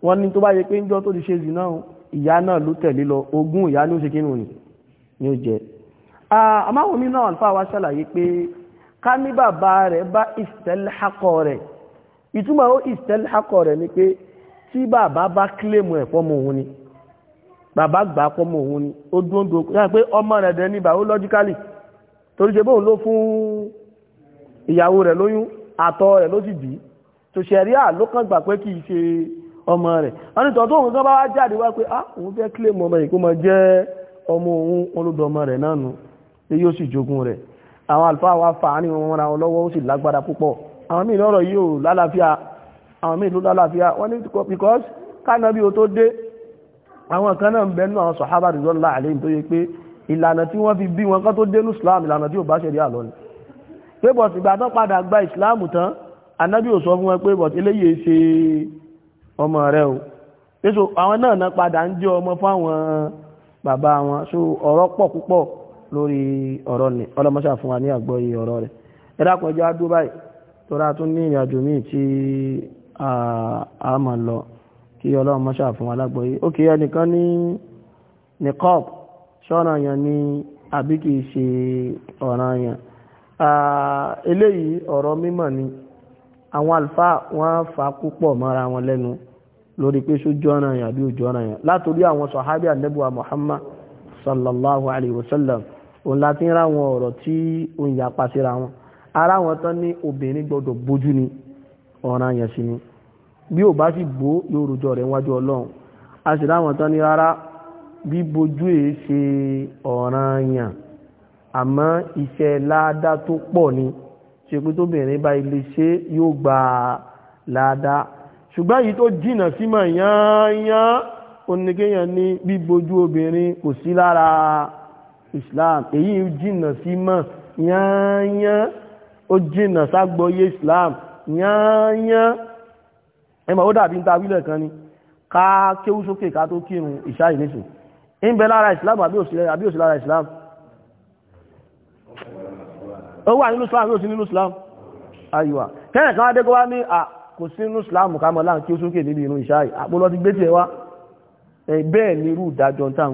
wọ́n ní tó bá yẹ pé ń jọ́ tó ti ṣe zì náà ìyá náà ló tẹ̀lé lọ ogún ìyá ní ṣe kínú ni ó jẹ́ àmáwọn mi náà alfa wa ṣàlàyé pé ká ní bàbá rẹ̀ bá ìstẹ́lẹ́hàkọ̀ rẹ̀ ìtumọ̀ ó ìstẹ́lẹ́hàkọ̀ rẹ̀ ni pé tí bàbá bá kílèmù ẹ̀ fọ́mọ òun ni bàbá gbà fọ́mọ òun ni ó dúndùn pé ọmọ rẹ̀ dẹ̀ ní bàbá ó lọ́jíkálì torí ṣe bóun ló fún ìyàwó rẹ̀ lóyún àtọ̀ rẹ̀ ló sì bí tó ṣẹ̀ríà ló kàn gbà pé kì í ṣe ọmọ rẹ̀ wọ́n ní tọ́tọ́ òun kan bá wá jáde wá pé ah òun fẹ́ kílèmù ọmọ yìí kó máa jẹ́ ọmọ òun olódọmọ rẹ̀ náà nù pé yóò sì jogún rẹ̀ àwọn àlùfáà wa fà á ní wọn mọ́ra wọn lọ́wọ́ ó sì lágbára púpọ̀ àwọn míì lọ́rọ̀ yìí ò lálàáfíà àwọn míì ló lálàáfíà wọ́n ní because kánábí o tó dé àwọn kan náà ń bẹ nínú àwọn sọ̀hábà rìzọ́lá àlẹ́yìn tó yẹ pé ìlànà tí wọ́n fi bí wọn kan tó dé ní Islam ìlànà tí ò bá ṣẹ̀rí àlọ́ ni pé bọ̀t ìgbà tó padà gba ìsìláàmù tán anábì ò sọ fún wọn pé bọ̀t eléyìí ṣe ọmọ rẹ o pèsò àwọn náà náà padà ń jẹ́ ọmọ fáwọn bàbá wọn so ọ̀rọ̀ pọ̀ púpọ̀ lórí ọ̀rọ̀ ni ọlọ́mọṣà fún wa ní àgbọ́yé ọ̀rọ̀ a mọ̀ lọ kí ọlọ́mọṣà fún wa lágbọ́yé ókè ẹnìkan ní ní cop ṣọ́nà àbí kìí ṣe ọ̀ràn yẹn eléyìí ọ̀rọ̀ mímọ̀ ni àwọn àlùfáà wọ́n fa púpọ̀ mọ́ra wọn lẹ́nu lórí pé sójú ọ̀nà yàn àbí ojú ọ̀nà yàn látòrí àwọn sọ̀hábí àdẹ́bùwà Muhammad sallallahu alayhi wa sallam òun láti ń ráwọn ọ̀rọ̀ tí òun yà pa síra wọn ara wọn tán ní obìnrin gbọdọ̀ bójú ni ọ̀ràn yẹn sí ni bí ò bá sì bó yóò rojọ rẹ̀ wájú ọlọ́run a sì ráwọn tán ní rárá bí bojú èé ṣe ọ̀ràn yàn àmọ́ iṣẹ́ láàdá tó pọ̀ ni ṣèpé tóbìnrin bá ilé ṣe yóò gba láàdá ṣùgbọ́n èyí tó jìnà sí mọ̀ yányán oníkéyàn ní bíbojú obìnrin kò sí lára Islam èyí jìnà sí mọ̀ yányán ó jìnà ságbọ́yé Islam yányán ẹmọ̀ ó dàbí ń ta wílẹ̀ kan ni ká kéwú sókè ká tó kírun ìṣáì nísìn ń bẹ lára Islam àbí òsì lára Islam ó wà nínú islam yóò sí nínú islam ayùwà kẹ́yìn kan adé kó wá ní à kò sí nínú islam ká mọ̀ kí ó sókè níbi ìrun ìṣáì àpolọ́ ti gbé tiẹ̀ wá bẹ́ẹ̀ ni irú ìdájọ́ tá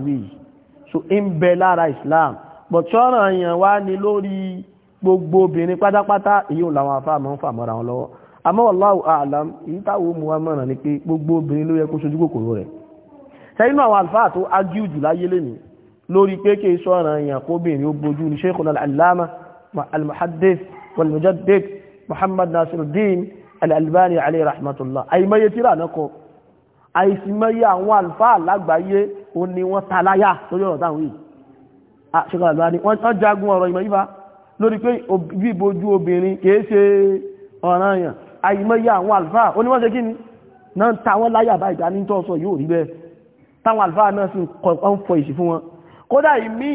so ń bẹ lára islam bọ̀tọ́rọ̀ èèyàn wá ní lórí gbogbo obìnrin pátápátá èyí ò làwọn afá mọ́ ń fà mọ́ra wọn lọ́wọ́ àmọ́ wallahu a'lam èyí táwọn ó mú wa mọ̀ràn ni pé gbogbo obìnrin ló yẹ kó sojú kòkòrò kí sọ̀rọ̀ èèyàn kóbìnrin ó bojú ní Sheikhul Allama المحدث والمجدد محمد ناصر الدين الألباني عليه رحمة الله àìmọye tírà náà kọ àìsìmọye àwọn àlùfáà lágbàáyé ó ní wọ́n taláyà lórí ọ̀rọ̀ táwọn yìí ṣẹ́kọ̀ọ́ Albani wọ́n jagun ọ̀rọ̀ ìmọ̀ yífa lórí pé bíbojú obìnrin kìí ṣe ọ̀ràn yàn àìmọye àwọn àlùfáà ó ní wọ́n ṣe kí ni náà táwọn láyà bá ìdánítọ́sọ yóò rí bẹ́ẹ̀ táwọn àlùfáà náà sì ń fọ ìṣì fún wọn kódà ìmíì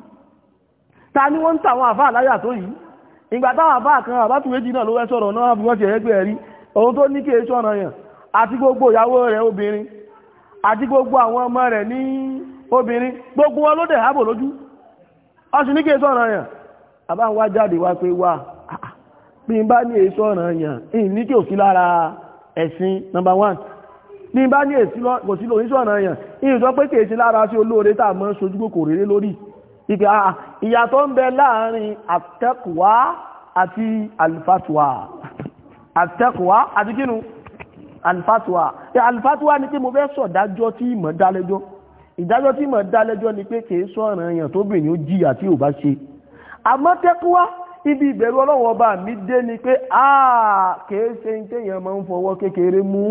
ta ni wọ́n ń tàwọn àfá àláyà tó yìí ìgbà táwọn àfá kan àbátù méjì náà ló wẹ́ sọ̀rọ̀ náà fi wọ́n ti ẹgbẹ́ rí ohun tó ní kí èso ọ̀nà yàn àti gbogbo ìyàwó rẹ̀ obìnrin àti gbogbo àwọn ọmọ rẹ̀ ní obìnrin gbogbo wọn ló dẹ̀ hábò lójú ọsùn ní kí èso ọ̀nà yàn àbá ń wá jáde wá pé wá bí n bá ní èso ọ̀nà yàn ní kí òsí lára ẹ̀sìn number one bí n bá ní èsí kò sí lòyìn sọ̀nà yàn ìyìn sọ pé kèèsí lára sí olóore tá a mọ́ sojú kòkòrò lórí ibi ah, ìyàtọ̀ ń bẹ láàrin àtẹ́kùwá àti alifatuwa àtẹ́kùwá àti kínú alifatuwa alifatuwa ni pé mo fẹ́ sọ ìdájọ́ tí mọ̀ dálẹ́jọ́ ìdájọ́ tí mọ̀ dálẹ́jọ́ ni pé kìí sọ̀rọ̀ èèyàn tó bìnrin ó jìyà tí ò bá ṣe àmọ́ ibi ìbẹ̀rù ọlọ́wọ́ ọba mi dé ni pé àà ah, kìí ṣe ń téèyàn máa ń fọwọ́ kékeré mú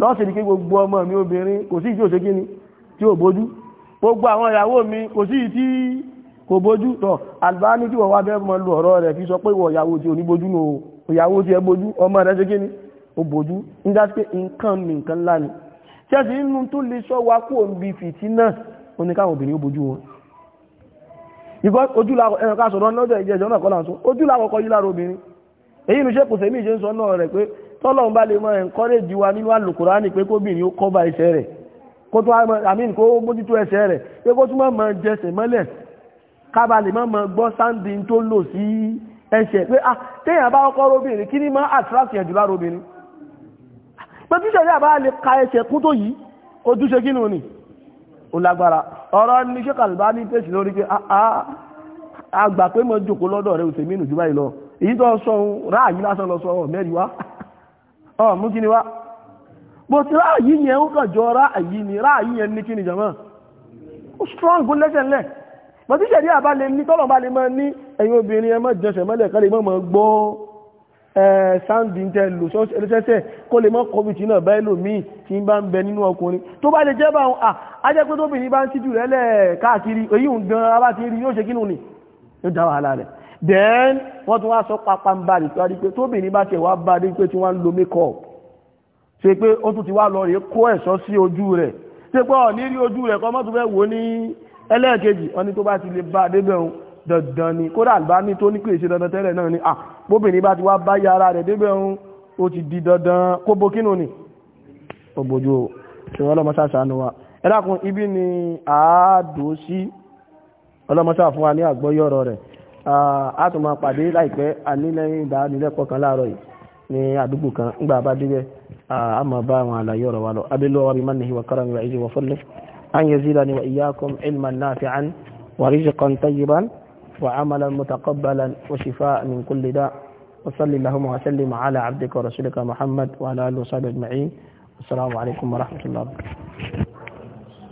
lọ́sìn ní kí gbogbo ọmọ mi obìnrin kò sí tí ò bójú gbogbo àwọn ìyàwó mi kò sí ìtí kò bójú tọ̀ Albani tí wọ́n wá bẹ́ẹ̀ mọ́ lu ọ̀rọ̀ rẹ̀ fi sọ pé ìwọ̀ ìyàwó tí ò ní bójú nù o ìyàwó tí ẹ bójú ọmọ rẹ̀ ṣe kíni ó bójú ń dá sí pé nǹkan mi nǹkan ńlá ni ṣẹ́sì inú tó lè sọ wa kó o ń bi fìtí náà ó ní káwọn obìnrin ó bójú wọn ìgbọ́ ojúlàwọ̀ ẹ̀rọ ká sọ̀rọ̀ lọ́jọ́ ìjẹjọ́ náà kọ́lá ń sọ ojúlàwọ̀ kọjú lára obìnrin èyí ní ṣépò sẹ́mi ìṣe ń sọ náà rẹ̀ pé tọ́lọ́run bá lè mọ encourage wa nínú àlùkùránì pé kóbìnrin ó cover iṣẹ́ rẹ̀ kó tó àmì kó mójútó ẹsẹ̀ rẹ̀ pé kó túnmọ̀ mọ jẹsẹ̀ mọ́lẹ̀ kábàlì mọ́ mọ gbọ́ sáǹdì tó lò sí ẹsẹ̀ pé ah téèyàn bá kọ́ robìnrin kí ni mọ́ àtúrásì ẹ̀jù lára obìnrin pé tíṣẹ̀ ní àbá lè ka ẹsẹ̀ kú tó yìí ojúṣe kí ni ó lágbára ọ̀rọ̀ ní ṣé kàlùbá ní tẹ̀sí lórí pé àgbà ah, ah, pé mo jòkó lọ́dọ̀ rẹ̀ òsèmínú jù báyìí lọ èyí tó sọ ráàyí lásán lọ sọ mẹ́rin wá ọ̀ mú kí ni wá bó ti ráàyí yẹn ó kàn jọ ráàyí ni ráàyí yẹn ní kí ni jọmọ́ ó strong ó lẹ́sẹ̀lẹ̀ mọ̀ tí ṣẹ̀dí àbá lè ní tọ́lọ̀ bá lè mọ́ ní ẹ̀yin obìnrin ẹ má jẹsẹ̀ mọ́lẹ̀ kan lè mọ́ gbọ́ sáńdì ń tẹ́ lò ṣẹ́ṣẹ́ kó lè mọ́ kọ́bìtì náà báyìí lò míì tí ń bá ń bẹ nínú ọkùnrin tó bá lè jẹ́ bá wọn ajẹ́pẹ́ tóbìnrin bá ń síjú rẹ̀ lẹ̀ káàkiri èyí ń gan ara ti rí yóò ṣe kínú ni yóò dá wàhálà rẹ̀ then wọ́n tún wá sọ pápá ń bá rí pé tóbìnrin bá tẹ̀ wá bá rí pé tí wọ́n ń lo makeup ṣe pé ó tún ti wá lọ rèé kó ẹ̀ṣọ́ sí ojú rẹ̀ ṣe pé ọ̀ nírí ojú rẹ̀ kọ́ mọ́tò fẹ́ wò ní ẹlẹ́ẹ̀kejì ọ ní tó bá ti lè bá débẹ̀ òun dandan ni kódà àlùbá ní tó ní pé ṣe dandan tẹ́lẹ̀ náà ni à bóbìnrin bá ti wá bá yàrá rẹ̀ débẹ̀ òun ó ti di dandan kó bo kínú ni ògbójú o ṣèwọ́ ọlọ́mọṣá ṣàánú wa ẹ dákun ibi ni àádó sí ọlọ́mọṣá fún wa ní àgbọ́yọ̀rọ̀ rẹ̀ a tún máa pàdé láìpẹ́ ànílẹ́yìn ìdánilẹ́kọ̀ọ́ kan láàárọ̀ yìí ní àdúgbò kan nígbà bá débẹ̀ a máa bá àwọn àlàyé ọ̀rọ̀ wa lọ abẹ́lẹ́ wa bí mannihi wa karami wa izi wa fadli an yazidani wa iyyakum ilman nafi'an wa rizqan tayyiban wa amalan mutaqabbalan wa shifaa min kulli da wa salli allahumma wa sallim ala abdika wa rasulika muhammad wa ala alihi wa ajma'in assalamu alaikum wa rahmatullahi